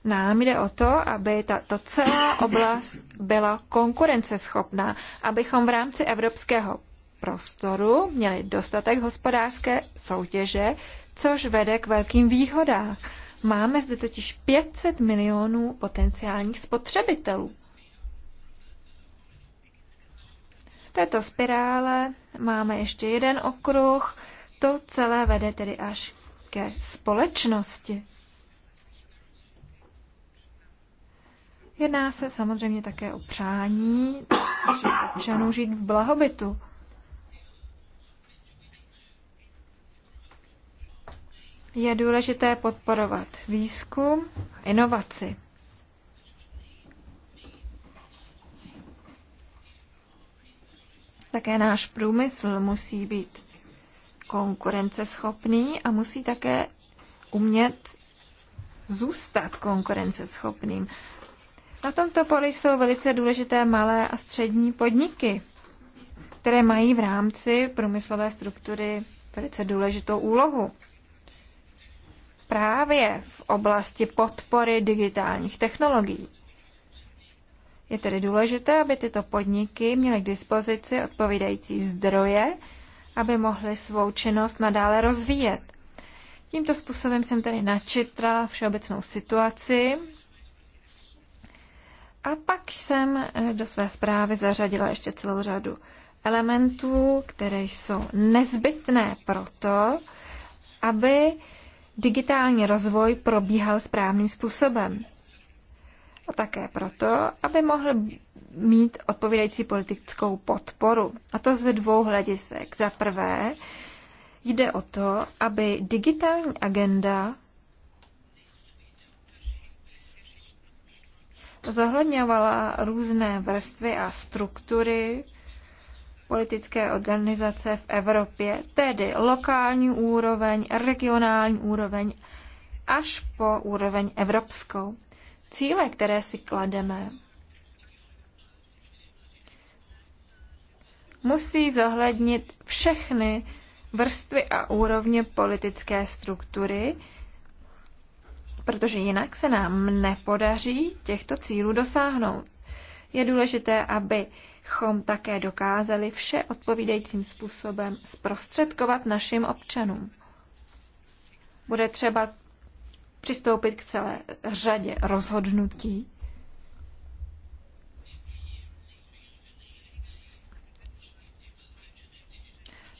Nám jde o to, aby tato celá oblast byla konkurenceschopná, abychom v rámci evropského prostoru měli dostatek hospodářské soutěže, což vede k velkým výhodám. Máme zde totiž 500 milionů potenciálních spotřebitelů. V této spirále máme ještě jeden okruh, to celé vede tedy až ke společnosti. Jedná se samozřejmě také o přání našich občanů žít v blahobytu. je důležité podporovat výzkum a inovaci. Také náš průmysl musí být konkurenceschopný a musí také umět zůstat konkurenceschopným. Na tomto poli jsou velice důležité malé a střední podniky, které mají v rámci průmyslové struktury velice důležitou úlohu právě v oblasti podpory digitálních technologií. Je tedy důležité, aby tyto podniky měly k dispozici odpovídající zdroje, aby mohly svou činnost nadále rozvíjet. Tímto způsobem jsem tedy načitla všeobecnou situaci a pak jsem eh, do své zprávy zařadila ještě celou řadu elementů, které jsou nezbytné pro to, aby digitální rozvoj probíhal správným způsobem. A také proto, aby mohl mít odpovídající politickou podporu. A to ze dvou hledisek. Za prvé, jde o to, aby digitální agenda zohledňovala různé vrstvy a struktury politické organizace v Evropě, tedy lokální úroveň, regionální úroveň až po úroveň evropskou. Cíle, které si klademe, musí zohlednit všechny vrstvy a úrovně politické struktury, protože jinak se nám nepodaří těchto cílů dosáhnout. Je důležité, aby chom také dokázali vše odpovídajícím způsobem zprostředkovat našim občanům. Bude třeba přistoupit k celé řadě rozhodnutí,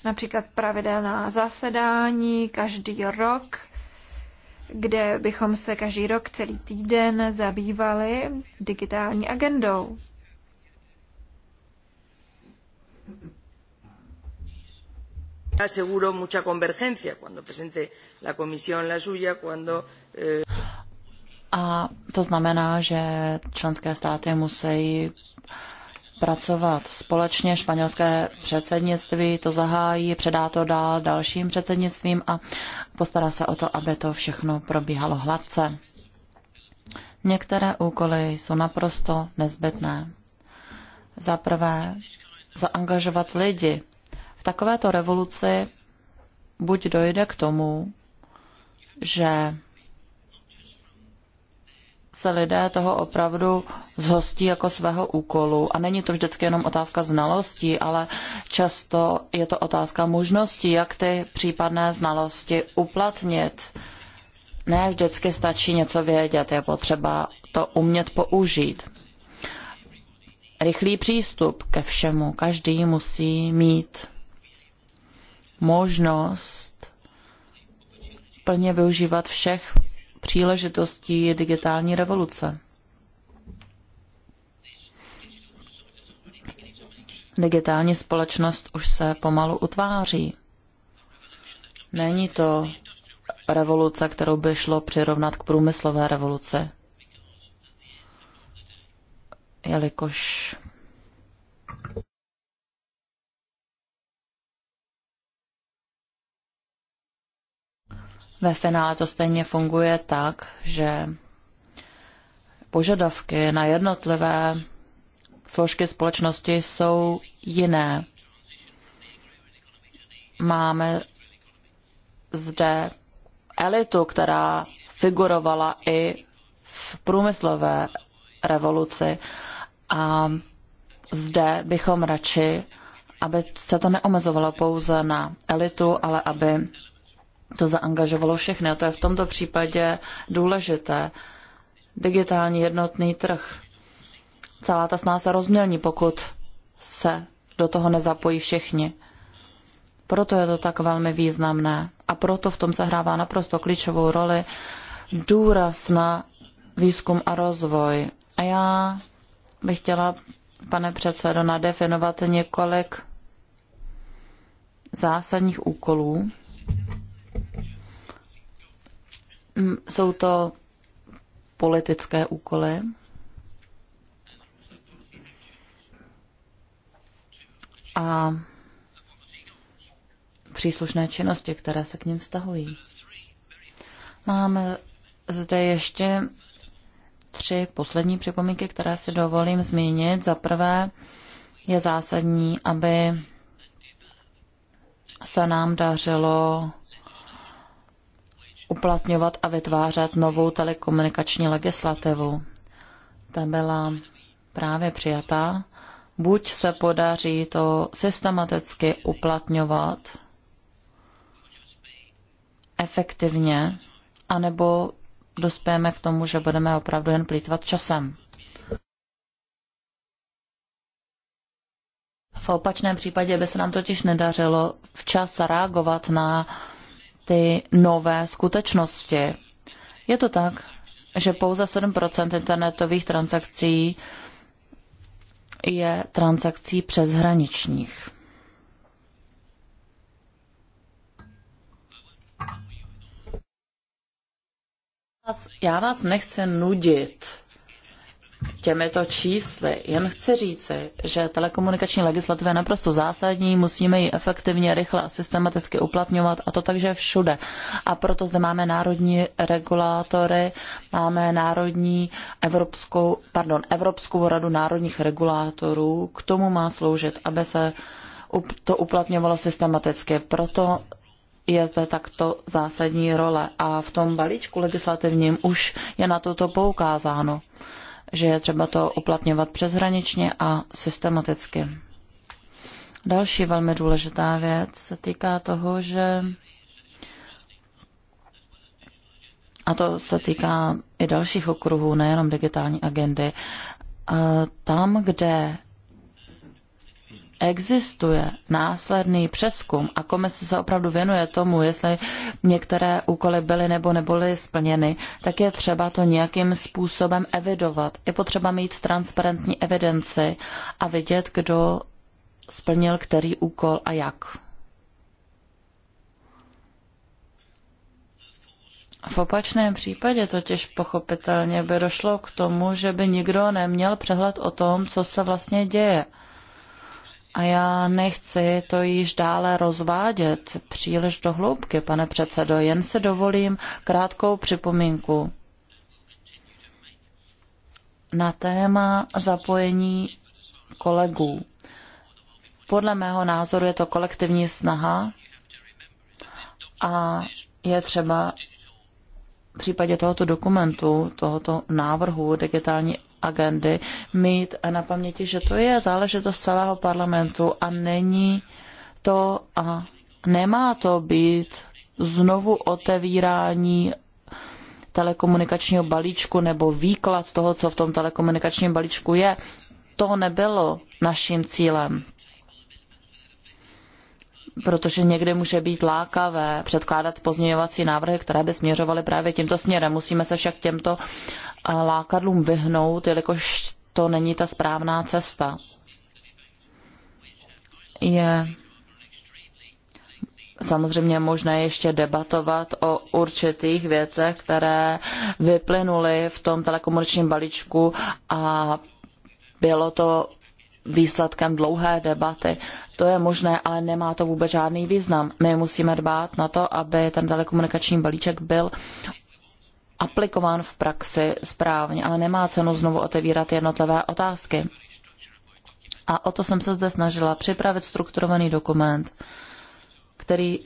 například pravidelná zasedání každý rok, kde bychom se každý rok celý týden zabývali digitální agendou aseguro mucha convergencia cuando presente la comisión la suya, cuando... Eh... A to znamená, že členské státy musí pracovat společně. Španělské předsednictví to zahájí, předá to dál dalším předsednictvím a postará se o to, aby to všechno probíhalo hladce. Některé úkoly jsou naprosto nezbytné. Za prvé zaangažovat lidi. V takovéto revoluci buď dojde k tomu, že se lidé toho opravdu zhostí jako svého úkolu. A není to vždycky jenom otázka znalostí, ale často je to otázka možností, jak ty případné znalosti uplatnit. Ne vždycky stačí něco vědět, je potřeba to umět použít rychlý přístup ke všemu. Každý musí mít možnost plně využívat všech příležitostí digitální revoluce. Digitální společnost už se pomalu utváří. Není to revoluce, kterou by šlo přirovnat k průmyslové revoluci jelikož ve finále to stejně funguje tak, že požadavky na jednotlivé složky společnosti jsou jiné. Máme zde elitu, která figurovala i v průmyslové revoluci a zde bychom radši, aby se to neomezovalo pouze na elitu, ale aby to zaangažovalo všechny. A to je v tomto případě důležité. Digitální jednotný trh. Celá ta sná se rozmělní, pokud se do toho nezapojí všichni. Proto je to tak velmi významné a proto v tom sehrává naprosto klíčovou roli důraz na výzkum a rozvoj. A já bych chtěla, pane předsedo, nadefinovat několik zásadních úkolů. Jsou to politické úkoly. A příslušné činnosti, které se k ním vztahují. Máme zde ještě tři poslední připomínky, které si dovolím zmínit. Za prvé je zásadní, aby se nám dařilo uplatňovat a vytvářet novou telekomunikační legislativu. Ta byla právě přijatá. Buď se podaří to systematicky uplatňovat efektivně, anebo dospějeme k tomu, že budeme opravdu jen plýtvat časem. V opačném případě by se nám totiž nedařilo včas reagovat na ty nové skutečnosti. Je to tak, že pouze 7% internetových transakcí je transakcí přeshraničních. vás, já vás nechci nudit těmito čísly. Jen chci říci, že telekomunikační legislativa je naprosto zásadní, musíme ji efektivně, rychle a systematicky uplatňovat a to takže všude. A proto zde máme národní regulátory, máme národní evropskou, pardon, Evropskou radu národních regulátorů. K tomu má sloužit, aby se to uplatňovalo systematicky. Proto je zde takto zásadní role. A v tom balíčku legislativním už je na toto poukázáno, že je třeba to uplatňovat přeshraničně a systematicky. Další velmi důležitá věc se týká toho, že a to se týká i dalších okruhů, nejenom digitální agendy, tam, kde existuje následný přeskum a komise se opravdu věnuje tomu, jestli některé úkoly byly nebo nebyly splněny, tak je třeba to nějakým způsobem evidovat. Je potřeba mít transparentní evidenci a vidět, kdo splnil který úkol a jak. V opačném případě totiž pochopitelně by došlo k tomu, že by nikdo neměl přehled o tom, co se vlastně děje. A já nechci to již dále rozvádět příliš do hloubky, pane předsedo, jen se dovolím krátkou připomínku na téma zapojení kolegů. Podle mého názoru je to kolektivní snaha a je třeba v případě tohoto dokumentu, tohoto návrhu digitální agendy mít na paměti, že to je záležitost celého parlamentu a není to a nemá to být znovu otevírání telekomunikačního balíčku nebo výklad toho, co v tom telekomunikačním balíčku je. To nebylo naším cílem protože někdy může být lákavé předkládat pozměňovací návrhy, které by směřovaly právě tímto směrem. Musíme se však těmto eh, lákadlům vyhnout, jelikož to není ta správná cesta. Je samozřejmě možné ještě debatovat o určitých věcech, které vyplynuly v tom telekomunikačním balíčku a bylo to výsledkem dlouhé debaty. To je možné, ale nemá to vůbec žádný význam. My musíme dbát na to, aby ten telekomunikační balíček byl aplikován v praxi správně, ale nemá cenu znovu otevírat jednotlivé otázky. A o to jsem se zde snažila připravit strukturovaný dokument, který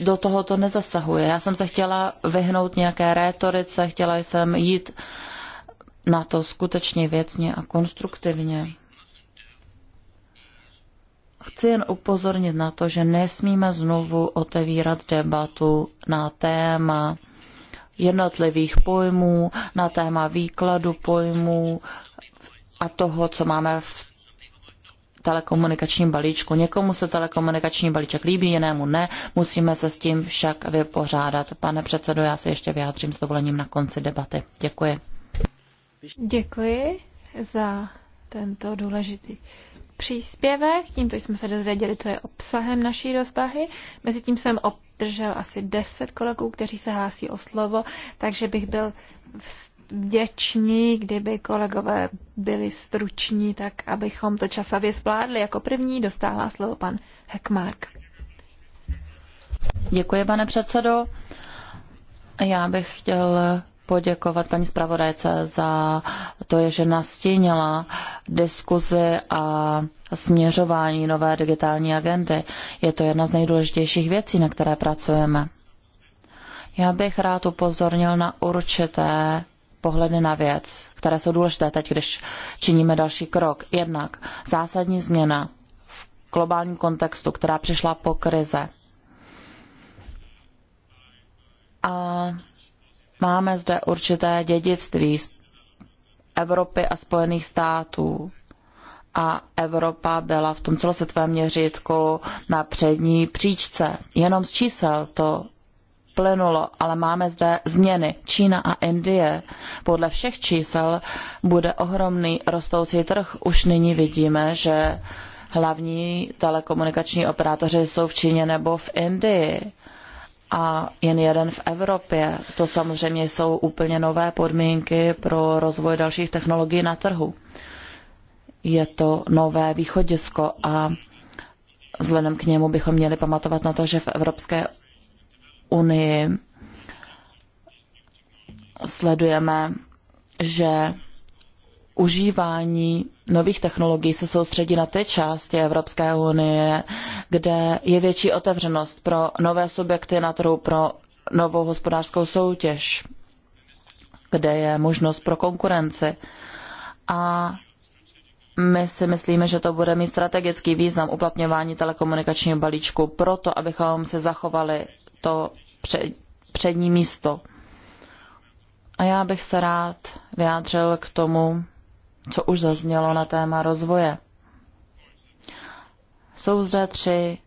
do toho to nezasahuje. Já jsem se chtěla vyhnout nějaké rétorice, chtěla jsem jít uh, na to skutečně věcně a konstruktivně. Chci jen upozornit na to, že nesmíme znovu otevírat debatu na téma jednotlivých pojmů, na téma výkladu pojmů a toho, co máme v telekomunikačním balíčku. Někomu se telekomunikační balíček líbí, jinému ne. Musíme se s tím však vypořádat. Pane předsedo, já se ještě vyjádřím s dovolením na konci debaty. Děkuji. Děkuji za tento důležitý příspěvek. Tímto jsme se dozvěděli, co je obsahem naší rozbahy. Mezitím jsem obdržel asi 10 kolegů, kteří se hlásí o slovo, takže bych byl vděčný, kdyby kolegové byli struční, tak abychom to časově zvládli. Jako první dostává slovo pan Heckmark. Děkuji, pane předsedo. Já bych chtěl poděkovat paní zpravodajce za to, že nastínila diskuzi a směřování nové digitální agendy. Je to jedna z nejdůležitějších věcí, na které pracujeme. Já bych rád upozornil na určité pohledy na věc, které jsou důležité teď, když činíme další krok. Jednak zásadní změna v globálním kontextu, která přišla po krize. A Máme zde určité dědictví z Evropy a Spojených států. A Evropa byla v tom celosvětovém měřítku na přední příčce. Jenom z čísel to plynulo, ale máme zde změny. Čína a Indie. Podle všech čísel bude ohromný rostoucí trh. Už nyní vidíme, že hlavní telekomunikační operátoři jsou v Číně nebo v Indii a jen jeden v Evropě. To samozřejmě jsou úplně nové podmínky pro rozvoj dalších technologií na trhu. Je to nové východisko a vzhledem k němu bychom měli pamatovat na to, že v Evropské unii sledujeme, že užívání nových technologií se soustředí na ty části Evropské unie, kde je větší otevřenost pro nové subjekty na trhu, pro novou hospodářskou soutěž, kde je možnost pro konkurenci. A my si myslíme, že to bude mít strategický význam uplatňování telekomunikačního balíčku proto, abychom si zachovali to přední místo. A já bych se rád vyjádřil k tomu, co už zaznělo na téma rozvoje. Jsou zde tři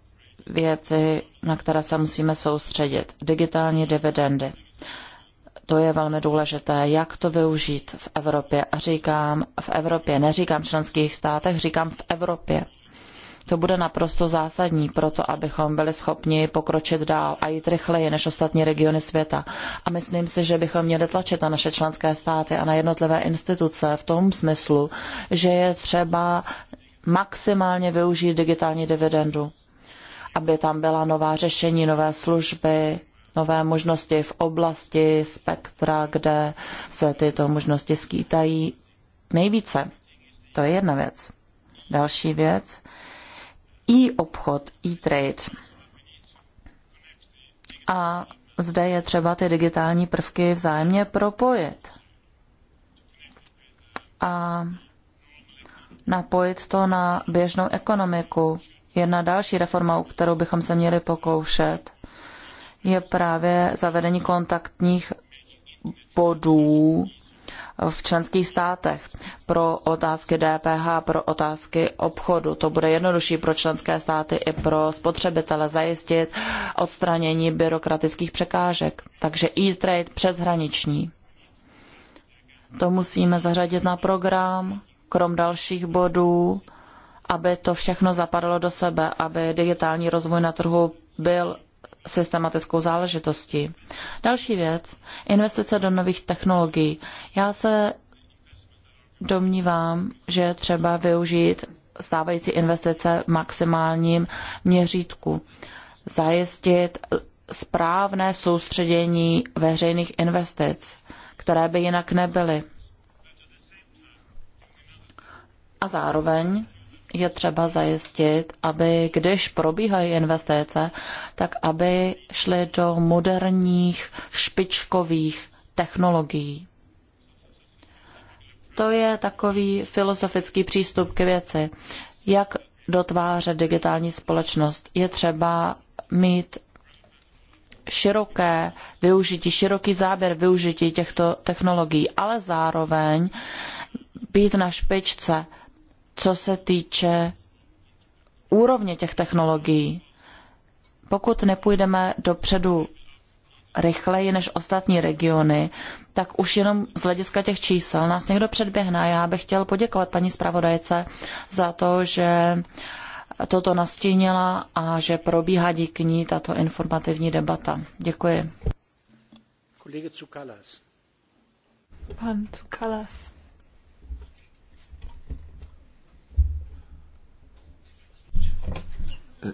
věci, na které se musíme soustředit. Digitální dividendy. To je velmi důležité, jak to využít v Evropě. A říkám v Evropě, neříkám v členských státech, říkám v Evropě. To bude naprosto zásadní pro to, abychom byli schopni pokročit dál a jít rychleji než ostatní regiony světa. A myslím si, že bychom měli tlačit na naše členské státy a na jednotlivé instituce v tom smyslu, že je třeba maximálně využít digitální dividendu, aby tam byla nová řešení, nové služby, nové možnosti v oblasti spektra, kde se tyto možnosti skýtají nejvíce. To je jedna věc. Další věc e-obchod, e-trade. A zde je třeba ty digitální prvky vzájemně propojit. A napojit to na běžnou ekonomiku. Jedna další reforma, o kterou bychom se měli pokoušet, je právě zavedení kontaktních bodů v členských státech pro otázky DPH, pro otázky obchodu. To bude jednodušší pro členské státy i pro spotřebitele zajistit odstranění byrokratických překážek. Takže e-trade přeshraniční. To musíme zařadit na program, krom dalších bodů, aby to všechno zapadlo do sebe, aby digitální rozvoj na trhu byl systematickou záležitostí. Další věc, investice do nových technologií. Já se domnívám, že třeba využít stávající investice v maximálním měřítku. Zajistit správné soustředění veřejných investic, které by jinak nebyly. A zároveň je třeba zajistit, aby když probíhají investice, tak aby šly do moderních špičkových technologií. To je takový filozofický přístup k věci. Jak dotvářet digitální společnost? Je třeba mít široké využití, široký záběr využití těchto technologií, ale zároveň být na špičce co se týče úrovně těch technologií. Pokud nepůjdeme dopředu rychleji než ostatní regiony, tak už jenom z hlediska těch čísel nás někdo předběhne. Já bych chtěl poděkovat paní zpravodajce za to, že toto nastínila a že probíhá díky ní tato informativní debata. Děkuji. Kolega Cukalas. Pan Cukalas.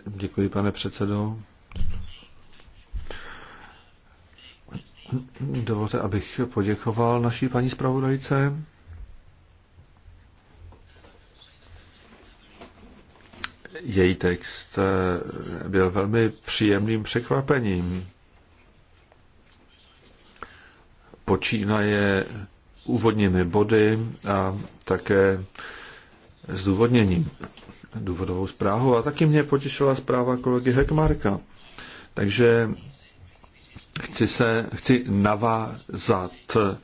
Děkuji, pane předsedo. Dovolte, abych poděkoval naší paní zpravodajce. Její text eh, byl velmi příjemným překvapením. Počínaje úvodními body a také zdůvodněním důvodovou zprávu a taky mě potěšila zpráva kolegy Hekmarka. Takže chci, se, chci navázat eh,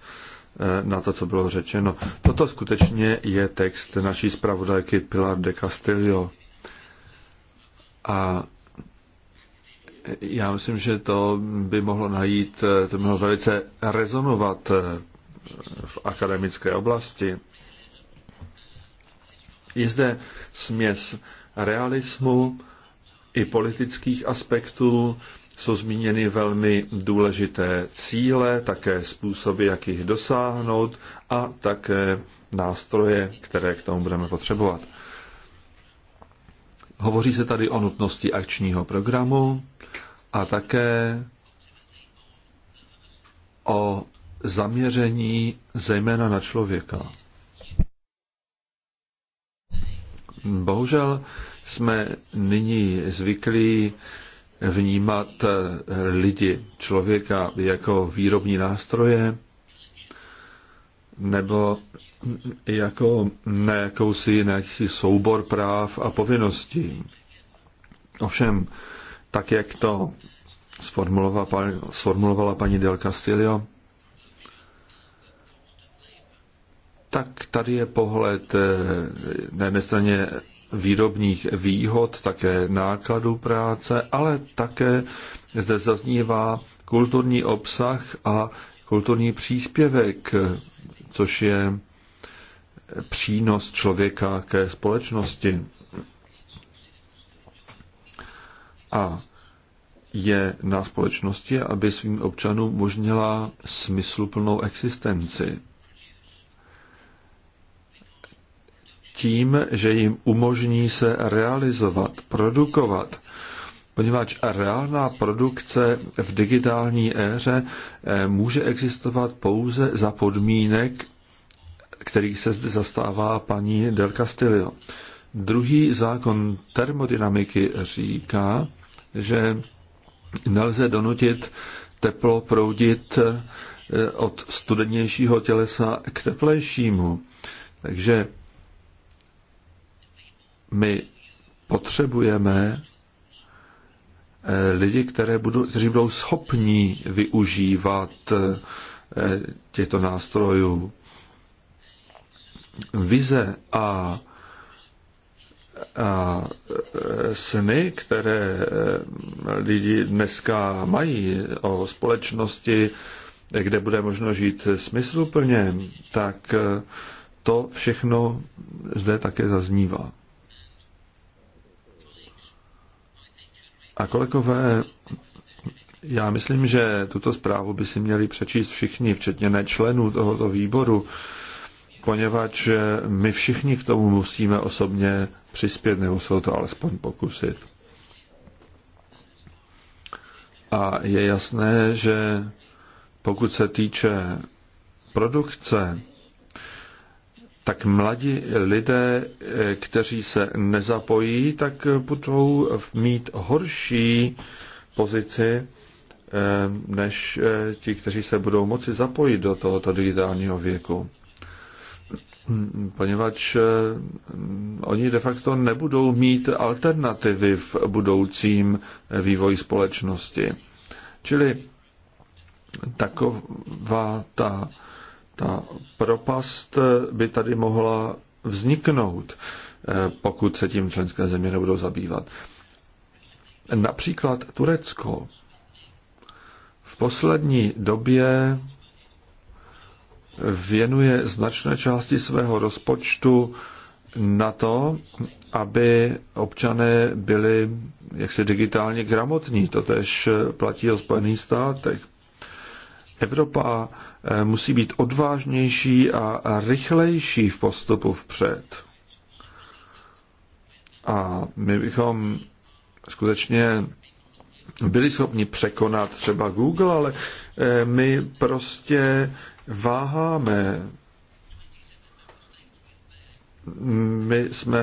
na to, co bylo řečeno. Toto skutečně je text naší zpravodajky Pilar de Castillo. A já myslím, že to by mohlo najít, eh, to by mohlo velice rezonovat eh, v akademické oblasti. Je zde směs realismu i politických aspektů, jsou zmíněny velmi důležité cíle, také způsoby, jak jich dosáhnout a také nástroje, které k tomu budeme potřebovat. Hovoří se tady o nutnosti akčního programu a také o zaměření zejména na člověka. Bohužel jsme nyní zvyklí vnímat eh, lidi, člověka jako výrobní nástroje nebo jako nějakousi, nějaký soubor práv a povinností. Ovšem, tak jak to sformulovala, sformulovala paní Del Castillo, tak tady je pohled eh, na jedné straně výrobních výhod, také nákladů práce, ale také zde zaznívá kulturní obsah a kulturní příspěvek, což je přínos člověka ke společnosti. A je na společnosti, aby svým občanům umožnila smysluplnou existenci. tím, že jim umožní se realizovat, produkovat. Poněvadž reálná produkce v digitální éře eh, může existovat pouze za podmínek, kterých se zde zastává paní Del Castillo. Druhý zákon termodynamiky říká, že nelze donutit teplo proudit eh, od studenějšího tělesa k teplejšímu. Takže my potřebujeme eh, lidi, které budou, kteří budou schopní využívat eh, těchto nástrojů. Vize a, a eh, sny, které lidi dneska mají o společnosti, kde bude možno žít smysluplně, tak to všechno zde také zaznívá. a kolegové, já myslím, že tuto zprávu by si měli přečíst všichni, včetně nečlenů tohoto výboru, poněvadž my všichni k tomu musíme osobně přispět, nebo se o to alespoň pokusit. A je jasné, že pokud se týče produkce, tak mladí lidé, eh, kteří se nezapojí, tak eh, budou mít horší pozici eh, než ti, kteří se budou moci zapojit do tohoto digitálního věku. Poněvadž oni de facto nebudou mít alternativy v budoucím vývoji společnosti. Čili taková ta ta propast by tady mohla vzniknout, eh, pokud se tím členské země nebudou zabývat. Například Turecko v poslední době věnuje značné části svého rozpočtu na to, aby občané byli jaksi digitálně gramotní. To tež platí o Spojených státech. Evropa Eh, musí být odvážnější a rychlejší v postupu vpřed. A my bychom skutečně byli schopni překonat třeba Google, ale eh, my prostě váháme. My jsme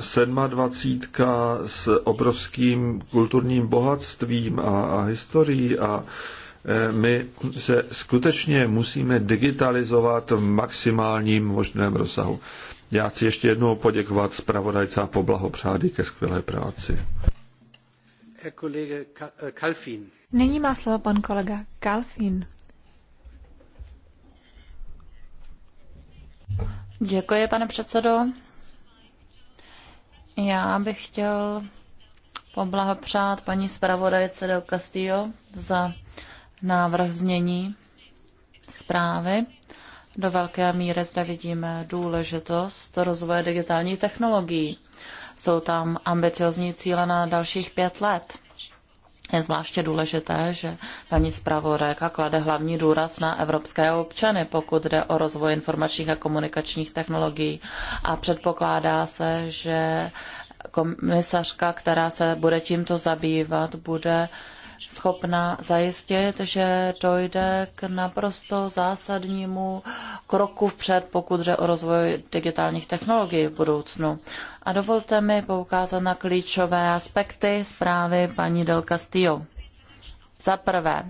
sedma dvacítka s obrovským kulturním bohatstvím a, a historií a Eh, my se skutečně musíme digitalizovat v maximálním možném rozsahu. Já chci ještě jednou poděkovat zpravodajce a poblahopřát ke skvělé práci. Eh, Nyní má slovo pan kolega Kalfin. Děkuji, pane předsedo. Já bych chtěl poblahopřát paní zpravodajce do Castillo za návrh znění zprávy. Do velké míry zde vidíme důležitost rozvoje digitálních technologií. Jsou tam ambiciozní cíle na dalších pět let. Je zvláště důležité, že paní zpravodajka klade hlavní důraz na evropské občany, pokud jde o rozvoj informačních a komunikačních technologií a předpokládá se, že komisařka, která se bude tímto zabývat, bude uh, schopna zajistit, že dojde k naprosto zásadnímu kroku vpřed, pokud jde o rozvoj digitálních technologií v budoucnu. A dovolte mi poukázat na klíčové aspekty zprávy paní Del Castillo. Za prvé,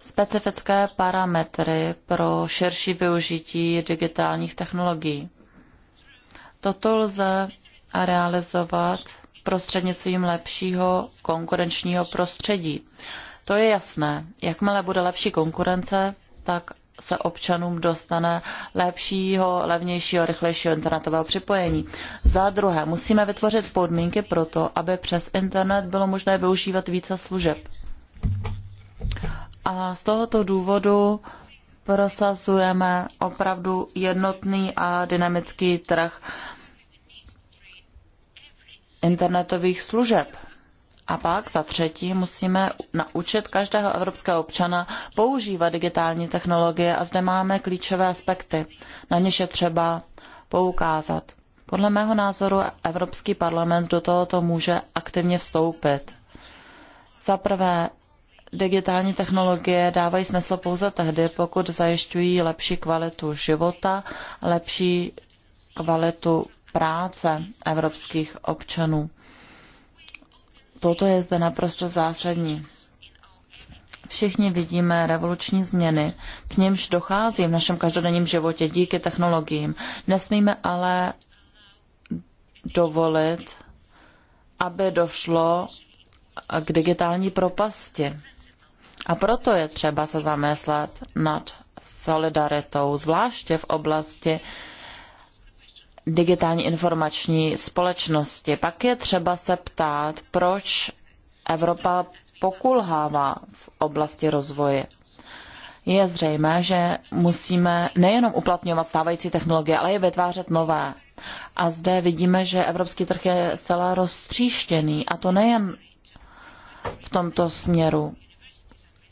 specifické parametry pro širší využití digitálních technologií. Toto lze realizovat prostřednictvím lepšího konkurenčního prostředí. To je jasné. Jakmile bude lepší konkurence, tak se občanům dostane lepšího, levnějšího, rychlejšího internetového připojení. Za druhé, musíme vytvořit podmínky pro to, aby přes internet bylo možné využívat více služeb. A z tohoto důvodu prosazujeme opravdu jednotný a dynamický trh internetových služeb. A pak za třetí musíme naučit každého evropského občana používat digitální technologie a zde máme klíčové aspekty. Na něž je třeba poukázat. Podle mého názoru Evropský parlament do tohoto může aktivně vstoupit. Za prvé, digitální technologie dávají smysl pouze tehdy, pokud zajišťují lepší kvalitu života, lepší kvalitu práce evropských občanů. Toto je zde naprosto zásadní. Všichni vidíme revoluční změny, k němž dochází v našem každodenním životě díky technologiím. Nesmíme ale dovolit, aby došlo k digitální propasti. A proto je třeba se zamyslet nad solidaritou, zvláště v oblasti digitální informační společnosti. Pak je třeba se ptát, proč Evropa pokulhává v oblasti rozvoje. Je zřejmé, že musíme nejenom uplatňovat stávající technologie, ale i vytvářet nové. A zde vidíme, že evropský trh je zcela roztříštěný, a to nejen v tomto směru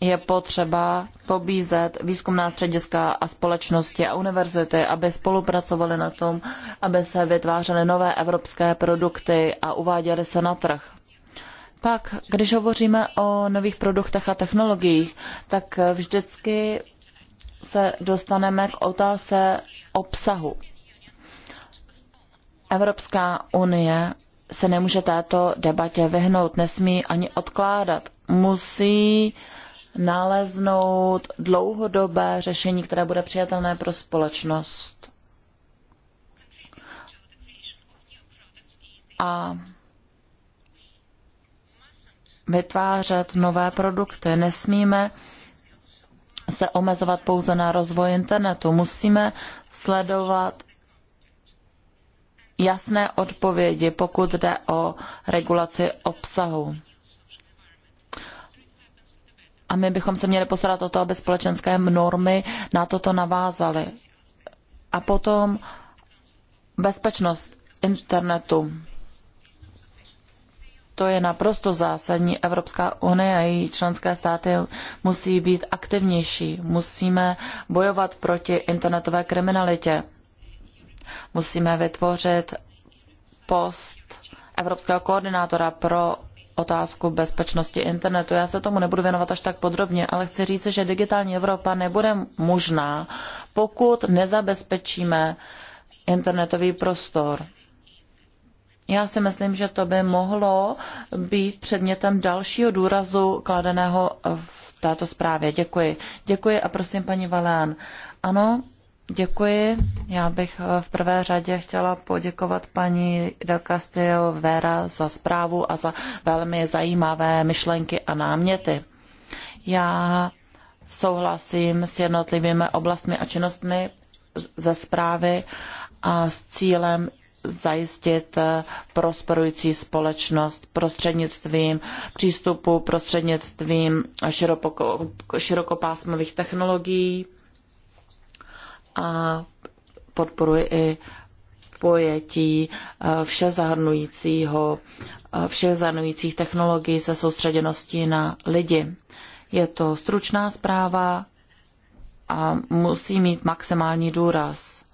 je potřeba pobízet výzkumná střediska a společnosti a univerzity, aby spolupracovali na tom, aby se vytvářely nové evropské produkty a uváděly se na trh. Pak, když hovoříme o nových produktech a technologiích, tak vždycky se dostaneme k otázce obsahu. Evropská unie se nemůže této debatě vyhnout, nesmí ani odkládat. Musí uh, naleznout dlouhodobé řešení, které bude přijatelné pro společnost. A vytvářet nové produkty. Nesmíme se omezovat pouze na rozvoj internetu. Musíme sledovat jasné odpovědi, pokud jde o regulaci obsahu. A my bychom se měli postarat o to, aby společenské normy na toto navázaly. A potom bezpečnost internetu. To je naprosto zásadní. Evropská unie a její členské státy musí být aktivnější. Musíme bojovat proti internetové kriminalitě. Musíme vytvořit post evropského koordinátora pro otázku bezpečnosti internetu. Já se tomu nebudu věnovat až tak podrobně, ale chci říct, že digitální Evropa nebude možná, pokud nezabezpečíme internetový prostor. Já si myslím, že to by mohlo být předmětem dalšího důrazu kladeného v této zprávě. Děkuji. Děkuji a prosím paní Valán. Ano, Děkuji. Já bych eh, v prvé řadě chtěla poděkovat paní Del Castillo Vera za zprávu a za velmi zajímavé myšlenky a náměty. Já souhlasím s jednotlivými oblastmi a činnostmi ze zprávy a s cílem zajistit eh, prosperující společnost prostřednictvím přístupu, prostřednictvím široko, širokopásmových technologií a podporuje i pojetí eh, všech eh, zahrnujících technologií se soustředěností na lidi. Je to stručná zpráva a musí mít maximální důraz.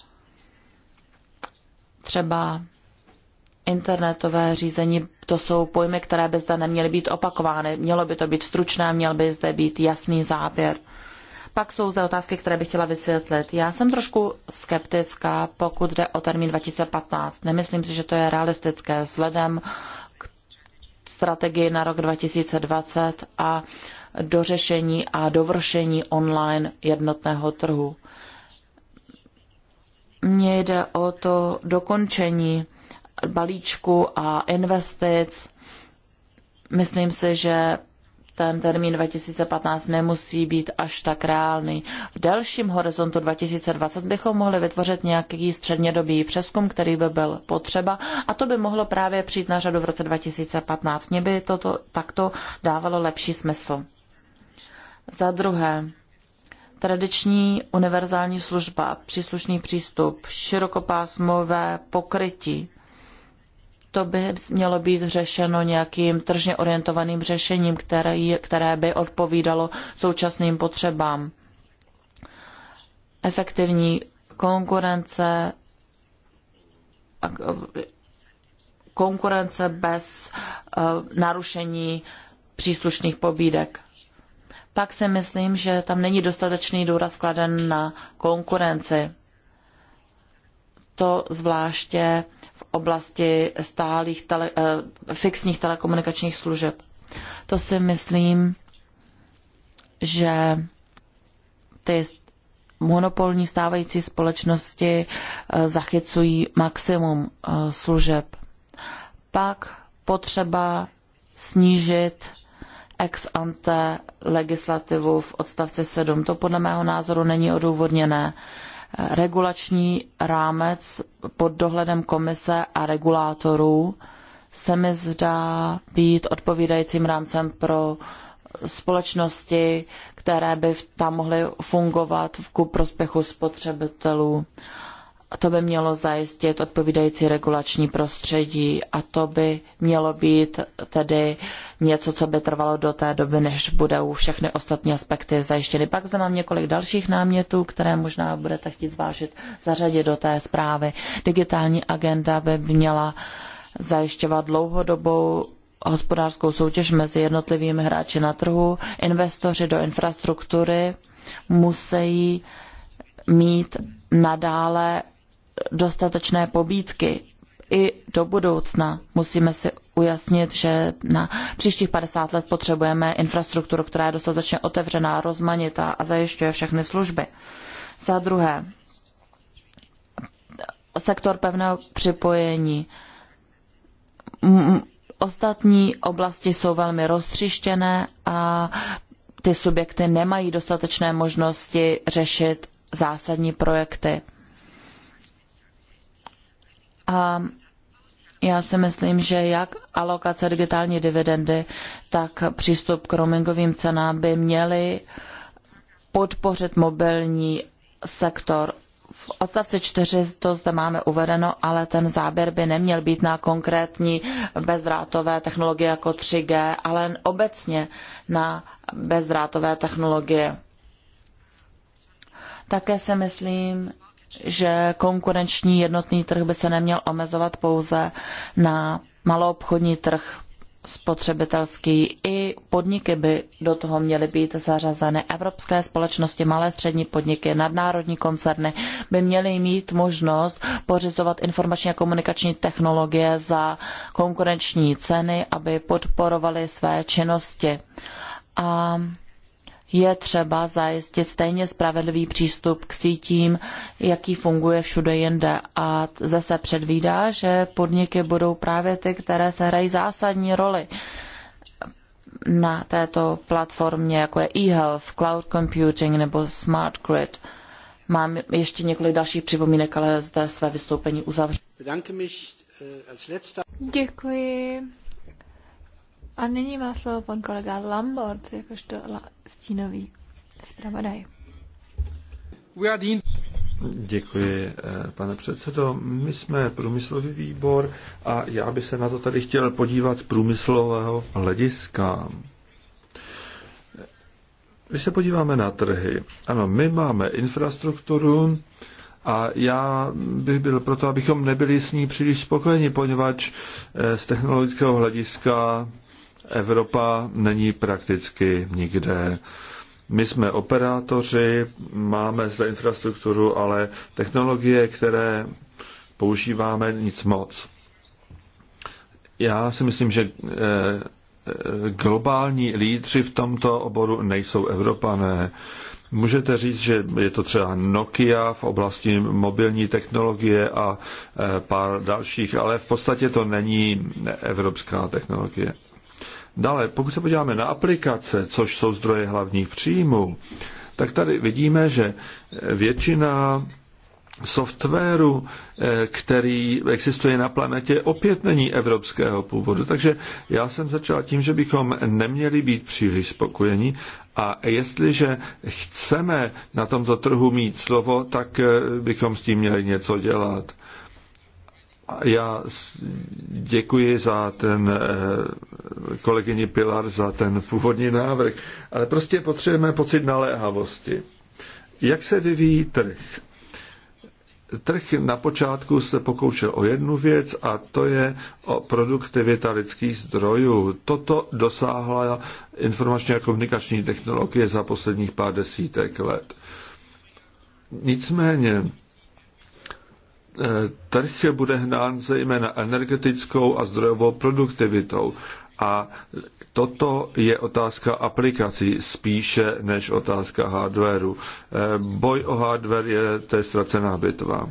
Třeba internetové řízení, to jsou pojmy, které by zde neměly být opakovány. Mělo by to být stručné, měl by zde být jasný záběr pak jsou zde otázky, které bych chtěla vysvětlit. Já jsem trošku skeptická, pokud jde o termín 2015. Nemyslím si, že to je realistické vzhledem k strategii na rok 2020 a dořešení a dovršení online jednotného trhu. Mně jde o to dokončení balíčku a investic. Myslím si, že ten termín 2015 nemusí být až tak reálný. V delším horizontu 2020 bychom mohli vytvořit nějaký střednědobý přeskum, který by byl potřeba a to by mohlo právě přijít na řadu v roce 2015. Mně by toto takto dávalo lepší smysl. Za druhé, tradiční univerzální služba, příslušný přístup, širokopásmové pokrytí to by mělo být řešeno nějakým tržně orientovaným řešením, které, které by odpovídalo současným potřebám. Efektivní konkurence, konkurence bez eh, narušení příslušných pobídek pak si myslím, že tam není dostatečný důraz kladen na konkurenci to zvláště v oblasti stálých tele, eh, fixních telekomunikačních služeb. To si myslím, že ty monopolní stávající společnosti eh, zachycují maximum eh, služeb. Pak potřeba snížit ex ante legislativu v odstavci 7. To podle mého názoru není odůvodněné regulační rámec pod dohledem komise a regulátorů se mi zdá být odpovídajícím rámcem pro společnosti, které by tam mohly fungovat v ku prospěchu spotřebitelů to by mělo zajistit odpovídající regulační prostředí a to by mělo být tedy něco, co by trvalo do té doby, než budou všechny ostatní aspekty zajištěny. Pak zde mám několik dalších námětů, které možná budete chtít zvážit, zařadit do té zprávy. Digitální agenda by měla zajišťovat dlouhodobou hospodářskou soutěž mezi jednotlivými hráči na trhu. Investoři do infrastruktury musí mít nadále dostatečné pobídky i do budoucna. Musíme si ujasnit, že na příštích 50 let potřebujeme infrastrukturu, která je dostatečně otevřená, rozmanitá a zajišťuje všechny služby. Za druhé, sektor pevného připojení. Ostatní oblasti jsou velmi roztřištěné a ty subjekty nemají dostatečné možnosti řešit zásadní projekty. A já si myslím, že jak alokace digitální dividendy, tak přístup k roamingovým cenám by měly podpořit mobilní sektor. V odstavci 4 to zde máme uvedeno, ale ten záběr by neměl být na konkrétní bezdrátové technologie jako 3G, ale obecně na bezdrátové technologie. Také si myslím, že konkurenční jednotný trh by se neměl omezovat pouze na maloobchodní trh spotřebitelský. I podniky by do toho měly být zařazeny. Evropské společnosti, malé střední podniky, nadnárodní koncerny by měly mít možnost pořizovat informační a komunikační technologie za konkurenční ceny, aby podporovaly své činnosti. A je třeba zajistit stejně spravedlivý přístup k sítím, jaký funguje všude jinde. A zase předvídá, že podniky budou právě ty, které se hrají zásadní roli na této platformě, jako je e-health, cloud computing nebo smart grid. Mám ještě několik dalších připomínek, ale zde své vystoupení uzavřu. Eh, Děkuji. A nyní má slovo pan kolega Lambort, jakožto la- stínový zpravodaj. Děkuji, eh, pane předsedo. My jsme průmyslový výbor a já bych se na to tady chtěl podívat z průmyslového hlediska. Když se podíváme na trhy, ano, my máme infrastrukturu a já bych byl proto, abychom nebyli s ní příliš spokojeni, poněvadž eh, z technologického hlediska Evropa není prakticky nikde. My jsme operátoři, máme zde infrastrukturu, ale technologie, které používáme, nic moc. Já si myslím, že eh, globální lídři v tomto oboru nejsou Evropané. Můžete říct, že je to třeba Nokia v oblasti mobilní technologie a eh, pár dalších, ale v podstatě to není evropská technologie. Dále, pokud se podíváme na aplikace, což jsou zdroje hlavních příjmů, tak tady vidíme, že většina softwaru, eh, který existuje na planetě, opět není evropského původu. Takže já jsem začal tím, že bychom neměli být příliš spokojeni a jestliže chceme na tomto trhu mít slovo, tak eh, bychom s tím měli něco dělat já děkuji za ten eh, kolegyni Pilar za ten původní návrh, ale prostě potřebujeme pocit naléhavosti. Jak se vyvíjí trh? Trh na počátku se pokoušel o jednu věc a to je o produktivita lidských zdrojů. Toto dosáhla informační a komunikační technologie za posledních pár desítek let. Nicméně Eh, trh bude hnán zejména energetickou a zdrojovou produktivitou. A toto je otázka aplikací spíše než otázka hardwareu. Eh, boj o hardware je té ztracená bitva.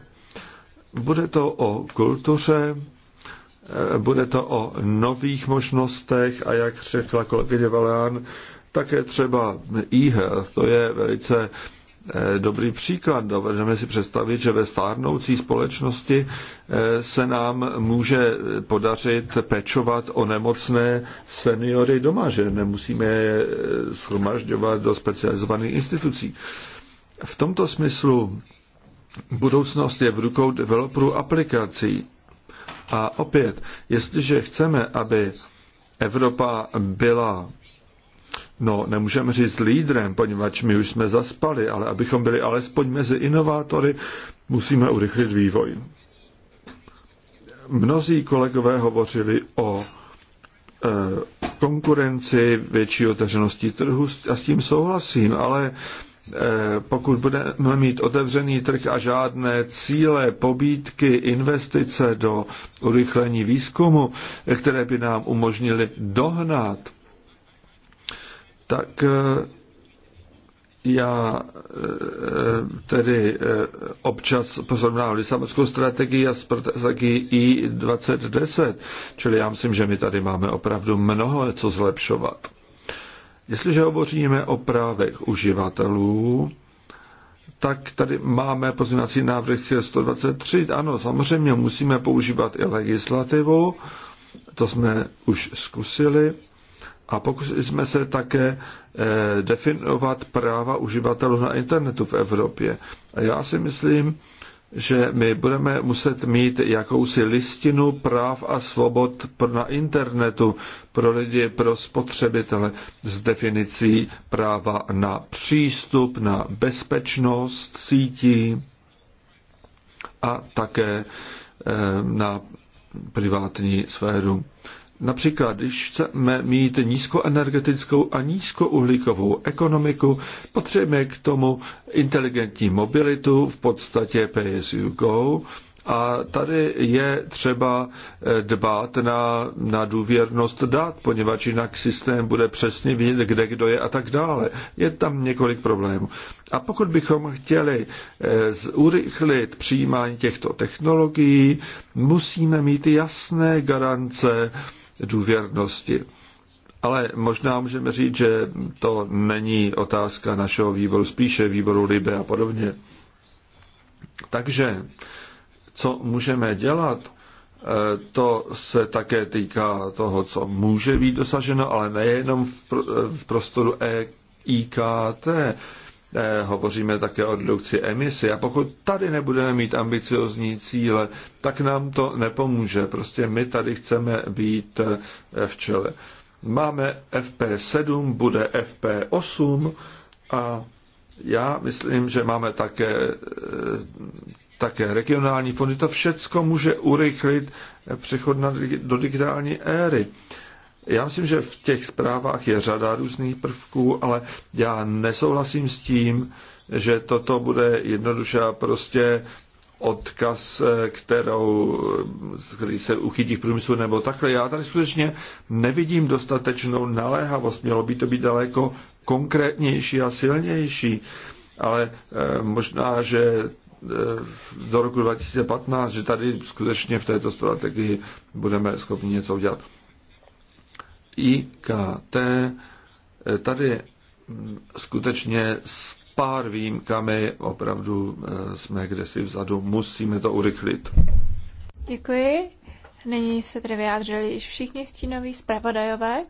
Bude to o kultuře, eh, bude to o nových možnostech a jak řekla kolegyně Valán, také třeba e-health, to je velice Eh, dobrý příklad. Dovedeme si představit, že ve stárnoucí společnosti eh, se nám může podařit pečovat o nemocné seniory doma, že nemusíme je eh, schromažďovat do specializovaných institucí. V tomto smyslu budoucnost je v rukou developerů aplikací. A opět, jestliže chceme, aby Evropa byla No, nemůžeme říct lídrem, poněvadž my už jsme zaspali, ale abychom byli alespoň mezi inovátory, musíme urychlit vývoj. Mnozí kolegové hovořili o e, konkurenci, větší otevřenosti trhu a s tím souhlasím, ale e, pokud budeme mít otevřený trh a žádné cíle, pobídky, investice do urychlení výzkumu, které by nám umožnily dohnat tak eh, já eh, tedy eh, občas porovnávám Lisabonskou strategii a strategii I2010, čili já myslím, že my tady máme opravdu mnoho co zlepšovat. Jestliže hovoříme o právech uživatelů, tak tady máme pozměňovací návrh 123. Ano, samozřejmě musíme používat i legislativu, to jsme už zkusili a pokusili jsme se také eh, definovat práva uživatelů na internetu v Evropě. A já si myslím, že my budeme muset mít jakousi listinu práv a svobod na internetu pro lidi, pro spotřebitele s definicí práva na přístup, na bezpečnost sítí a také eh, na privátní sféru. Například, když chceme mít nízkoenergetickou a nízkouhlíkovou ekonomiku, potřebujeme k tomu inteligentní mobilitu, v podstatě PSU Go, a tady je třeba eh, dbát na, na důvěrnost dát, poněvadž jinak systém bude přesně vidět, kde kdo je a tak dále. Je tam několik problémů. A pokud bychom chtěli eh, zurychlit přijímání těchto technologií, musíme mít jasné garance, důvěrnosti. Ale možná můžeme říct, že to není otázka našeho výboru, spíše výboru Libe a podobně. Takže co můžeme dělat, e, to se také týká toho, co může být dosaženo, ale nejenom v prostoru EIKT hovoříme také o redukci emisí. A pokud tady nebudeme mít ambiciozní cíle, tak nám to nepomůže. Prostě my tady chceme být eh, v čele. Máme FP7, bude FP8 a já myslím, že máme také, eh, také regionální fondy. To všecko může urychlit přechod na, do digitální éry. Já myslím, že v těch zprávách je řada různých prvků, ale já nesouhlasím s tím, že toto bude jednoduše prostě odkaz, kterou, který se uchytí v průmyslu nebo takhle. Já tady skutečně nevidím dostatečnou naléhavost. Mělo by to být daleko konkrétnější a silnější, ale eh, možná, že eh, do roku 2015, že tady skutečně v této strategii budeme schopni něco udělat. IKT, tady mm, skutečně s pár výjimkami opravdu eh, jsme kdesi vzadu. Musíme to urychlit. Děkuji. Nyní se tedy vyjádřili již všichni stínoví zpravodajové.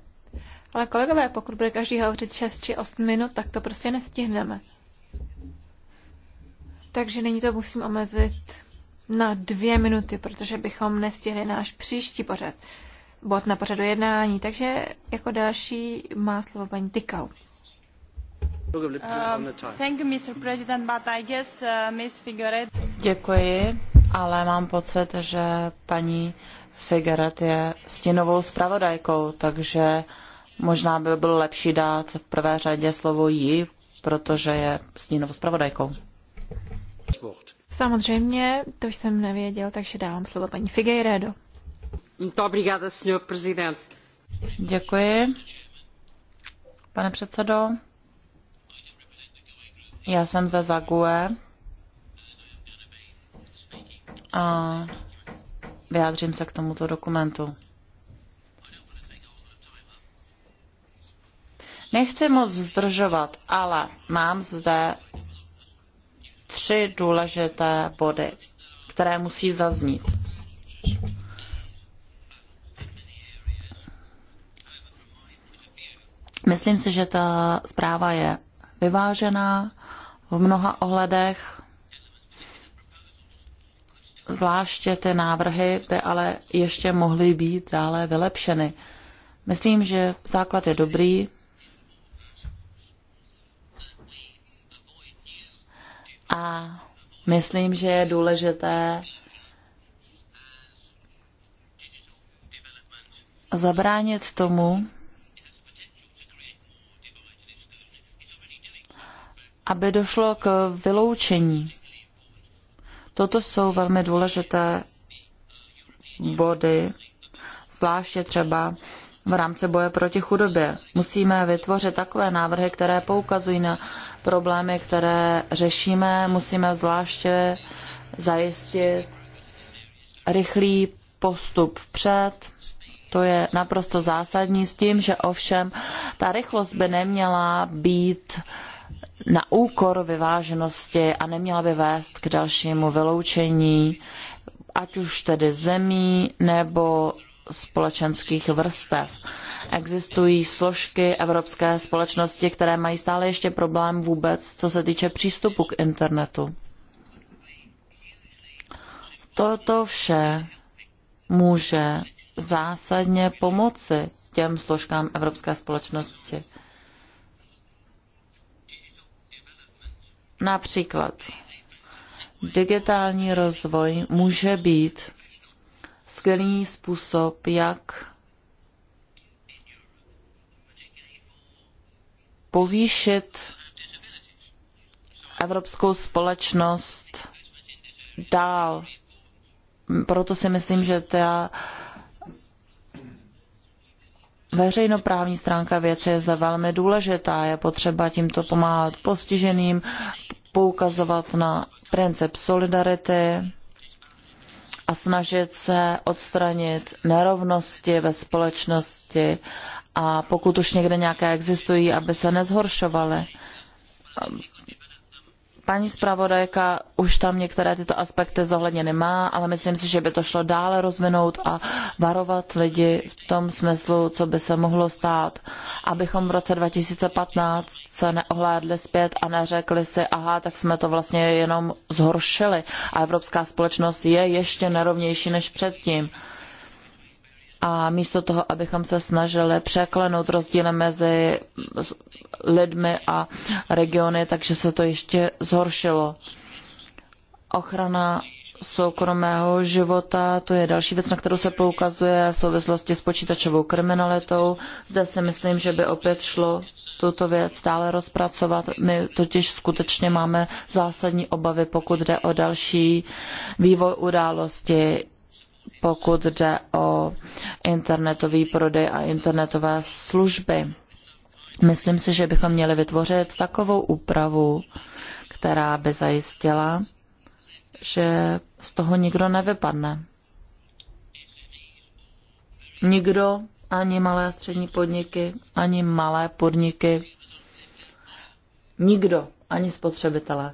Ale kolegové, pokud bude každý hovořit 6 či 8 minut, tak to prostě nestihneme. Takže nyní to musím omezit na dvě minuty, protože bychom nestihli náš příští pořad bod na pořadu jednání. Takže jako další má slovo paní Tykau. Um, uh, Děkuji, ale mám pocit, že paní Figueret je stěnovou zpravodajkou, takže možná by bylo lepší dát v prvé řadě slovo jí, protože je stínovou zpravodajkou. Samozřejmě, to už jsem nevěděl, takže dávám slovo paní Figueredo. Děkuji. Pane předsedo, já jsem ve Zague a vyjádřím se k tomuto dokumentu. Nechci moc zdržovat, ale mám zde tři důležité body, které musí zaznít. Myslím si, že ta zpráva je vyvážená v mnoha ohledech. Zvláště ty návrhy by ale ještě mohly být dále vylepšeny. Myslím, že základ je dobrý. A myslím, že je důležité zabránit tomu, aby došlo k vyloučení. Toto jsou velmi důležité body, zvláště třeba v rámci boje proti chudobě. Musíme vytvořit takové návrhy, které poukazují na problémy, které řešíme. Musíme zvláště zajistit rychlý postup vpřed. To je naprosto zásadní s tím, že ovšem ta rychlost by neměla být uh, na úkor vyváženosti a neměla by vést k dalšímu vyloučení, ať už tedy zemí nebo společenských vrstev. Existují složky evropské společnosti, které mají stále ještě problém vůbec, co se týče přístupu k internetu. Toto vše může zásadně pomoci těm složkám evropské společnosti. Například digitální rozvoj může být skvělý způsob, jak povýšit evropskou společnost dál. Proto si myslím, že ta veřejnoprávní stránka věci je zde velmi důležitá. Je potřeba tímto pomáhat postiženým, poukazovat na princip solidarity a snažit se odstranit nerovnosti ve společnosti a pokud už někde nějaké existují, aby se nezhoršovaly. Paní zpravodajka už tam některé tyto aspekty zohledněny má, ale myslím si, že by to šlo dále rozvinout a varovat lidi v tom smyslu, co by se mohlo stát, abychom v roce 2015 se neohlédli zpět a neřekli si, aha, tak jsme to vlastně jenom zhoršili a evropská společnost je ještě nerovnější než předtím a místo toho, abychom se snažili překlenout rozdíly mezi lidmi a regiony, takže se to ještě zhoršilo. Ochrana soukromého života, to je další věc, na kterou se poukazuje v souvislosti s počítačovou kriminalitou. Zde si myslím, že by opět šlo tuto věc stále rozpracovat. My totiž skutečně máme zásadní obavy, pokud jde o další vývoj události pokud jde o internetový prodej a internetové služby. Myslím si, že bychom měli vytvořit takovou úpravu, která by zajistila, že z toho nikdo nevypadne. Nikdo, ani malé a střední podniky, ani malé podniky, nikdo, ani spotřebitelé.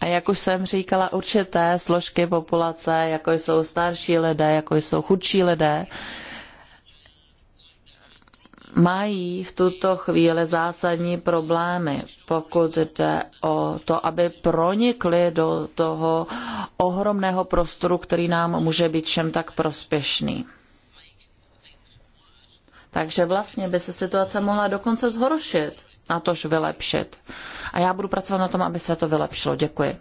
A jak už jsem říkala, určité složky populace, jako jsou starší lidé, jako jsou chudší lidé, mají v tuto chvíli zásadní problémy, pokud jde o to, aby pronikli do toho ohromného prostoru, který nám může být všem tak prospěšný. Takže vlastně by se situace mohla dokonce zhoršit na tož vylepšit. A já budu pracovat na tom, aby se to vylepšilo. Děkuji.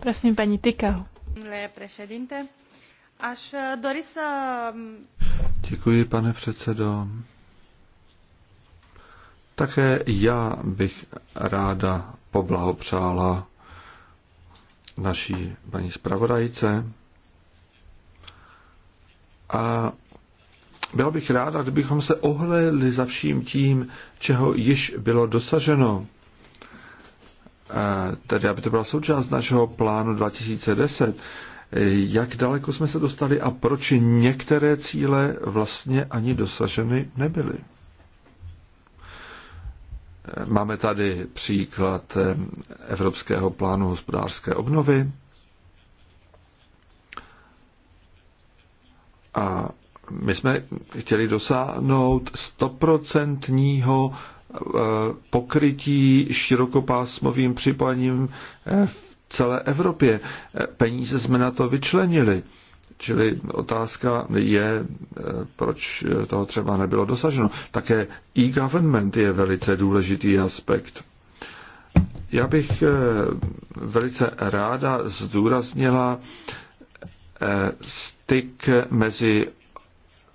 Prosím, paní Tykau. Až Doris... Děkuji, pane předsedo. Také já bych ráda poblahopřála naší paní zpravodajce a byla bych ráda, kdybychom se ohlédli za vším tím, čeho již bylo dosaženo. Tedy, aby to byla součást našeho plánu 2010, jak daleko jsme se dostali a proč některé cíle vlastně ani dosaženy nebyly. Máme tady příklad eh, Evropského plánu hospodářské obnovy. A my jsme chtěli dosáhnout stoprocentního eh, pokrytí širokopásmovým připojením eh, v celé Evropě. Eh, peníze jsme na to vyčlenili. Čili otázka je, proč toho třeba nebylo dosaženo. Také e-government je velice důležitý aspekt. Já bych velice ráda zdůraznila styk mezi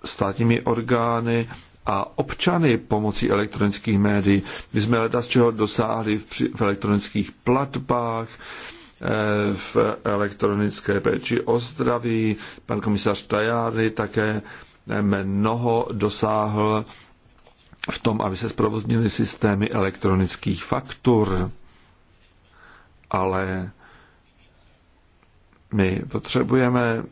státními orgány a občany pomocí elektronických médií. My jsme leta z čeho dosáhli v, při, v elektronických platbách, eh, v elektronické péči o zdraví. Pan komisař Tajány také eh, mnoho dosáhl v tom, aby se zprovoznili systémy elektronických faktur. Ale my potřebujeme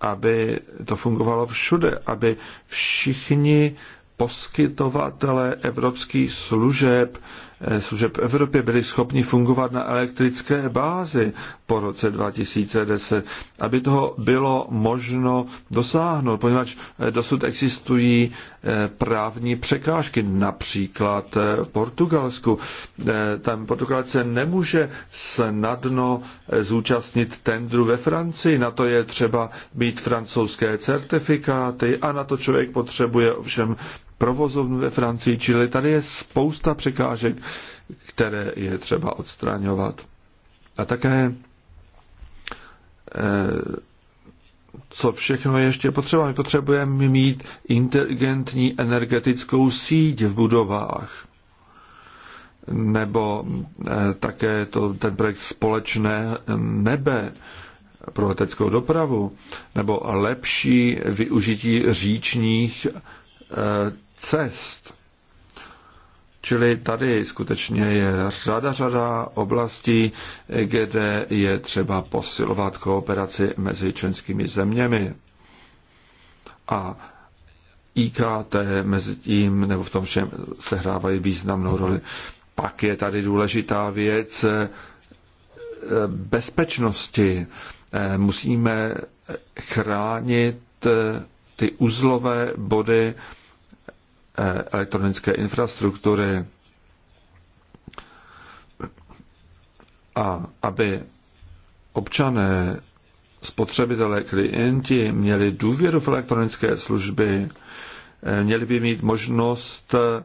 aby to fungovalo všude, aby všichni poskytovatele evropských služeb Eh, služeb Evropě byli schopni fungovat na elektrické bázi po roce 2010, aby toho bylo možno dosáhnout, poněvadž eh, dosud existují eh, právní překážky, například v Portugalsku. Tam Portugalce nemůže snadno zúčastnit tendru ve Francii, na to je třeba být francouzské certifikáty a na to člověk potřebuje ovšem provozovnu ve Francii, čili tady je spousta překážek, které je třeba odstraňovat. A také eh, co všechno ještě potřeba. My potřebujeme mít inteligentní energetickou síť v budovách. Nebo eh, také to, ten projekt společné nebe pro leteckou dopravu, nebo lepší využití říčních eh, cest. Čili tady skutečně je řada, řada oblastí, kde je třeba posilovat kooperaci mezi členskými zeměmi. A IKT mezi tím, nebo v tom všem, sehrávají významnou roli. Pak je tady důležitá věc eh, bezpečnosti. Eh, musíme chránit eh, ty uzlové body, elektronické infrastruktury a aby občané, spotřebitelé, klienti měli důvěru v elektronické služby, eh, měli by mít možnost eh,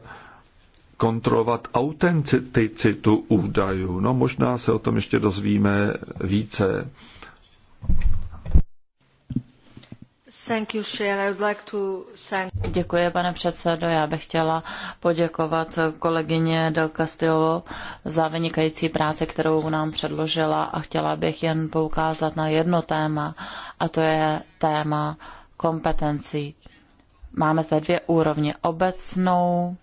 kontrolovat autenticitu údajů. No možná se o tom ještě dozvíme více. Děkuji, pane předsedo. Já bych chtěla poděkovat kolegyně Del Castillo za vynikající práci, kterou nám předložila a chtěla bych jen poukázat na jedno téma a to je téma kompetencí. Máme zde dvě úrovně. Obecnou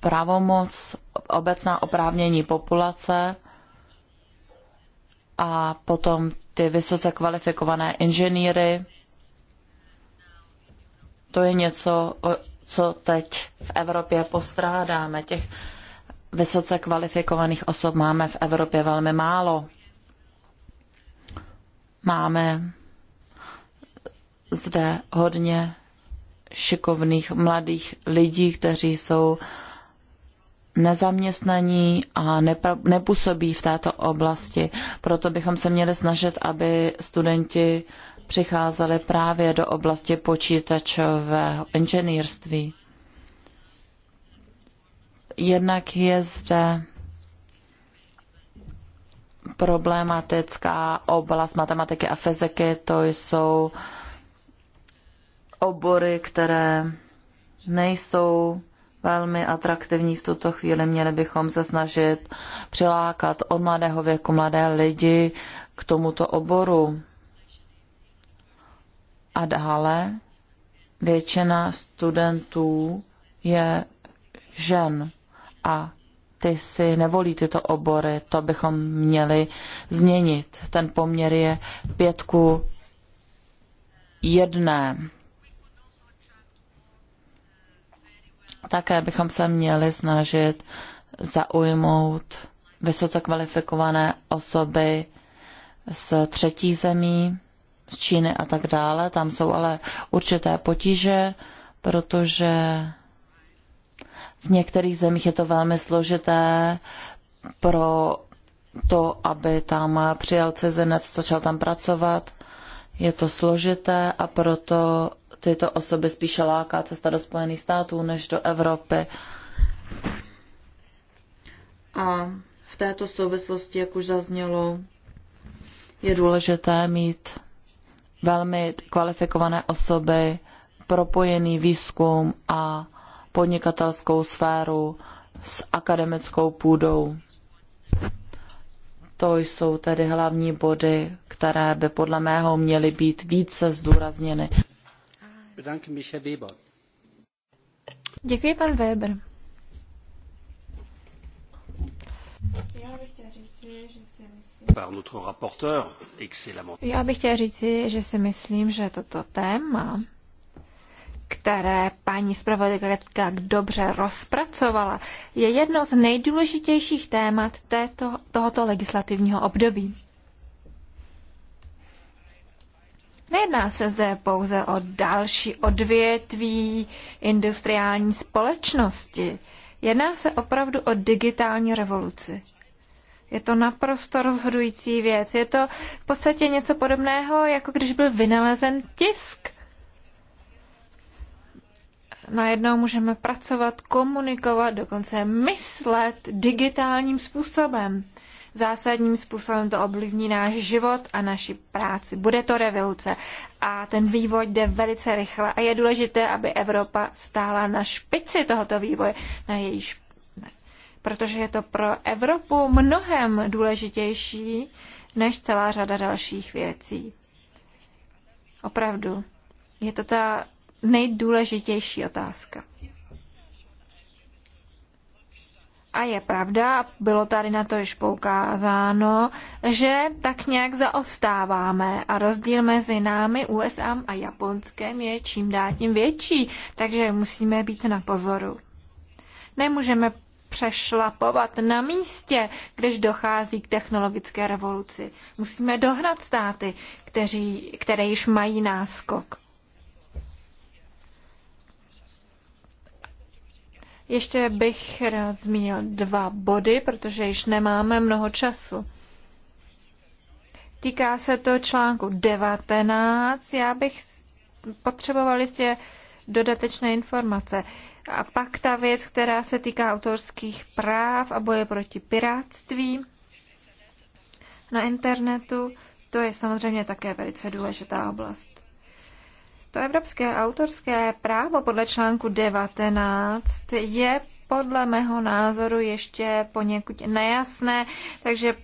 pravomoc, obecná oprávnění populace a potom ty vysoce kvalifikované inženýry. To je něco, co teď v Evropě postrádáme. Těch vysoce kvalifikovaných osob máme v Evropě velmi málo. Máme zde hodně šikovných mladých lidí, kteří jsou nezaměstnaní a nepůsobí v této oblasti. Proto bychom se měli snažit, aby studenti přicházeli právě do oblasti počítačového inženýrství. Jednak je zde problematická oblast matematiky a fyziky, to jsou obory, které nejsou velmi atraktivní v tuto chvíli. Měli bychom se snažit přilákat od mladého věku mladé lidi k tomuto oboru. A dále většina studentů je žen a ty si nevolí tyto obory, to bychom měli změnit. Ten poměr je pětku jedné. Také bychom se měli snažit zaujmout vysoce kvalifikované osoby z třetí zemí, z Číny a tak dále. Tam jsou ale určité potíže, protože v některých zemích je to velmi složité pro to, aby tam přijal cizinec, začal tam pracovat. Je to složité a proto tyto osoby spíše láká cesta do Spojených států než do Evropy. A v této souvislosti, jak už zaznělo, je důležité mít velmi kvalifikované osoby, propojený výzkum a podnikatelskou sféru s akademickou půdou. To jsou tedy hlavní body, které by podle mého měly být více zdůrazněny. Bedanke mich, Herr Weber. Děkuji, pan Weber. Já bych chtěl říci, že si myslím... Já bych chtěl říci, že si myslím, že toto téma, které paní zpravodajka dobře rozpracovala, je jedno z nejdůležitějších témat této, tohoto legislativního období. Nejedná se zde pouze o další odvětví industriální společnosti. Jedná se opravdu o digitální revoluci. Je to naprosto rozhodující věc. Je to v podstatě něco podobného, jako když byl vynalezen tisk. Najednou můžeme pracovat, komunikovat, dokonce myslet digitálním způsobem zásadním způsobem to ovlivní náš život a naši práci. Bude to revoluce a ten vývoj jde velice rychle a je důležité, aby Evropa stála na špici tohoto vývoje, na její špici protože je to pro Evropu mnohem důležitější než celá řada dalších věcí. Opravdu. Je to ta nejdůležitější otázka. A je pravda, bylo tady na to již poukázáno, že tak nějak zaostáváme a rozdíl mezi námi, USA a Japonskem je čím dál tím větší, takže musíme být na pozoru. Nemůžeme přešlapovat na místě, když dochází k technologické revoluci. Musíme dohnat státy, kteří, které již mají náskok. Ještě bych rád zmínil dva body, protože již nemáme mnoho času. Týká se to článku 19. Já bych potřeboval jistě dodatečné informace. A pak ta věc, která se týká autorských práv a boje proti pirátství na internetu, to je samozřejmě také velice důležitá oblast. To evropské autorské právo podle článku 19 je podle mého názoru ještě poněkud nejasné, takže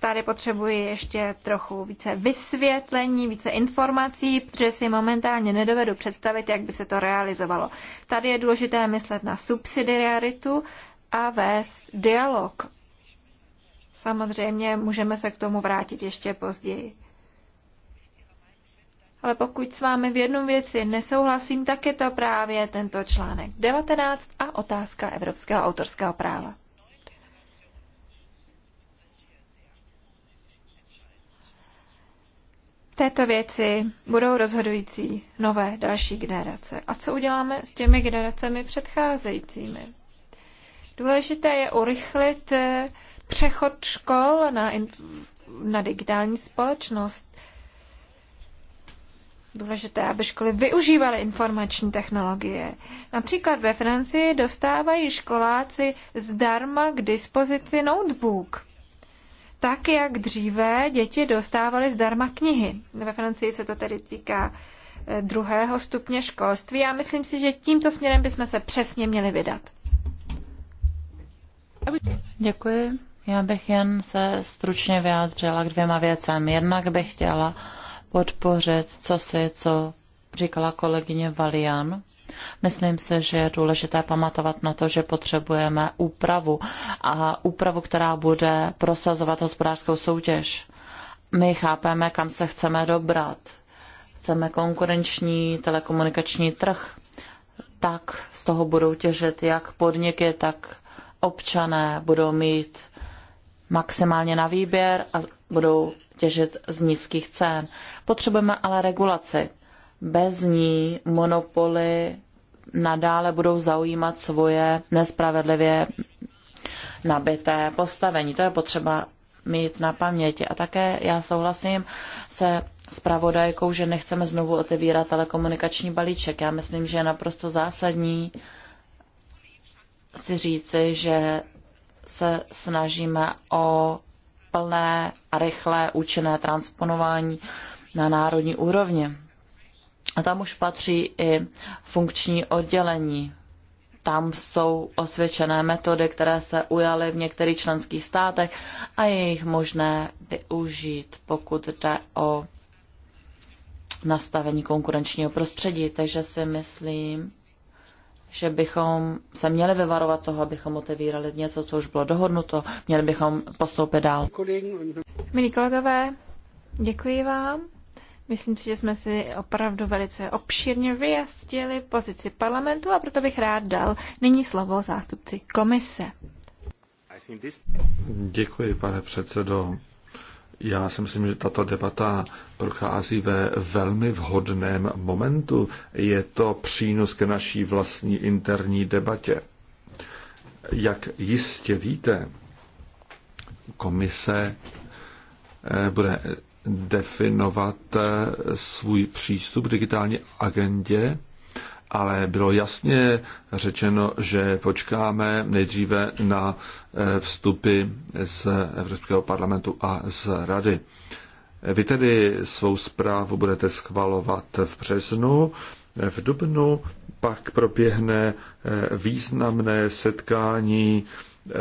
tady potřebuji ještě trochu více vysvětlení, více informací, protože si momentálně nedovedu představit, jak by se to realizovalo. Tady je důležité myslet na subsidiaritu a vést dialog. Samozřejmě můžeme se k tomu vrátit ještě později ale pokud s vámi v jednom věci nesouhlasím, tak je to právě tento článek 19 a otázka evropského autorského práva. této věci budou rozhodující nové další generace. A co uděláme s těmi generacemi předcházejícími? Důležité je urychlit eh, přechod škol na, na digitální společnost důležité, aby školy využívaly informační technologie. Například ve Francii dostávají školáci zdarma k dispozici notebook. Tak, jak dříve děti dostávaly zdarma knihy. Ve Francii se to tedy týká eh, druhého stupně školství a myslím si, že tímto směrem bychom se přesně měli vydat. Děkuji. Já bych jen se stručně vyjádřila k dvěma věcem. Jednak bych chtěla podpořit, co si, co říkala kolegyně Valian. Myslím se, že je důležité pamatovat na to, že potřebujeme úpravu a úpravu, která bude prosazovat hospodářskou soutěž. My chápeme, kam se chceme dobrat. Chceme konkurenční telekomunikační trh. Tak z toho budou těžit jak podniky, tak občané budou mít maximálně na výběr a budou těžit z nízkých cen. Potřebujeme ale regulaci. Bez ní monopoly nadále budou zaujímat svoje nespravedlivě nabité postavení. To je potřeba mít na paměti. A také já souhlasím se zpravodajkou, že nechceme znovu otevírat telekomunikační balíček. Já myslím, že je naprosto zásadní si říci, že se snažíme o plné a rychlé účinné transponování na národní úrovni. A tam už patří i funkční oddělení. Tam jsou osvědčené metody, které se ujaly v některých členských státech a je jich možné využít, pokud jde o nastavení konkurenčního prostředí. Takže si myslím, že bychom se měli vyvarovat toho, abychom otevírali něco, co už bylo dohodnuto, měli bychom postoupit dál. Milí kolegové, děkuji vám. Myslím si, že jsme si opravdu velice obšírně vyjasnili pozici parlamentu a proto bych rád dal nyní slovo zástupci komise. Děkuji, pane předsedo. Já si myslím, že tato debata prochází ve velmi vhodném momentu. Je to přínos k naší vlastní interní debatě. Jak jistě víte, komise eh, bude definovat eh, svůj přístup k digitální agendě ale bylo jasně řečeno, že počkáme nejdříve na eh, vstupy z Evropského parlamentu a z Rady. Vy tedy svou zprávu budete schvalovat v březnu, v dubnu pak proběhne eh, významné setkání eh,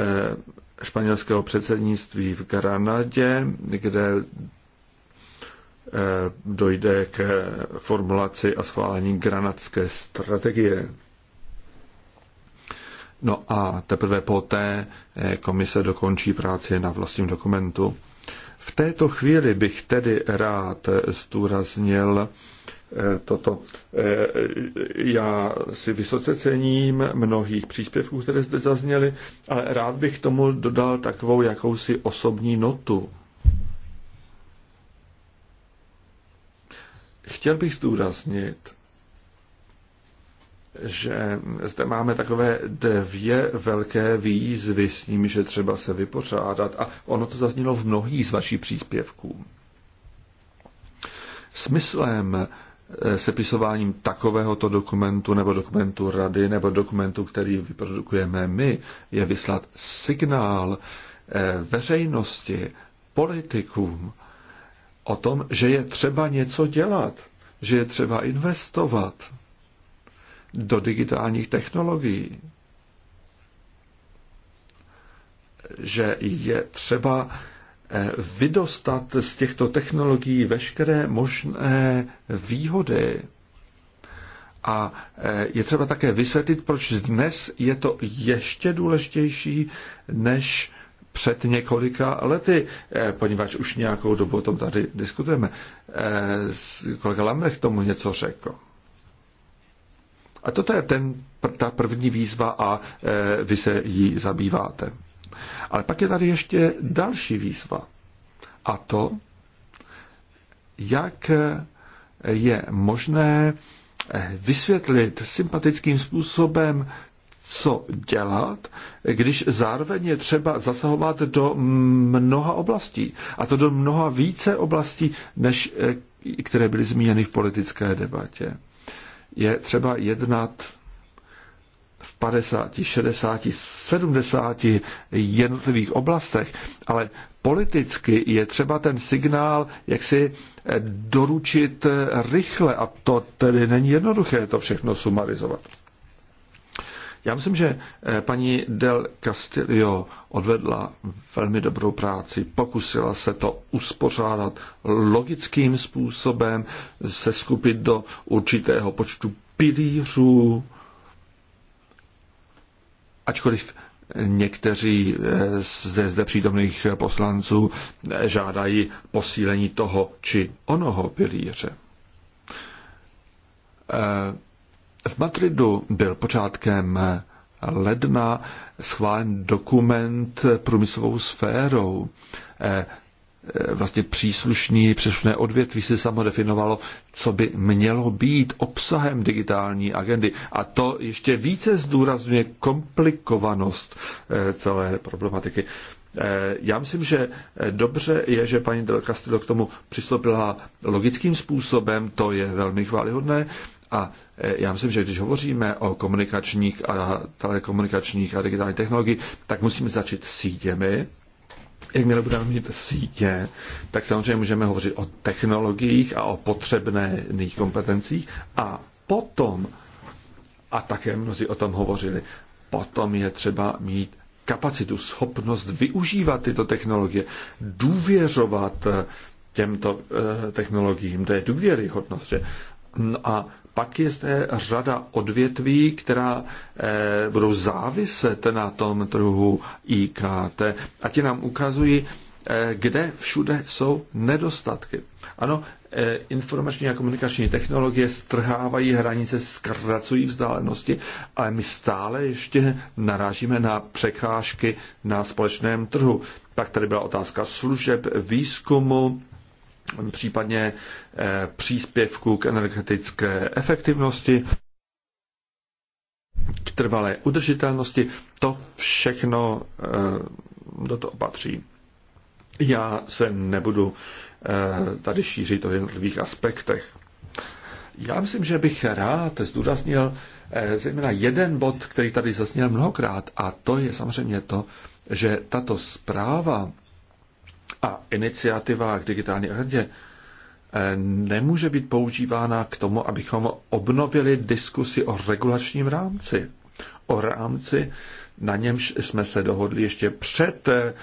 španělského předsednictví v Granadě, kde Eh, dojde k formulaci a schválení granatské strategie. No a teprve poté eh, komise dokončí práci na vlastním dokumentu. V této chvíli bych tedy rád zdůraznil eh, toto. Já si vysoce cením mnohých příspěvků, které zde zazněly, ale rád bych tomu dodal takovou jakousi osobní notu. Chtěl bych zdůraznit, že zde máme takové dvě velké výzvy, s nimi, že třeba se vypořádat. A ono to zaznělo v mnohých z vašich příspěvků. Smyslem eh, sepisováním takovéhoto dokumentu nebo dokumentu rady nebo dokumentu, který vyprodukujeme my, je vyslat signál eh, veřejnosti, politikům, o tom, že je třeba něco dělat, že je třeba investovat do digitálních technologií, že je třeba eh, vydostat z těchto technologií veškeré možné výhody. A eh, je třeba také vysvětlit, proč dnes je to ještě důležitější než před několika lety, eh, poněvadž už nějakou dobu o tom tady diskutujeme. Eh, kolega Lamrech tomu něco řekl. A toto je ten, ta první výzva a eh, vy se jí zabýváte. Ale pak je tady ještě další výzva. A to, jak je možné vysvětlit sympatickým způsobem co dělat, když zároveň je třeba zasahovat do mnoha oblastí. A to do mnoha více oblastí, než eh, které byly zmíněny v politické debatě. Je třeba jednat v 50, 60, 70 jednotlivých oblastech, ale politicky je třeba ten signál jak si eh, doručit eh, rychle a to tedy není jednoduché to všechno sumarizovat. Já myslím, že eh, paní Del Castillo odvedla velmi dobrou práci, pokusila se to uspořádat logickým způsobem, se skupit do určitého počtu pilířů, ačkoliv někteří eh, zde, zde přítomných poslanců eh, žádají posílení toho či onoho pilíře. V Madridu byl počátkem ledna schválen dokument průmyslovou sférou. Eh, eh, vlastně příslušní přešné odvětví si samo definovalo, co by mělo být obsahem digitální agendy. A to ještě více zdůrazňuje komplikovanost eh, celé problematiky. Já myslím, že dobře je, že paní Del Castillo k tomu přistoupila logickým způsobem, to je velmi chválihodné, a e, já myslím, že když hovoříme o komunikačních a telekomunikačních a digitálních technologiích, tak musíme začít sítěmi. Jakmile budeme mít sítě, tak samozřejmě můžeme hovořit o technologiích a o potřebných kompetencích. A potom, a také mnozí o tom hovořili, potom je třeba mít kapacitu, schopnost využívat tyto technologie, důvěřovat e, těmto e, technologiím, to je důvěryhodnost, že No a pak je zde řada odvětví, která eh, budou záviset na tom trhu IKT. A ti nám ukazují, eh, kde všude jsou nedostatky. Ano, eh, informační a komunikační technologie strhávají hranice, zkracují vzdálenosti, ale my stále ještě narážíme na překážky na společném trhu. Pak tady byla otázka služeb, výzkumu, případně eh, příspěvku k energetické efektivnosti, k trvalé udržitelnosti. To všechno eh, do toho patří. Já se nebudu eh, tady šířit o jednotlivých aspektech. Já myslím, že bych rád zdůraznil zejména jeden bod, který tady zazněl mnohokrát, a to je samozřejmě to, že tato zpráva a iniciativa k digitální agendě eh, nemůže být používána k tomu, abychom obnovili diskusi o regulačním rámci. O rámci, na němž jsme se dohodli ještě před eh,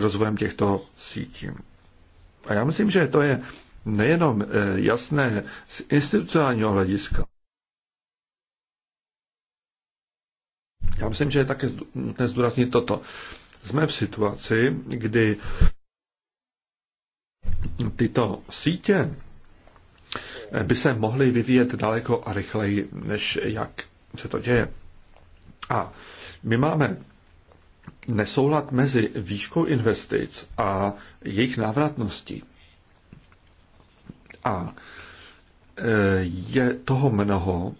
rozvojem těchto sítí. A já myslím, že to je nejenom eh, jasné z institucionálního hlediska. Já myslím, že je také nutné zdůraznit toto. Jsme v situaci, kdy tyto sítě by se mohly vyvíjet daleko a rychleji, než jak se to děje. A my máme nesoulad mezi výškou investic a jejich návratností. A e, je toho mnoho,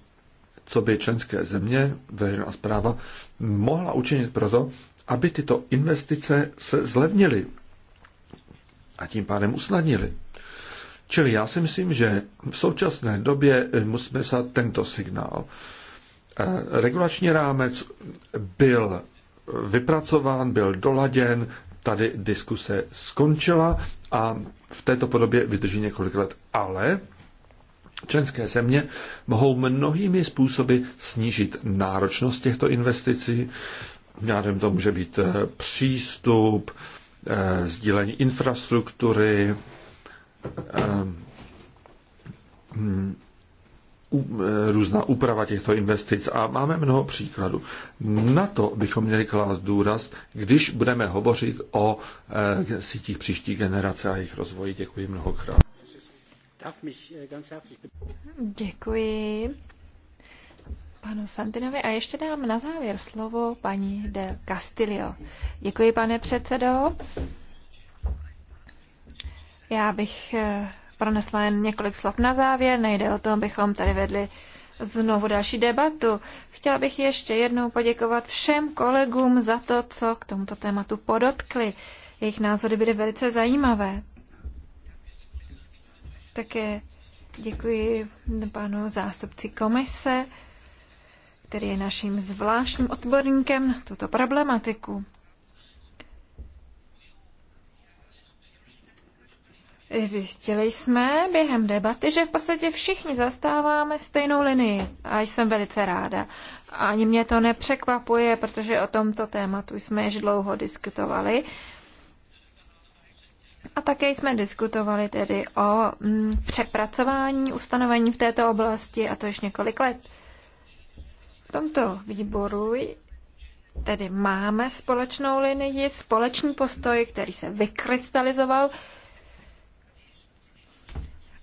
co by členské země, veřejná zpráva, mohla učinit proto, aby tyto investice se zlevnily, a tím pádem usnadnili. Čili já si myslím, že v současné době eh, musíme se tento signál. Eh, regulační rámec byl vypracován, byl doladěn, tady diskuse skončila a v této podobě vydrží několik let. Ale členské země mohou mnohými způsoby snížit náročnost těchto investicí. Já to může být eh, přístup, Eh, sdílení infrastruktury, eh, mm, eh, různá úprava těchto investic a máme mnoho příkladů. Na to bychom měli klást důraz, když budeme hovořit o sítích příští generace a jejich rozvoji. Děkuji mnohokrát. Děkuji panu Santinovi a ještě dám na závěr slovo paní de Castillo. Děkuji, pane předsedo. Já bych eh, pronesla jen několik slov na závěr. Nejde o to, abychom tady vedli znovu další debatu. Chtěla bych ještě jednou poděkovat všem kolegům za to, co k tomuto tématu podotkli. Jejich názory byly velice zajímavé. Také děkuji panu zástupci komise který je naším zvláštním odborníkem na tuto problematiku. Zjistili jsme během debaty, že v podstatě všichni zastáváme stejnou linii a jsem velice ráda. Ani mě to nepřekvapuje, protože o tomto tématu jsme již dlouho diskutovali. A také jsme diskutovali tedy o mm, přepracování ustanovení v této oblasti, a to již několik let. V tomto výboru tedy máme společnou linii, společný postoj, který se vykrystalizoval.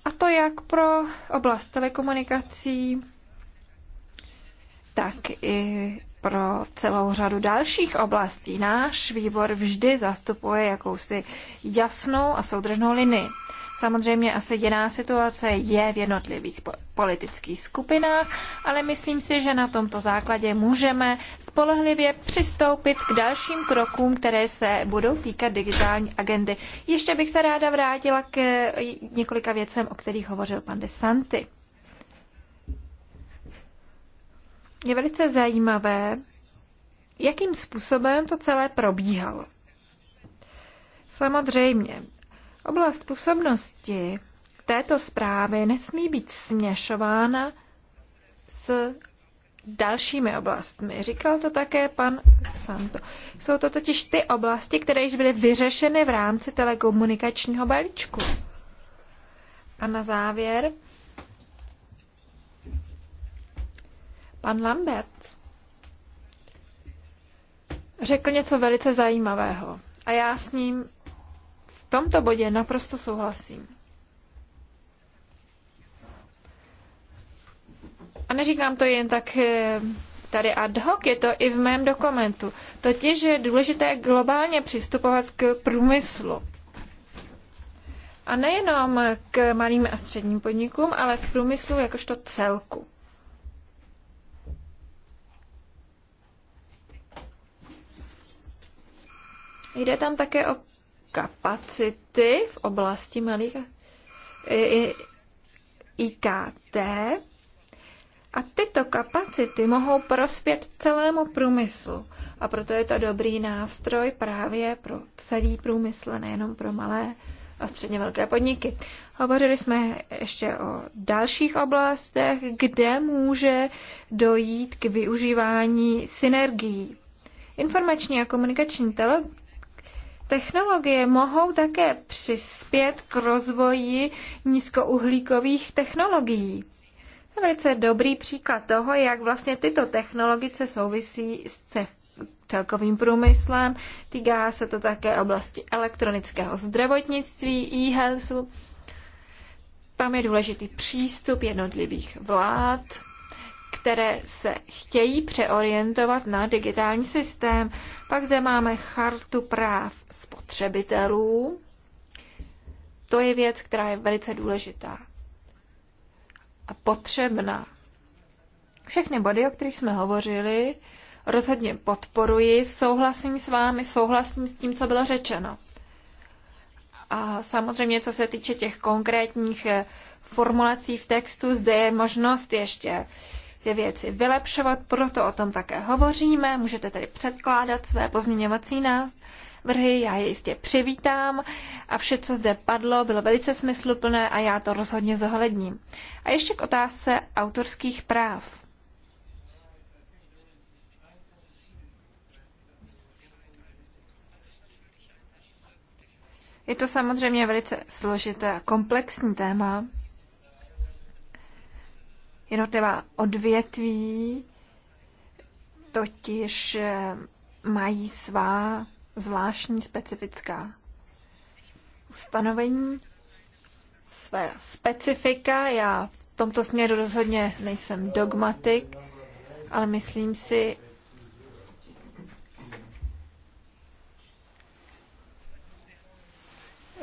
A to jak pro oblast telekomunikací, tak i pro celou řadu dalších oblastí. Náš výbor vždy zastupuje jakousi jasnou a soudržnou linii. Samozřejmě asi jiná situace je v jednotlivých politických skupinách, ale myslím si, že na tomto základě můžeme spolehlivě přistoupit k dalším krokům, které se budou týkat digitální agendy. Ještě bych se ráda vrátila k několika věcem, o kterých hovořil pan Desanti. Je velice zajímavé, jakým způsobem to celé probíhalo. Samozřejmě, Oblast působnosti této zprávy nesmí být směšována s dalšími oblastmi. Říkal to také pan Santo. Jsou to totiž ty oblasti, které již byly vyřešeny v rámci telekomunikačního balíčku. A na závěr pan Lambert řekl něco velice zajímavého. A já s ním tomto bodě naprosto souhlasím. A neříkám to jen tak eh, tady ad hoc, je to i v mém dokumentu. Totiž je důležité globálně přistupovat k průmyslu. A nejenom k malým a středním podnikům, ale k průmyslu jakožto celku. Jde tam také o kapacity v oblasti malých IKT. A tyto kapacity mohou prospět celému průmyslu. A proto je to dobrý nástroj právě pro celý průmysl, nejenom pro malé a středně velké podniky. Hovořili jsme ještě o dalších oblastech, kde může dojít k využívání synergií. Informační a komunikační technologie mohou také přispět k rozvoji nízkouhlíkových technologií. To je velice dobrý příklad toho, jak vlastně tyto technologice souvisí s celkovým průmyslem. Týká se to také oblasti elektronického zdravotnictví, e-healthu. Tam je důležitý přístup jednotlivých vlád které se chtějí přeorientovat na digitální systém. Pak zde máme chartu práv spotřebitelů. To je věc, která je velice důležitá a potřebná. Všechny body, o kterých jsme hovořili, rozhodně podporuji, souhlasím s vámi, souhlasím s tím, co bylo řečeno. A samozřejmě, co se týče těch konkrétních eh, formulací v textu, zde je možnost ještě ty věci vylepšovat, proto o tom také hovoříme. Můžete tedy předkládat své pozměňovací návrhy, já je jistě přivítám a vše, co zde padlo, bylo velice smysluplné a já to rozhodně zohledním. A ještě k otázce autorských práv. Je to samozřejmě velice složité a komplexní téma. Jednotlivá odvětví totiž eh, mají svá zvláštní specifická ustanovení, své specifika. Já v tomto směru rozhodně nejsem dogmatik, ale myslím si,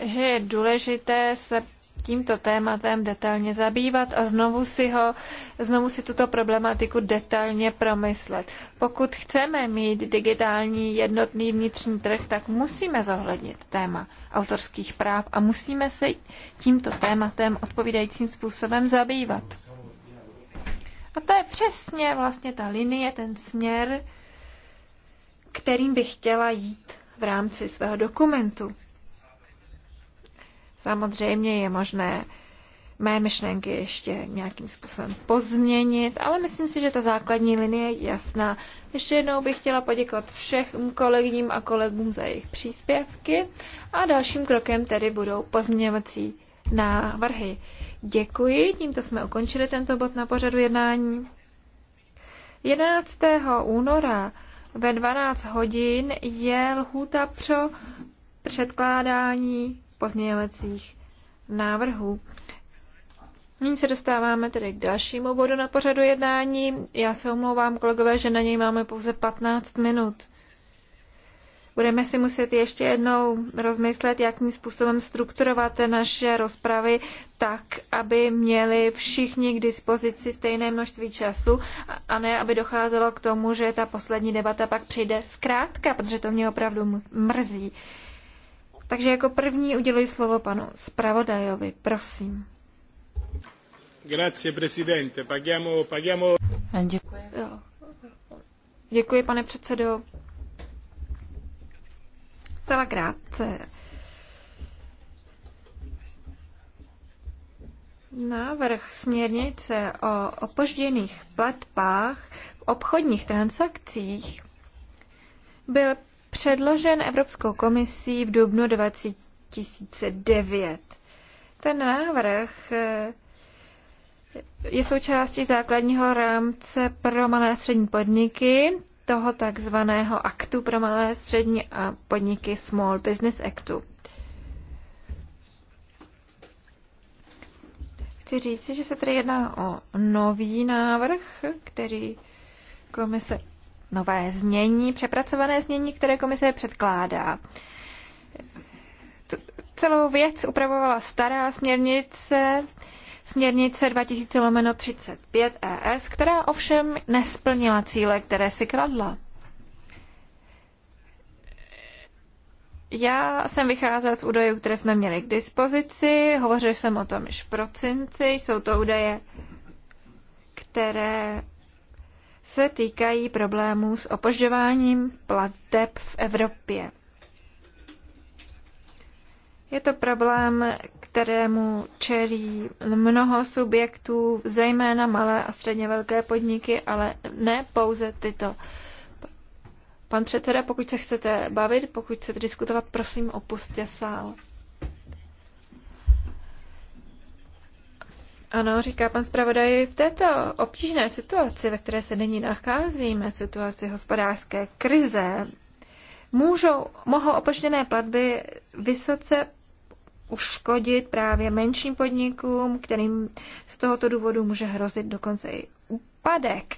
že je důležité se tímto tématem detailně zabývat a znovu si, ho, znovu si tuto problematiku detailně promyslet. Pokud chceme mít digitální jednotný vnitřní trh, tak musíme zohlednit téma autorských práv a musíme se tímto tématem odpovídajícím způsobem zabývat. A to je přesně vlastně ta linie, ten směr, kterým bych chtěla jít v rámci svého dokumentu. Samozřejmě je možné mé myšlenky ještě nějakým způsobem pozměnit, ale myslím si, že ta základní linie je jasná. Ještě jednou bych chtěla poděkovat všech kolegyním a kolegům za jejich příspěvky a dalším krokem tedy budou pozměňovací návrhy. Děkuji, tímto jsme ukončili tento bod na pořadu jednání. 11. února ve 12 hodin je lhůta pro předkládání pozměňovacích návrhů. Nyní se dostáváme tedy k dalšímu bodu na pořadu jednání. Já se omlouvám, kolegové, že na něj máme pouze 15 minut. Budeme si muset ještě jednou rozmyslet, jakým způsobem strukturovat naše rozpravy tak, aby měli všichni k dispozici stejné množství času a ne, aby docházelo k tomu, že ta poslední debata pak přijde zkrátka, protože to mě opravdu mrzí. Takže jako první uděluji slovo panu zpravodajovi. Prosím. Grazie, presidente. Pagiamo, pagiamo. Děkuji. Jo. Děkuji, pane předsedo. Zcela krátce. Návrh směrnice o opožděných platbách v obchodních transakcích byl předložen Evropskou komisí v dubnu 2009. Ten návrh eh, je součástí základního rámce pro malé a střední podniky, toho takzvaného aktu pro malé a střední a podniky Small Business Actu. Chci říct, že se tedy jedná o nový návrh, který komise nové znění, přepracované znění, které komise předkládá. Celou věc upravovala stará směrnice, směrnice 2000-35 ES, která ovšem nesplnila cíle, které si kladla. Já jsem vycházela z údajů, které jsme měli k dispozici, hovořil jsem o tom již v prosinci, jsou to údaje, které se týkají problémů s opožďováním plateb v Evropě. Je to problém, kterému čelí mnoho subjektů, zejména malé a středně velké podniky, ale ne pouze tyto. Pan předseda, pokud se chcete bavit, pokud chcete diskutovat, prosím, opustě sál. Ano, říká pan zpravodaj, v této obtížné situaci, ve které se nyní nacházíme, situaci hospodářské krize, můžou, mohou opožděné platby vysoce uškodit právě menším podnikům, kterým z tohoto důvodu může hrozit dokonce i úpadek.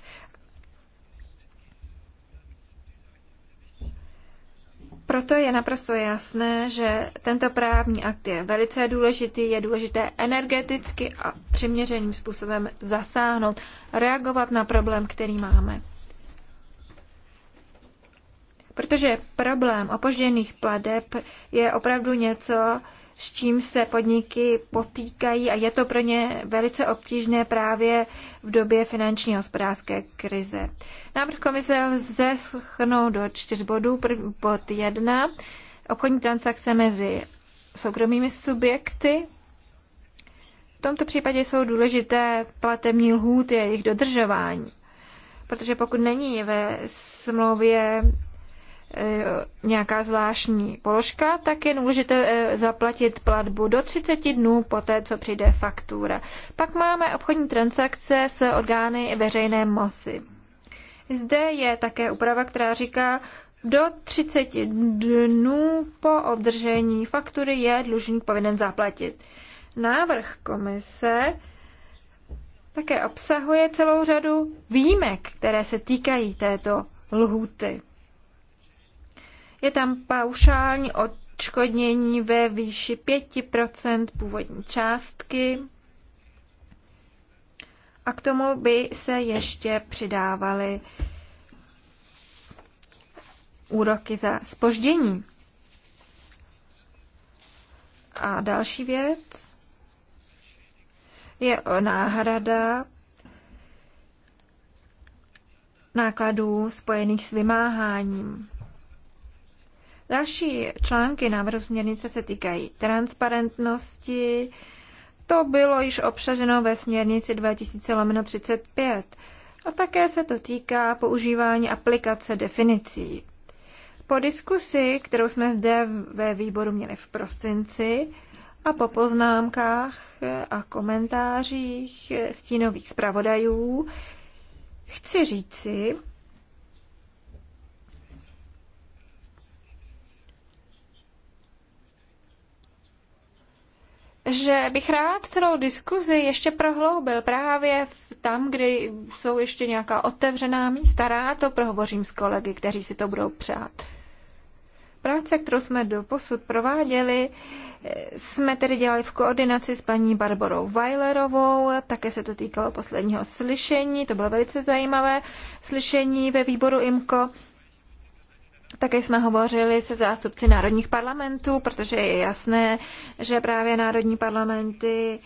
Proto je naprosto jasné, že tento právní akt je velice důležitý, je důležité energeticky a přiměřeným způsobem zasáhnout, reagovat na problém, který máme. Protože problém opožděných pladeb je opravdu něco, s čím se podniky potýkají a je to pro ně velice obtížné právě v době finanční hospodářské krize. Návrh komise lze schrnout do čtyř bodů. První bod jedna, obchodní transakce mezi soukromými subjekty. V tomto případě jsou důležité platební lhůty a jejich dodržování protože pokud není ve smlouvě Eh, nějaká zvláštní položka, tak je důležité eh, zaplatit platbu do 30 dnů poté, co přijde faktura. Pak máme obchodní transakce s orgány veřejné masy. Zde je také úprava, která říká, do 30 dnů po obdržení faktury je dlužník povinen zaplatit. Návrh komise také obsahuje celou řadu výjimek, které se týkají této lhuty. Je tam paušální odškodnění ve výši 5% původní částky a k tomu by se ještě přidávaly úroky za spoždění. A další věc je náhrada nákladů spojených s vymáháním. Další články návrhu směrnice se týkají transparentnosti. To bylo již obsaženo ve směrnici 2035. a také se to týká používání aplikace definicí. Po diskusi, kterou jsme zde ve výboru měli v prosinci, a po poznámkách a komentářích stínových zpravodajů chci říci, že bych rád celou diskuzi ještě prohloubil právě tam, kde jsou ještě nějaká otevřená místa. Rád to prohovořím s kolegy, kteří si to budou přát. Práce, kterou jsme do posud prováděli, jsme tedy dělali v koordinaci s paní Barborou Weilerovou, také se to týkalo posledního slyšení, to bylo velice zajímavé slyšení ve výboru IMKO. Také jsme hovořili se zástupci národních parlamentů, protože je jasné, že právě národní parlamenty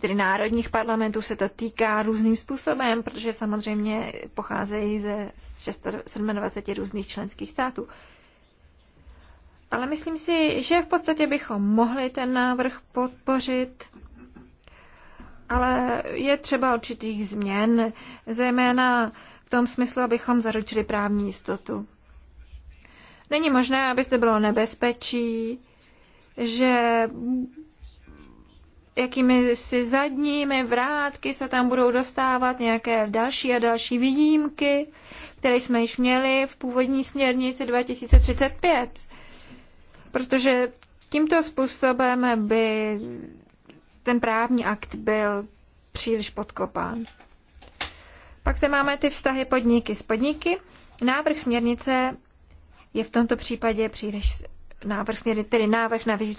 tedy národních parlamentů se to týká různým způsobem, protože samozřejmě pocházejí ze 27 různých členských států. Ale myslím si, že v podstatě bychom mohli ten návrh podpořit ale je třeba určitých změn, zejména v tom smyslu, abychom zaručili právní jistotu. Není možné, aby zde bylo nebezpečí, že jakými si zadními vrátky se tam budou dostávat nějaké další a další výjimky, které jsme již měli v původní směrnici 2035. Protože tímto způsobem by ten právní akt byl příliš podkopán. Pak zde máme ty vztahy podniky s podniky. Návrh směrnice je v tomto případě příliš návrh směrnice, tedy návrh na výž...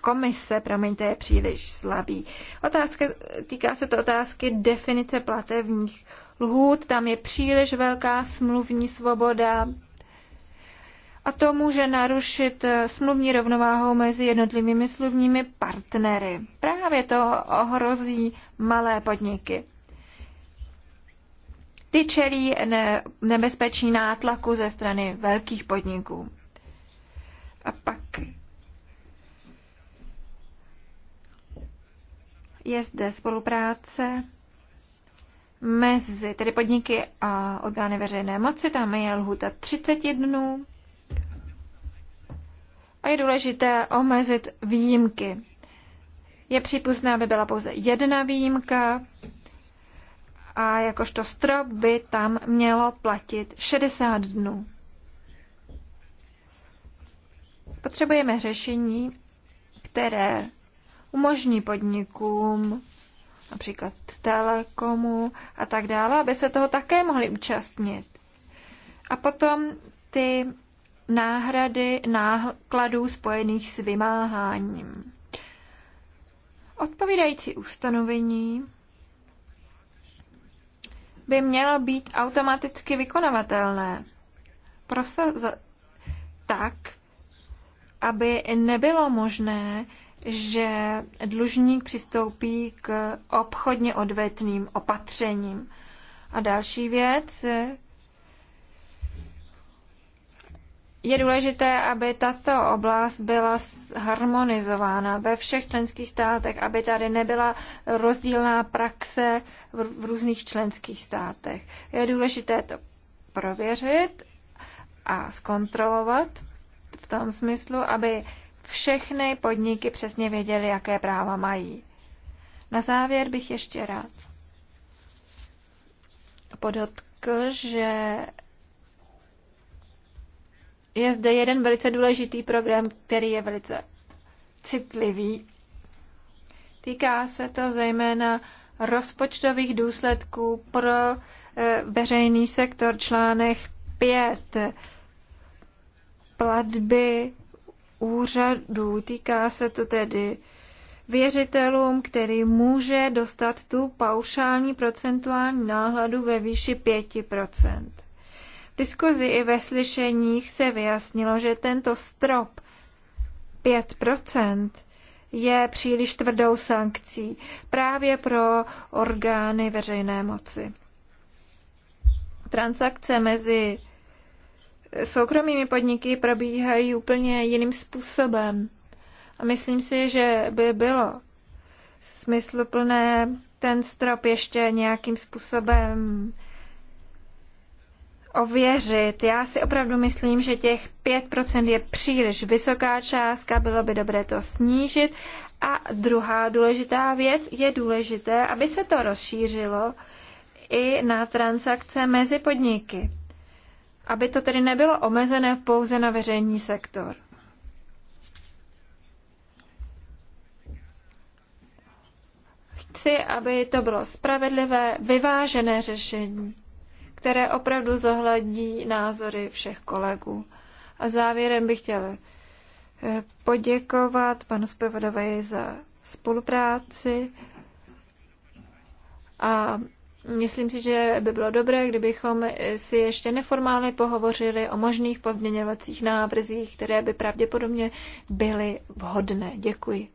komise, promiňte, je příliš slabý. Otázka, týká se to otázky definice platevních lhůt, tam je příliš velká smluvní svoboda, a to může narušit eh, smluvní rovnováhu mezi jednotlivými smluvními partnery. Právě to ohrozí malé podniky. Ty čelí nebezpečí nátlaku ze strany velkých podniků. A pak je zde spolupráce mezi tedy podniky a orgány veřejné moci. Tam je lhuta 30 dnů a je důležité omezit výjimky. Je přípustné, aby byla pouze jedna výjimka a jakožto strop by tam mělo platit 60 dnů. Potřebujeme řešení, které umožní podnikům, například telekomu a tak dále, aby se toho také mohli účastnit. A potom ty náhrady nákladů spojených s vymáháním. Odpovídající ustanovení by mělo být automaticky vykonavatelné. Prosa- tak, aby nebylo možné, že dlužník přistoupí k obchodně odvetným opatřením. A další věc, je důležité, aby tato oblast byla harmonizována ve všech členských státech, aby tady nebyla rozdílná praxe v různých členských státech. Je důležité to prověřit a zkontrolovat v tom smyslu, aby všechny podniky přesně věděly, jaké práva mají. Na závěr bych ještě rád podotkl, že je zde jeden velice důležitý program, který je velice citlivý. Týká se to zejména rozpočtových důsledků pro e, veřejný sektor článek 5 platby úřadů. Týká se to tedy věřitelům, který může dostat tu paušální procentuální náhladu ve výši 5%. V diskuzi i ve slyšeních se vyjasnilo, že tento strop 5% je příliš tvrdou sankcí právě pro orgány veřejné moci. Transakce mezi soukromými podniky probíhají úplně jiným způsobem. A myslím si, že by bylo smysluplné ten strop ještě nějakým způsobem ověřit. Já si opravdu myslím, že těch 5% je příliš vysoká částka, bylo by dobré to snížit. A druhá důležitá věc, je důležité, aby se to rozšířilo i na transakce mezi podniky. Aby to tedy nebylo omezené pouze na veřejný sektor. Chci, aby to bylo spravedlivé, vyvážené řešení které opravdu zohlední názory všech kolegů. A závěrem bych chtěla eh, poděkovat panu zpravodaji za spolupráci a myslím si, že by bylo dobré, kdybychom si ještě neformálně pohovořili o možných pozměňovacích návrzích, které by pravděpodobně byly vhodné. Děkuji.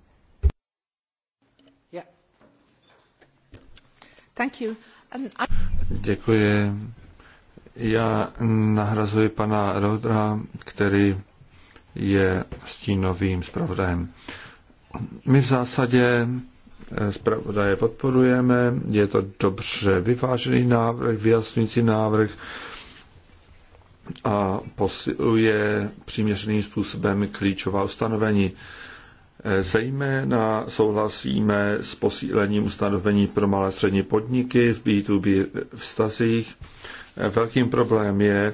Yeah. Thank you. Děkuji. Já nahrazuji pana Rodra, který je stínovým zpravodajem. My v zásadě eh, zpravodaje podporujeme, je to dobře vyvážený návrh, vyjasňující návrh a posiluje přiměřeným způsobem klíčová ustanovení. Zejména souhlasíme s posílením ustanovení pro malé střední podniky v B2B vztazích. Velkým problém je,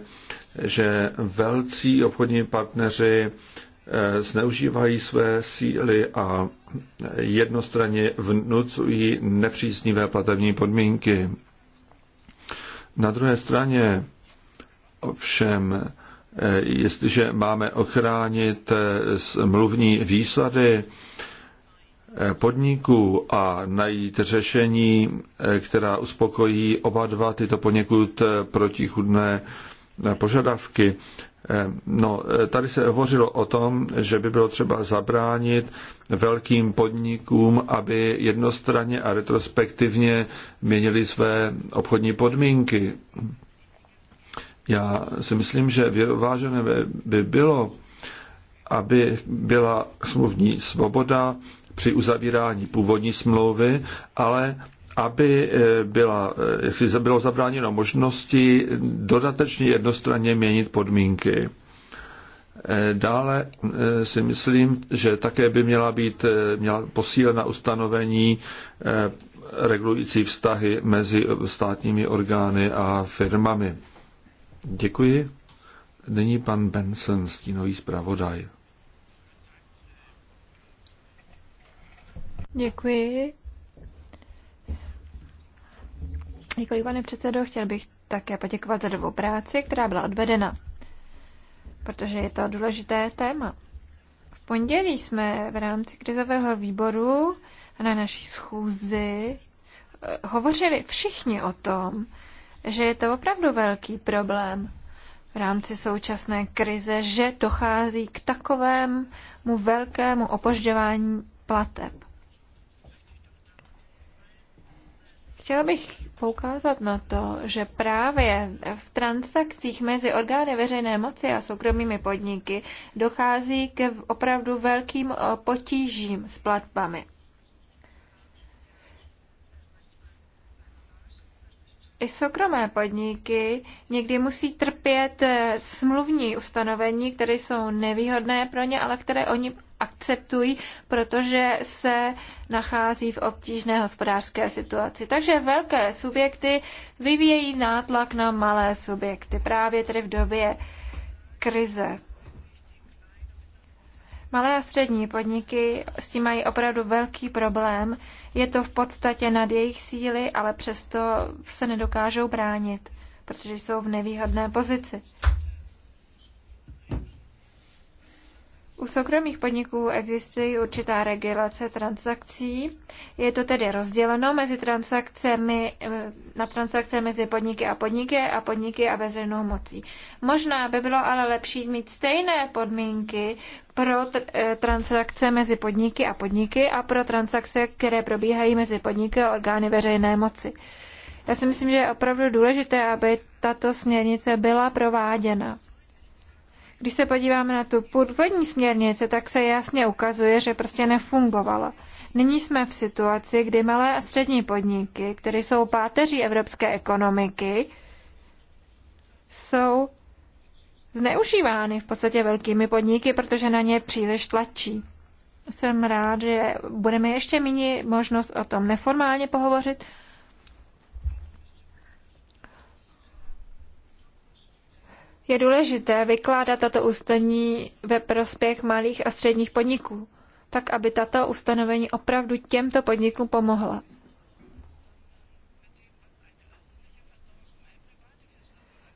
že velcí obchodní partneři eh, zneužívají své síly a jednostranně vnucují nepříznivé platební podmínky. Na druhé straně ovšem Eh, jestliže máme ochránit eh, mluvní výsady eh, podniků a najít řešení, která uspokojí oba dva tyto poněkud protichudné požadavky. No, tady se hovořilo o tom, že by bylo třeba zabránit velkým podnikům, aby jednostranně a retrospektivně měnili své obchodní podmínky. Já si myslím, že vyvážené by bylo, aby byla smluvní svoboda při uzavírání původní smlouvy, ale aby eh, byla, eh, jak si bylo zabráněno možnosti dodatečně jednostranně měnit podmínky. Eh, dále si myslím, že také by měla být měla posílena ustanovení regulující vztahy mezi státními orgány a firmami. Děkuji. Nyní pan Benson, stínový zpravodaj. Děkuji. Děkuji, pane předsedo. Chtěl bych také poděkovat za dobrou práci, která byla odvedena, protože je to důležité téma. V pondělí jsme v rámci krizového výboru na naší schůzi eh, hovořili všichni o tom, že je to opravdu velký problém v rámci současné krize, že dochází k takovému velkému opožďování plateb. Chtěla bych poukázat na to, že právě v transakcích mezi orgány veřejné moci a soukromými podniky dochází k opravdu velkým potížím s platbami. i soukromé podniky někdy musí trpět eh, smluvní ustanovení, které jsou nevýhodné pro ně, ale které oni akceptují, protože se nachází v obtížné hospodářské situaci. Takže velké subjekty vyvíjejí nátlak na malé subjekty právě tedy v době krize. Malé a střední podniky s tím mají opravdu velký problém. Je to v podstatě nad jejich síly, ale přesto se nedokážou bránit, protože jsou v nevýhodné pozici. U soukromých podniků existují určitá regulace transakcí. Je to tedy rozděleno mezi transakcemi, eh, na transakce mezi podniky a podniky a podniky a veřejnou mocí. Možná by bylo ale lepší mít stejné podmínky pro eh, transakce mezi podniky a podniky a pro transakce, které probíhají mezi podniky a orgány veřejné moci. Já si myslím, že je opravdu důležité, aby tato směrnice byla prováděna. Když se podíváme na tu původní směrnici, tak se jasně ukazuje, že prostě nefungovala. Nyní jsme v situaci, kdy malé a střední podniky, které jsou páteří evropské ekonomiky, jsou zneužívány v podstatě velkými podniky, protože na ně příliš tlačí. Jsem rád, že budeme ještě mít možnost o tom neformálně pohovořit je důležité vykládat tato ustanovení ve prospěch malých a středních podniků, tak aby tato ustanovení opravdu těmto podnikům pomohla.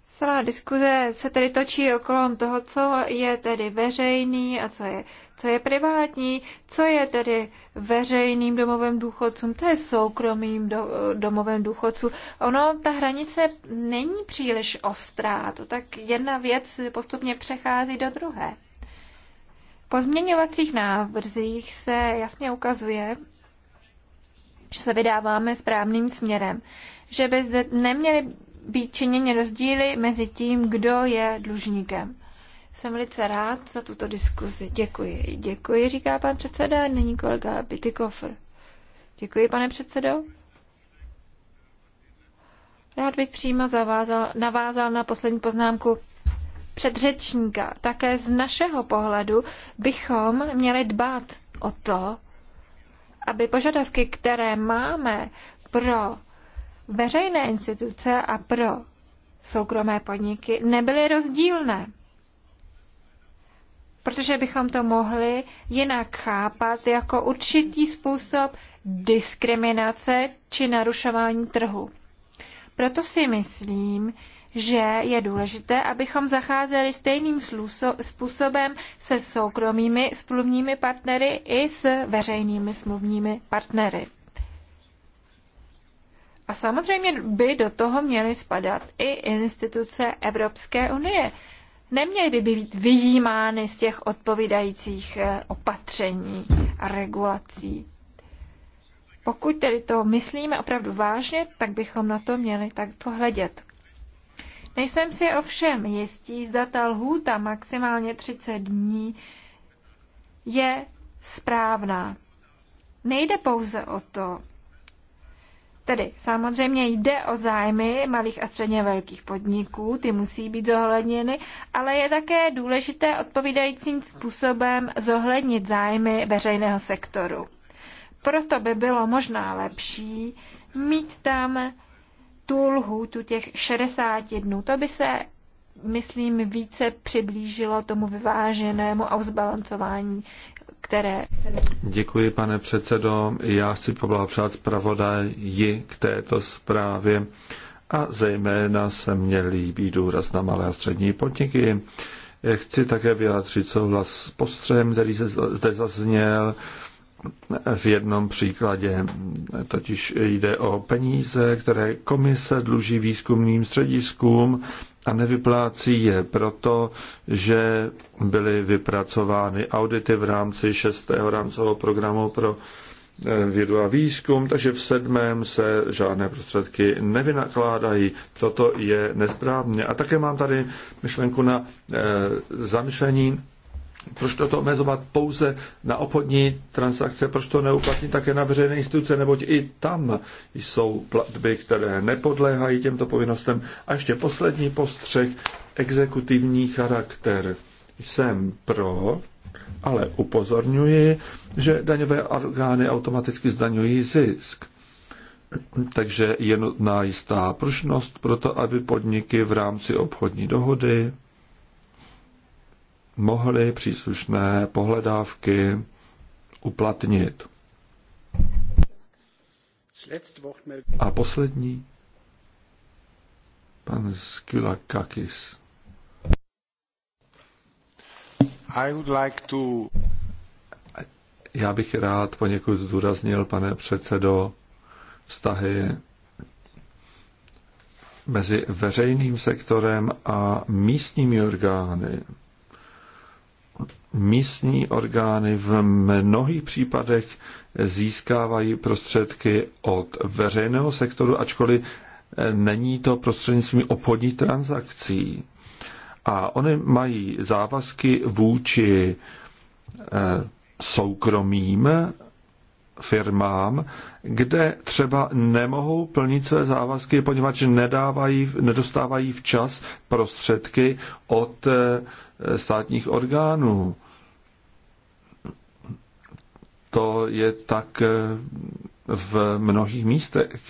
Celá diskuze se tedy točí okolo toho, co je tedy veřejný a co je co je privátní, co je tedy veřejným domovem důchodcům, to je soukromým do, domovem důchodců. Ono, ta hranice není příliš ostrá, to tak jedna věc postupně přechází do druhé. Po změňovacích návrzích se jasně ukazuje, že se vydáváme správným směrem, že by zde neměly být činěně rozdíly mezi tím, kdo je dlužníkem. Jsem velice rád za tuto diskuzi. Děkuji. Děkuji, říká pan předseda, není kolega Bitykofr. Děkuji, pane předsedo. Rád bych přímo zavázal, navázal na poslední poznámku předřečníka. Také z našeho pohledu bychom měli dbát o to, aby požadavky, které máme pro veřejné instituce a pro soukromé podniky, nebyly rozdílné protože bychom to mohli jinak chápat jako určitý způsob diskriminace či narušování trhu. Proto si myslím, že je důležité, abychom zacházeli stejným způsobem se soukromými smluvními partnery i s veřejnými smluvními partnery. A samozřejmě by do toho měly spadat i instituce Evropské unie, neměly by být vyjímány z těch odpovídajících eh, opatření a regulací. Pokud tedy to myslíme opravdu vážně, tak bychom na to měli takto hledět. Nejsem si ovšem jistý, zda ta lhůta maximálně 30 dní je správná. Nejde pouze o to, Tedy samozřejmě jde o zájmy malých a středně velkých podniků, ty musí být zohledněny, ale je také důležité odpovídajícím způsobem zohlednit zájmy veřejného sektoru. Proto by bylo možná lepší mít tam tu lhůtu těch 60 dnů. To by se, myslím, více přiblížilo tomu vyváženému a vzbalancování které... Děkuji, pane předsedo. Já chci poblahopřát zpravodaji k této zprávě a zejména se mě líbí důraz na malé a střední podniky. Chci také vyjádřit souhlas s postřehem, který se zde zazněl v jednom příkladě. Totiž jde o peníze, které komise dluží výzkumným střediskům a nevyplácí je proto, že byly vypracovány audity v rámci šestého rámcového programu pro eh, vědu a výzkum, takže v sedmém se žádné prostředky nevynakládají. Toto je nesprávně. A také mám tady myšlenku na e, zamyšlení proč to omezovat pouze na obchodní transakce, proč to neuplatnit také na veřejné instituce, neboť i tam jsou platby, které nepodléhají těmto povinnostem. A ještě poslední postřeh, exekutivní charakter. Jsem pro, ale upozorňuji, že daňové orgány automaticky zdaňují zisk. Takže je nutná jistá prušnost pro to, aby podniky v rámci obchodní dohody mohli příslušné pohledávky uplatnit. A poslední, pan Kakis. I would like to... Já bych rád poněkud zdůraznil, pane předsedo, vztahy mezi veřejným sektorem a místními orgány místní orgány v mnohých případech získávají prostředky od veřejného sektoru, ačkoliv eh, není to prostřednictvím obchodních transakcí. A oni mají závazky vůči eh, soukromým firmám, kde třeba nemohou plnit své závazky, poněvadž nedávají, nedostávají včas prostředky od eh, státních orgánů to je tak eh, v mnohých místech.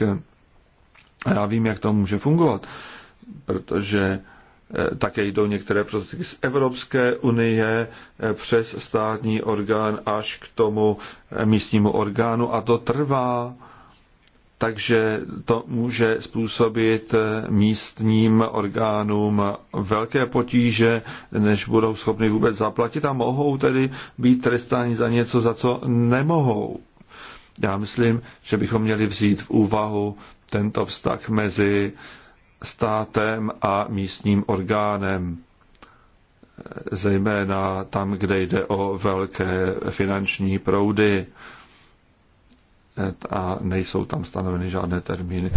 A já vím, jak to může fungovat, protože eh, také jdou některé prostředky z Evropské unie eh, přes státní orgán až k tomu místnímu orgánu a to trvá takže to může způsobit místním orgánům velké potíže, než budou schopni vůbec zaplatit a mohou tedy být trestáni za něco, za co nemohou. Já myslím, že bychom měli vzít v úvahu tento vztah mezi státem a místním orgánem, zejména tam, kde jde o velké finanční proudy a nejsou tam stanoveny žádné termíny.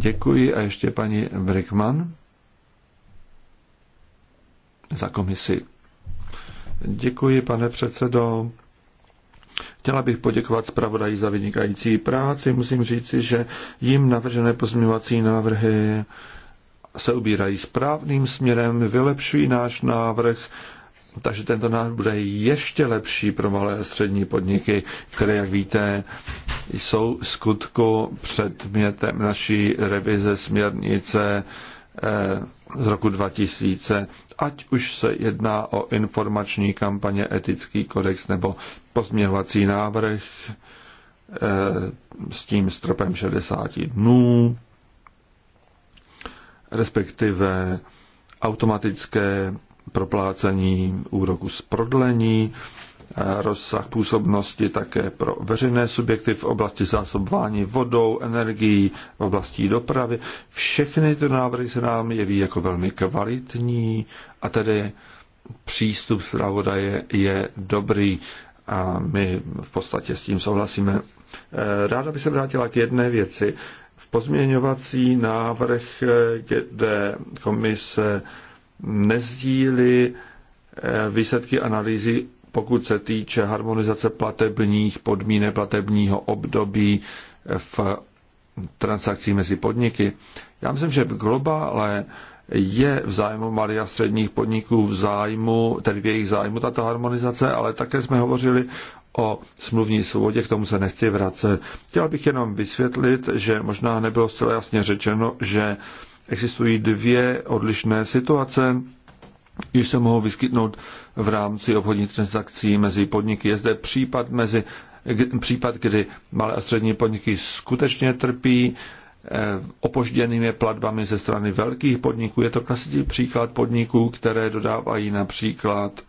Děkuji a ještě paní Brickman za komisi. Děkuji, pane předsedo. Chtěla bych poděkovat zpravodají za vynikající práci. Musím říci, že jim navržené pozměňovací návrhy se ubírají správným směrem, vylepšují náš návrh takže tento návrh bude ještě lepší pro malé a střední podniky, které, jak víte, jsou skutku předmětem naší revize směrnice eh, z roku 2000, ať už se jedná o informační kampaně, etický kodex nebo pozměhovací návrh eh, s tím stropem 60 dnů, respektive automatické proplácení úroku z prodlení, rozsah působnosti také pro veřejné subjekty v oblasti zásobování vodou, energií, v oblasti dopravy. Všechny ty návrhy se nám jeví jako velmi kvalitní a tedy přístup zpravodaje je dobrý a my v podstatě s tím souhlasíme. Eh, ráda bych se vrátila k jedné věci. V pozměňovací návrh, eh, kde komise nezdílí eh, výsledky analýzy, pokud se týče harmonizace platebních podmínek platebního období eh, v transakcích mezi podniky. Já myslím, že v globále je v zájmu malých a středních podniků v zájmu, tedy v jejich zájmu tato harmonizace, ale také jsme hovořili o smluvní svobodě, k tomu se nechci vracet. Chtěl bych jenom vysvětlit, že možná nebylo zcela jasně řečeno, že existují dvě odlišné situace, již se mohou vyskytnout v rámci obchodních transakcí mezi podniky. Je zde případ, mezi, případ kdy malé a střední podniky skutečně trpí eh, opožděnými platbami ze strany velkých podniků. Je to klasický příklad podniků, které dodávají například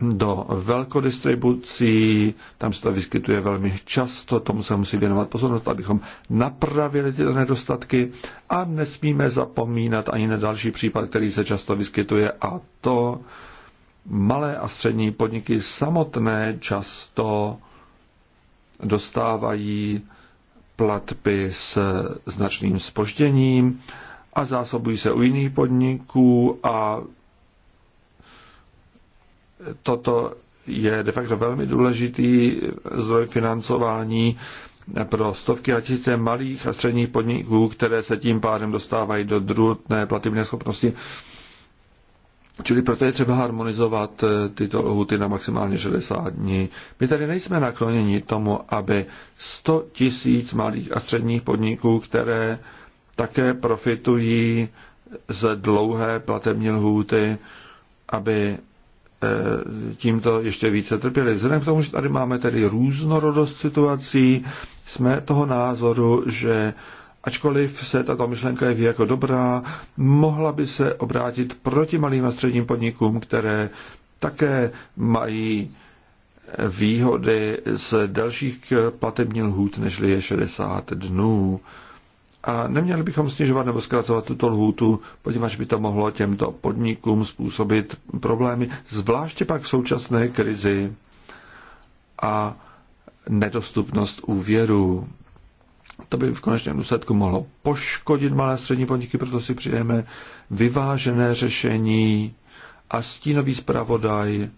do velkodistribucí, tam se to vyskytuje velmi často, tomu se musí věnovat pozornost, abychom napravili tyto nedostatky a nesmíme zapomínat ani na další případ, který se často vyskytuje a to malé a střední podniky samotné často dostávají platby s značným spožděním a zásobují se u jiných podniků a toto je de facto velmi důležitý zdroj financování pro stovky a tisíce malých a středních podniků, které se tím pádem dostávají do druhotné platební schopnosti. Čili proto je třeba harmonizovat eh, tyto lhuty na maximálně 60 dní. My tady nejsme nakloněni tomu, aby 100 tisíc malých a středních podniků, které také profitují z dlouhé platební lhůty, aby Eh, tímto ještě více trpěli. Vzhledem k tomu, že tady máme tedy různorodost situací, jsme toho názoru, že ačkoliv se tato myšlenka jeví jako dobrá, mohla by se obrátit proti malým a středním podnikům, které také mají výhody z dalších platebních lhůt, než je 60 dnů. A neměli bychom snižovat nebo zkracovat tuto lhůtu, poněvadž by to mohlo těmto podnikům způsobit problémy, zvláště pak v současné krizi a nedostupnost úvěru. To by v konečném důsledku mohlo poškodit malé střední podniky, proto si přijeme vyvážené řešení a stínový zpravodaj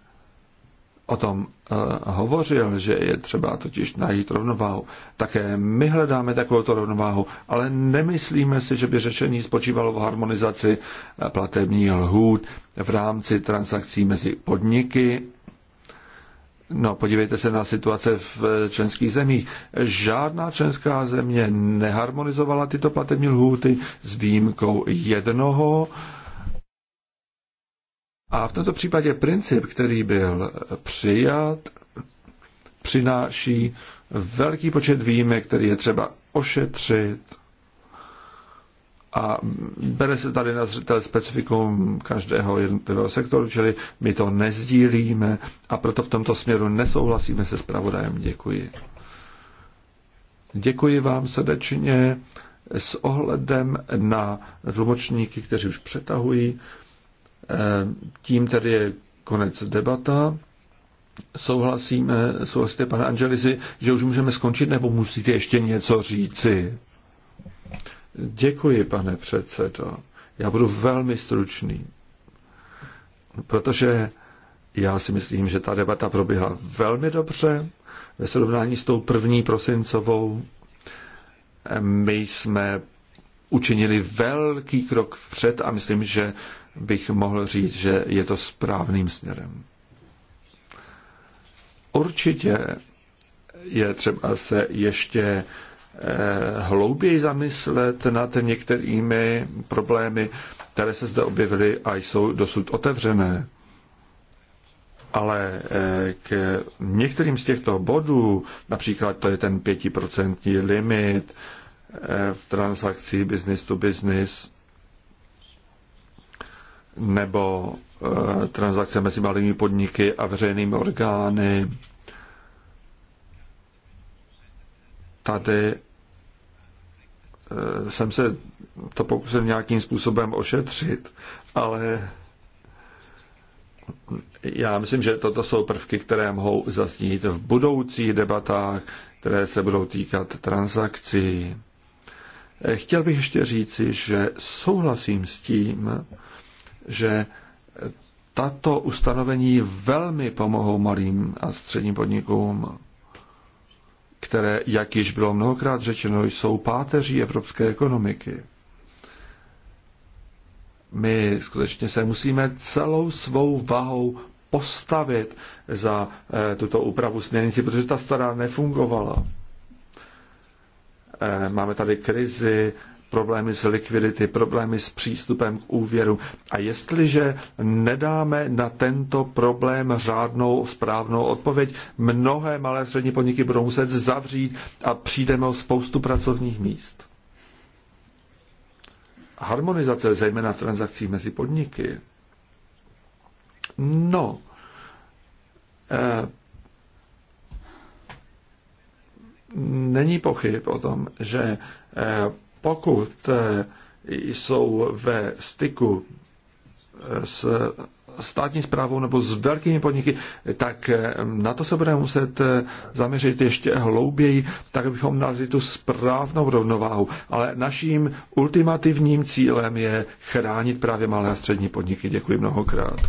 o tom eh, hovořil, že je třeba totiž najít rovnováhu. Také my hledáme takovouto rovnováhu, ale nemyslíme si, že by řešení spočívalo v harmonizaci eh, platebních lhůt v rámci transakcí mezi podniky. No, podívejte se na situace v eh, členských zemích. Žádná členská země neharmonizovala tyto platební lhůty s výjimkou jednoho, uh, a v tomto případě princip, který byl přijat, přináší velký počet výjimek, který je třeba ošetřit a bere se tady na zřetel specifikum každého jednotlivého sektoru, čili my to nezdílíme a proto v tomto směru nesouhlasíme se zpravodajem. Děkuji. Děkuji vám srdečně s ohledem na tlumočníky, kteří už přetahují. Eh, tím tedy je konec debata. Souhlasíme, souhlasíte, pane Angelisi, že už můžeme skončit, nebo musíte ještě něco říci? Děkuji, pane předsedo. Já budu velmi stručný, protože já si myslím, že ta debata proběhla velmi dobře ve srovnání s tou první prosincovou. Eh, my jsme učinili velký krok vpřed a myslím, že bych mohl říct, že je to správným směrem. Určitě je třeba se ještě eh, hlouběji zamyslet nad některými problémy, které se zde objevily a jsou dosud otevřené. Ale eh, k některým z těchto bodů, například to je ten pětiprocentní limit eh, v transakcích business to business, nebo eh, transakce mezi malými podniky a veřejnými orgány. Tady eh, jsem se to pokusil nějakým způsobem ošetřit, ale já myslím, že toto jsou prvky, které mohou zaznít v budoucích debatách, které se budou týkat transakcí. Eh, chtěl bych ještě říci, že souhlasím s tím, že tato ustanovení velmi pomohou malým a středním podnikům, které, jak již bylo mnohokrát řečeno, jsou páteří evropské ekonomiky. My skutečně se musíme celou svou vahou postavit za eh, tuto úpravu směrnici, protože ta stará nefungovala. Eh, máme tady krizi, problémy s likvidity, problémy s přístupem k úvěru. A jestliže nedáme na tento problém řádnou správnou odpověď, mnohé malé střední podniky budou muset zavřít a přijdeme o spoustu pracovních míst. Harmonizace, zejména transakcí mezi podniky. No, eh, není pochyb o tom, že eh, pokud eh, jsou ve styku eh, s státní zprávou nebo s velkými podniky, tak eh, na to se budeme muset zaměřit ještě hlouběji, tak abychom nalezli tu správnou rovnováhu. Ale naším ultimativním cílem je chránit právě malé a střední podniky. Děkuji mnohokrát.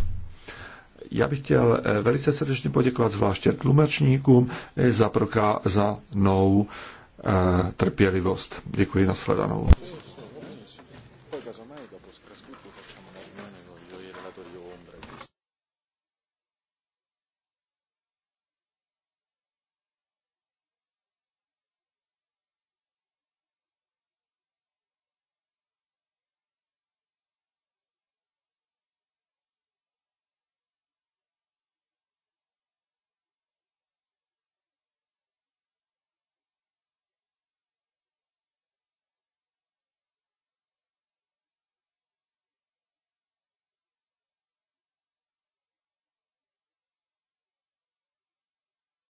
Já bych chtěl velice srdečně poděkovat zvláště tlumočníkům za prokázanou trpělivost. Děkuji, nashledanou.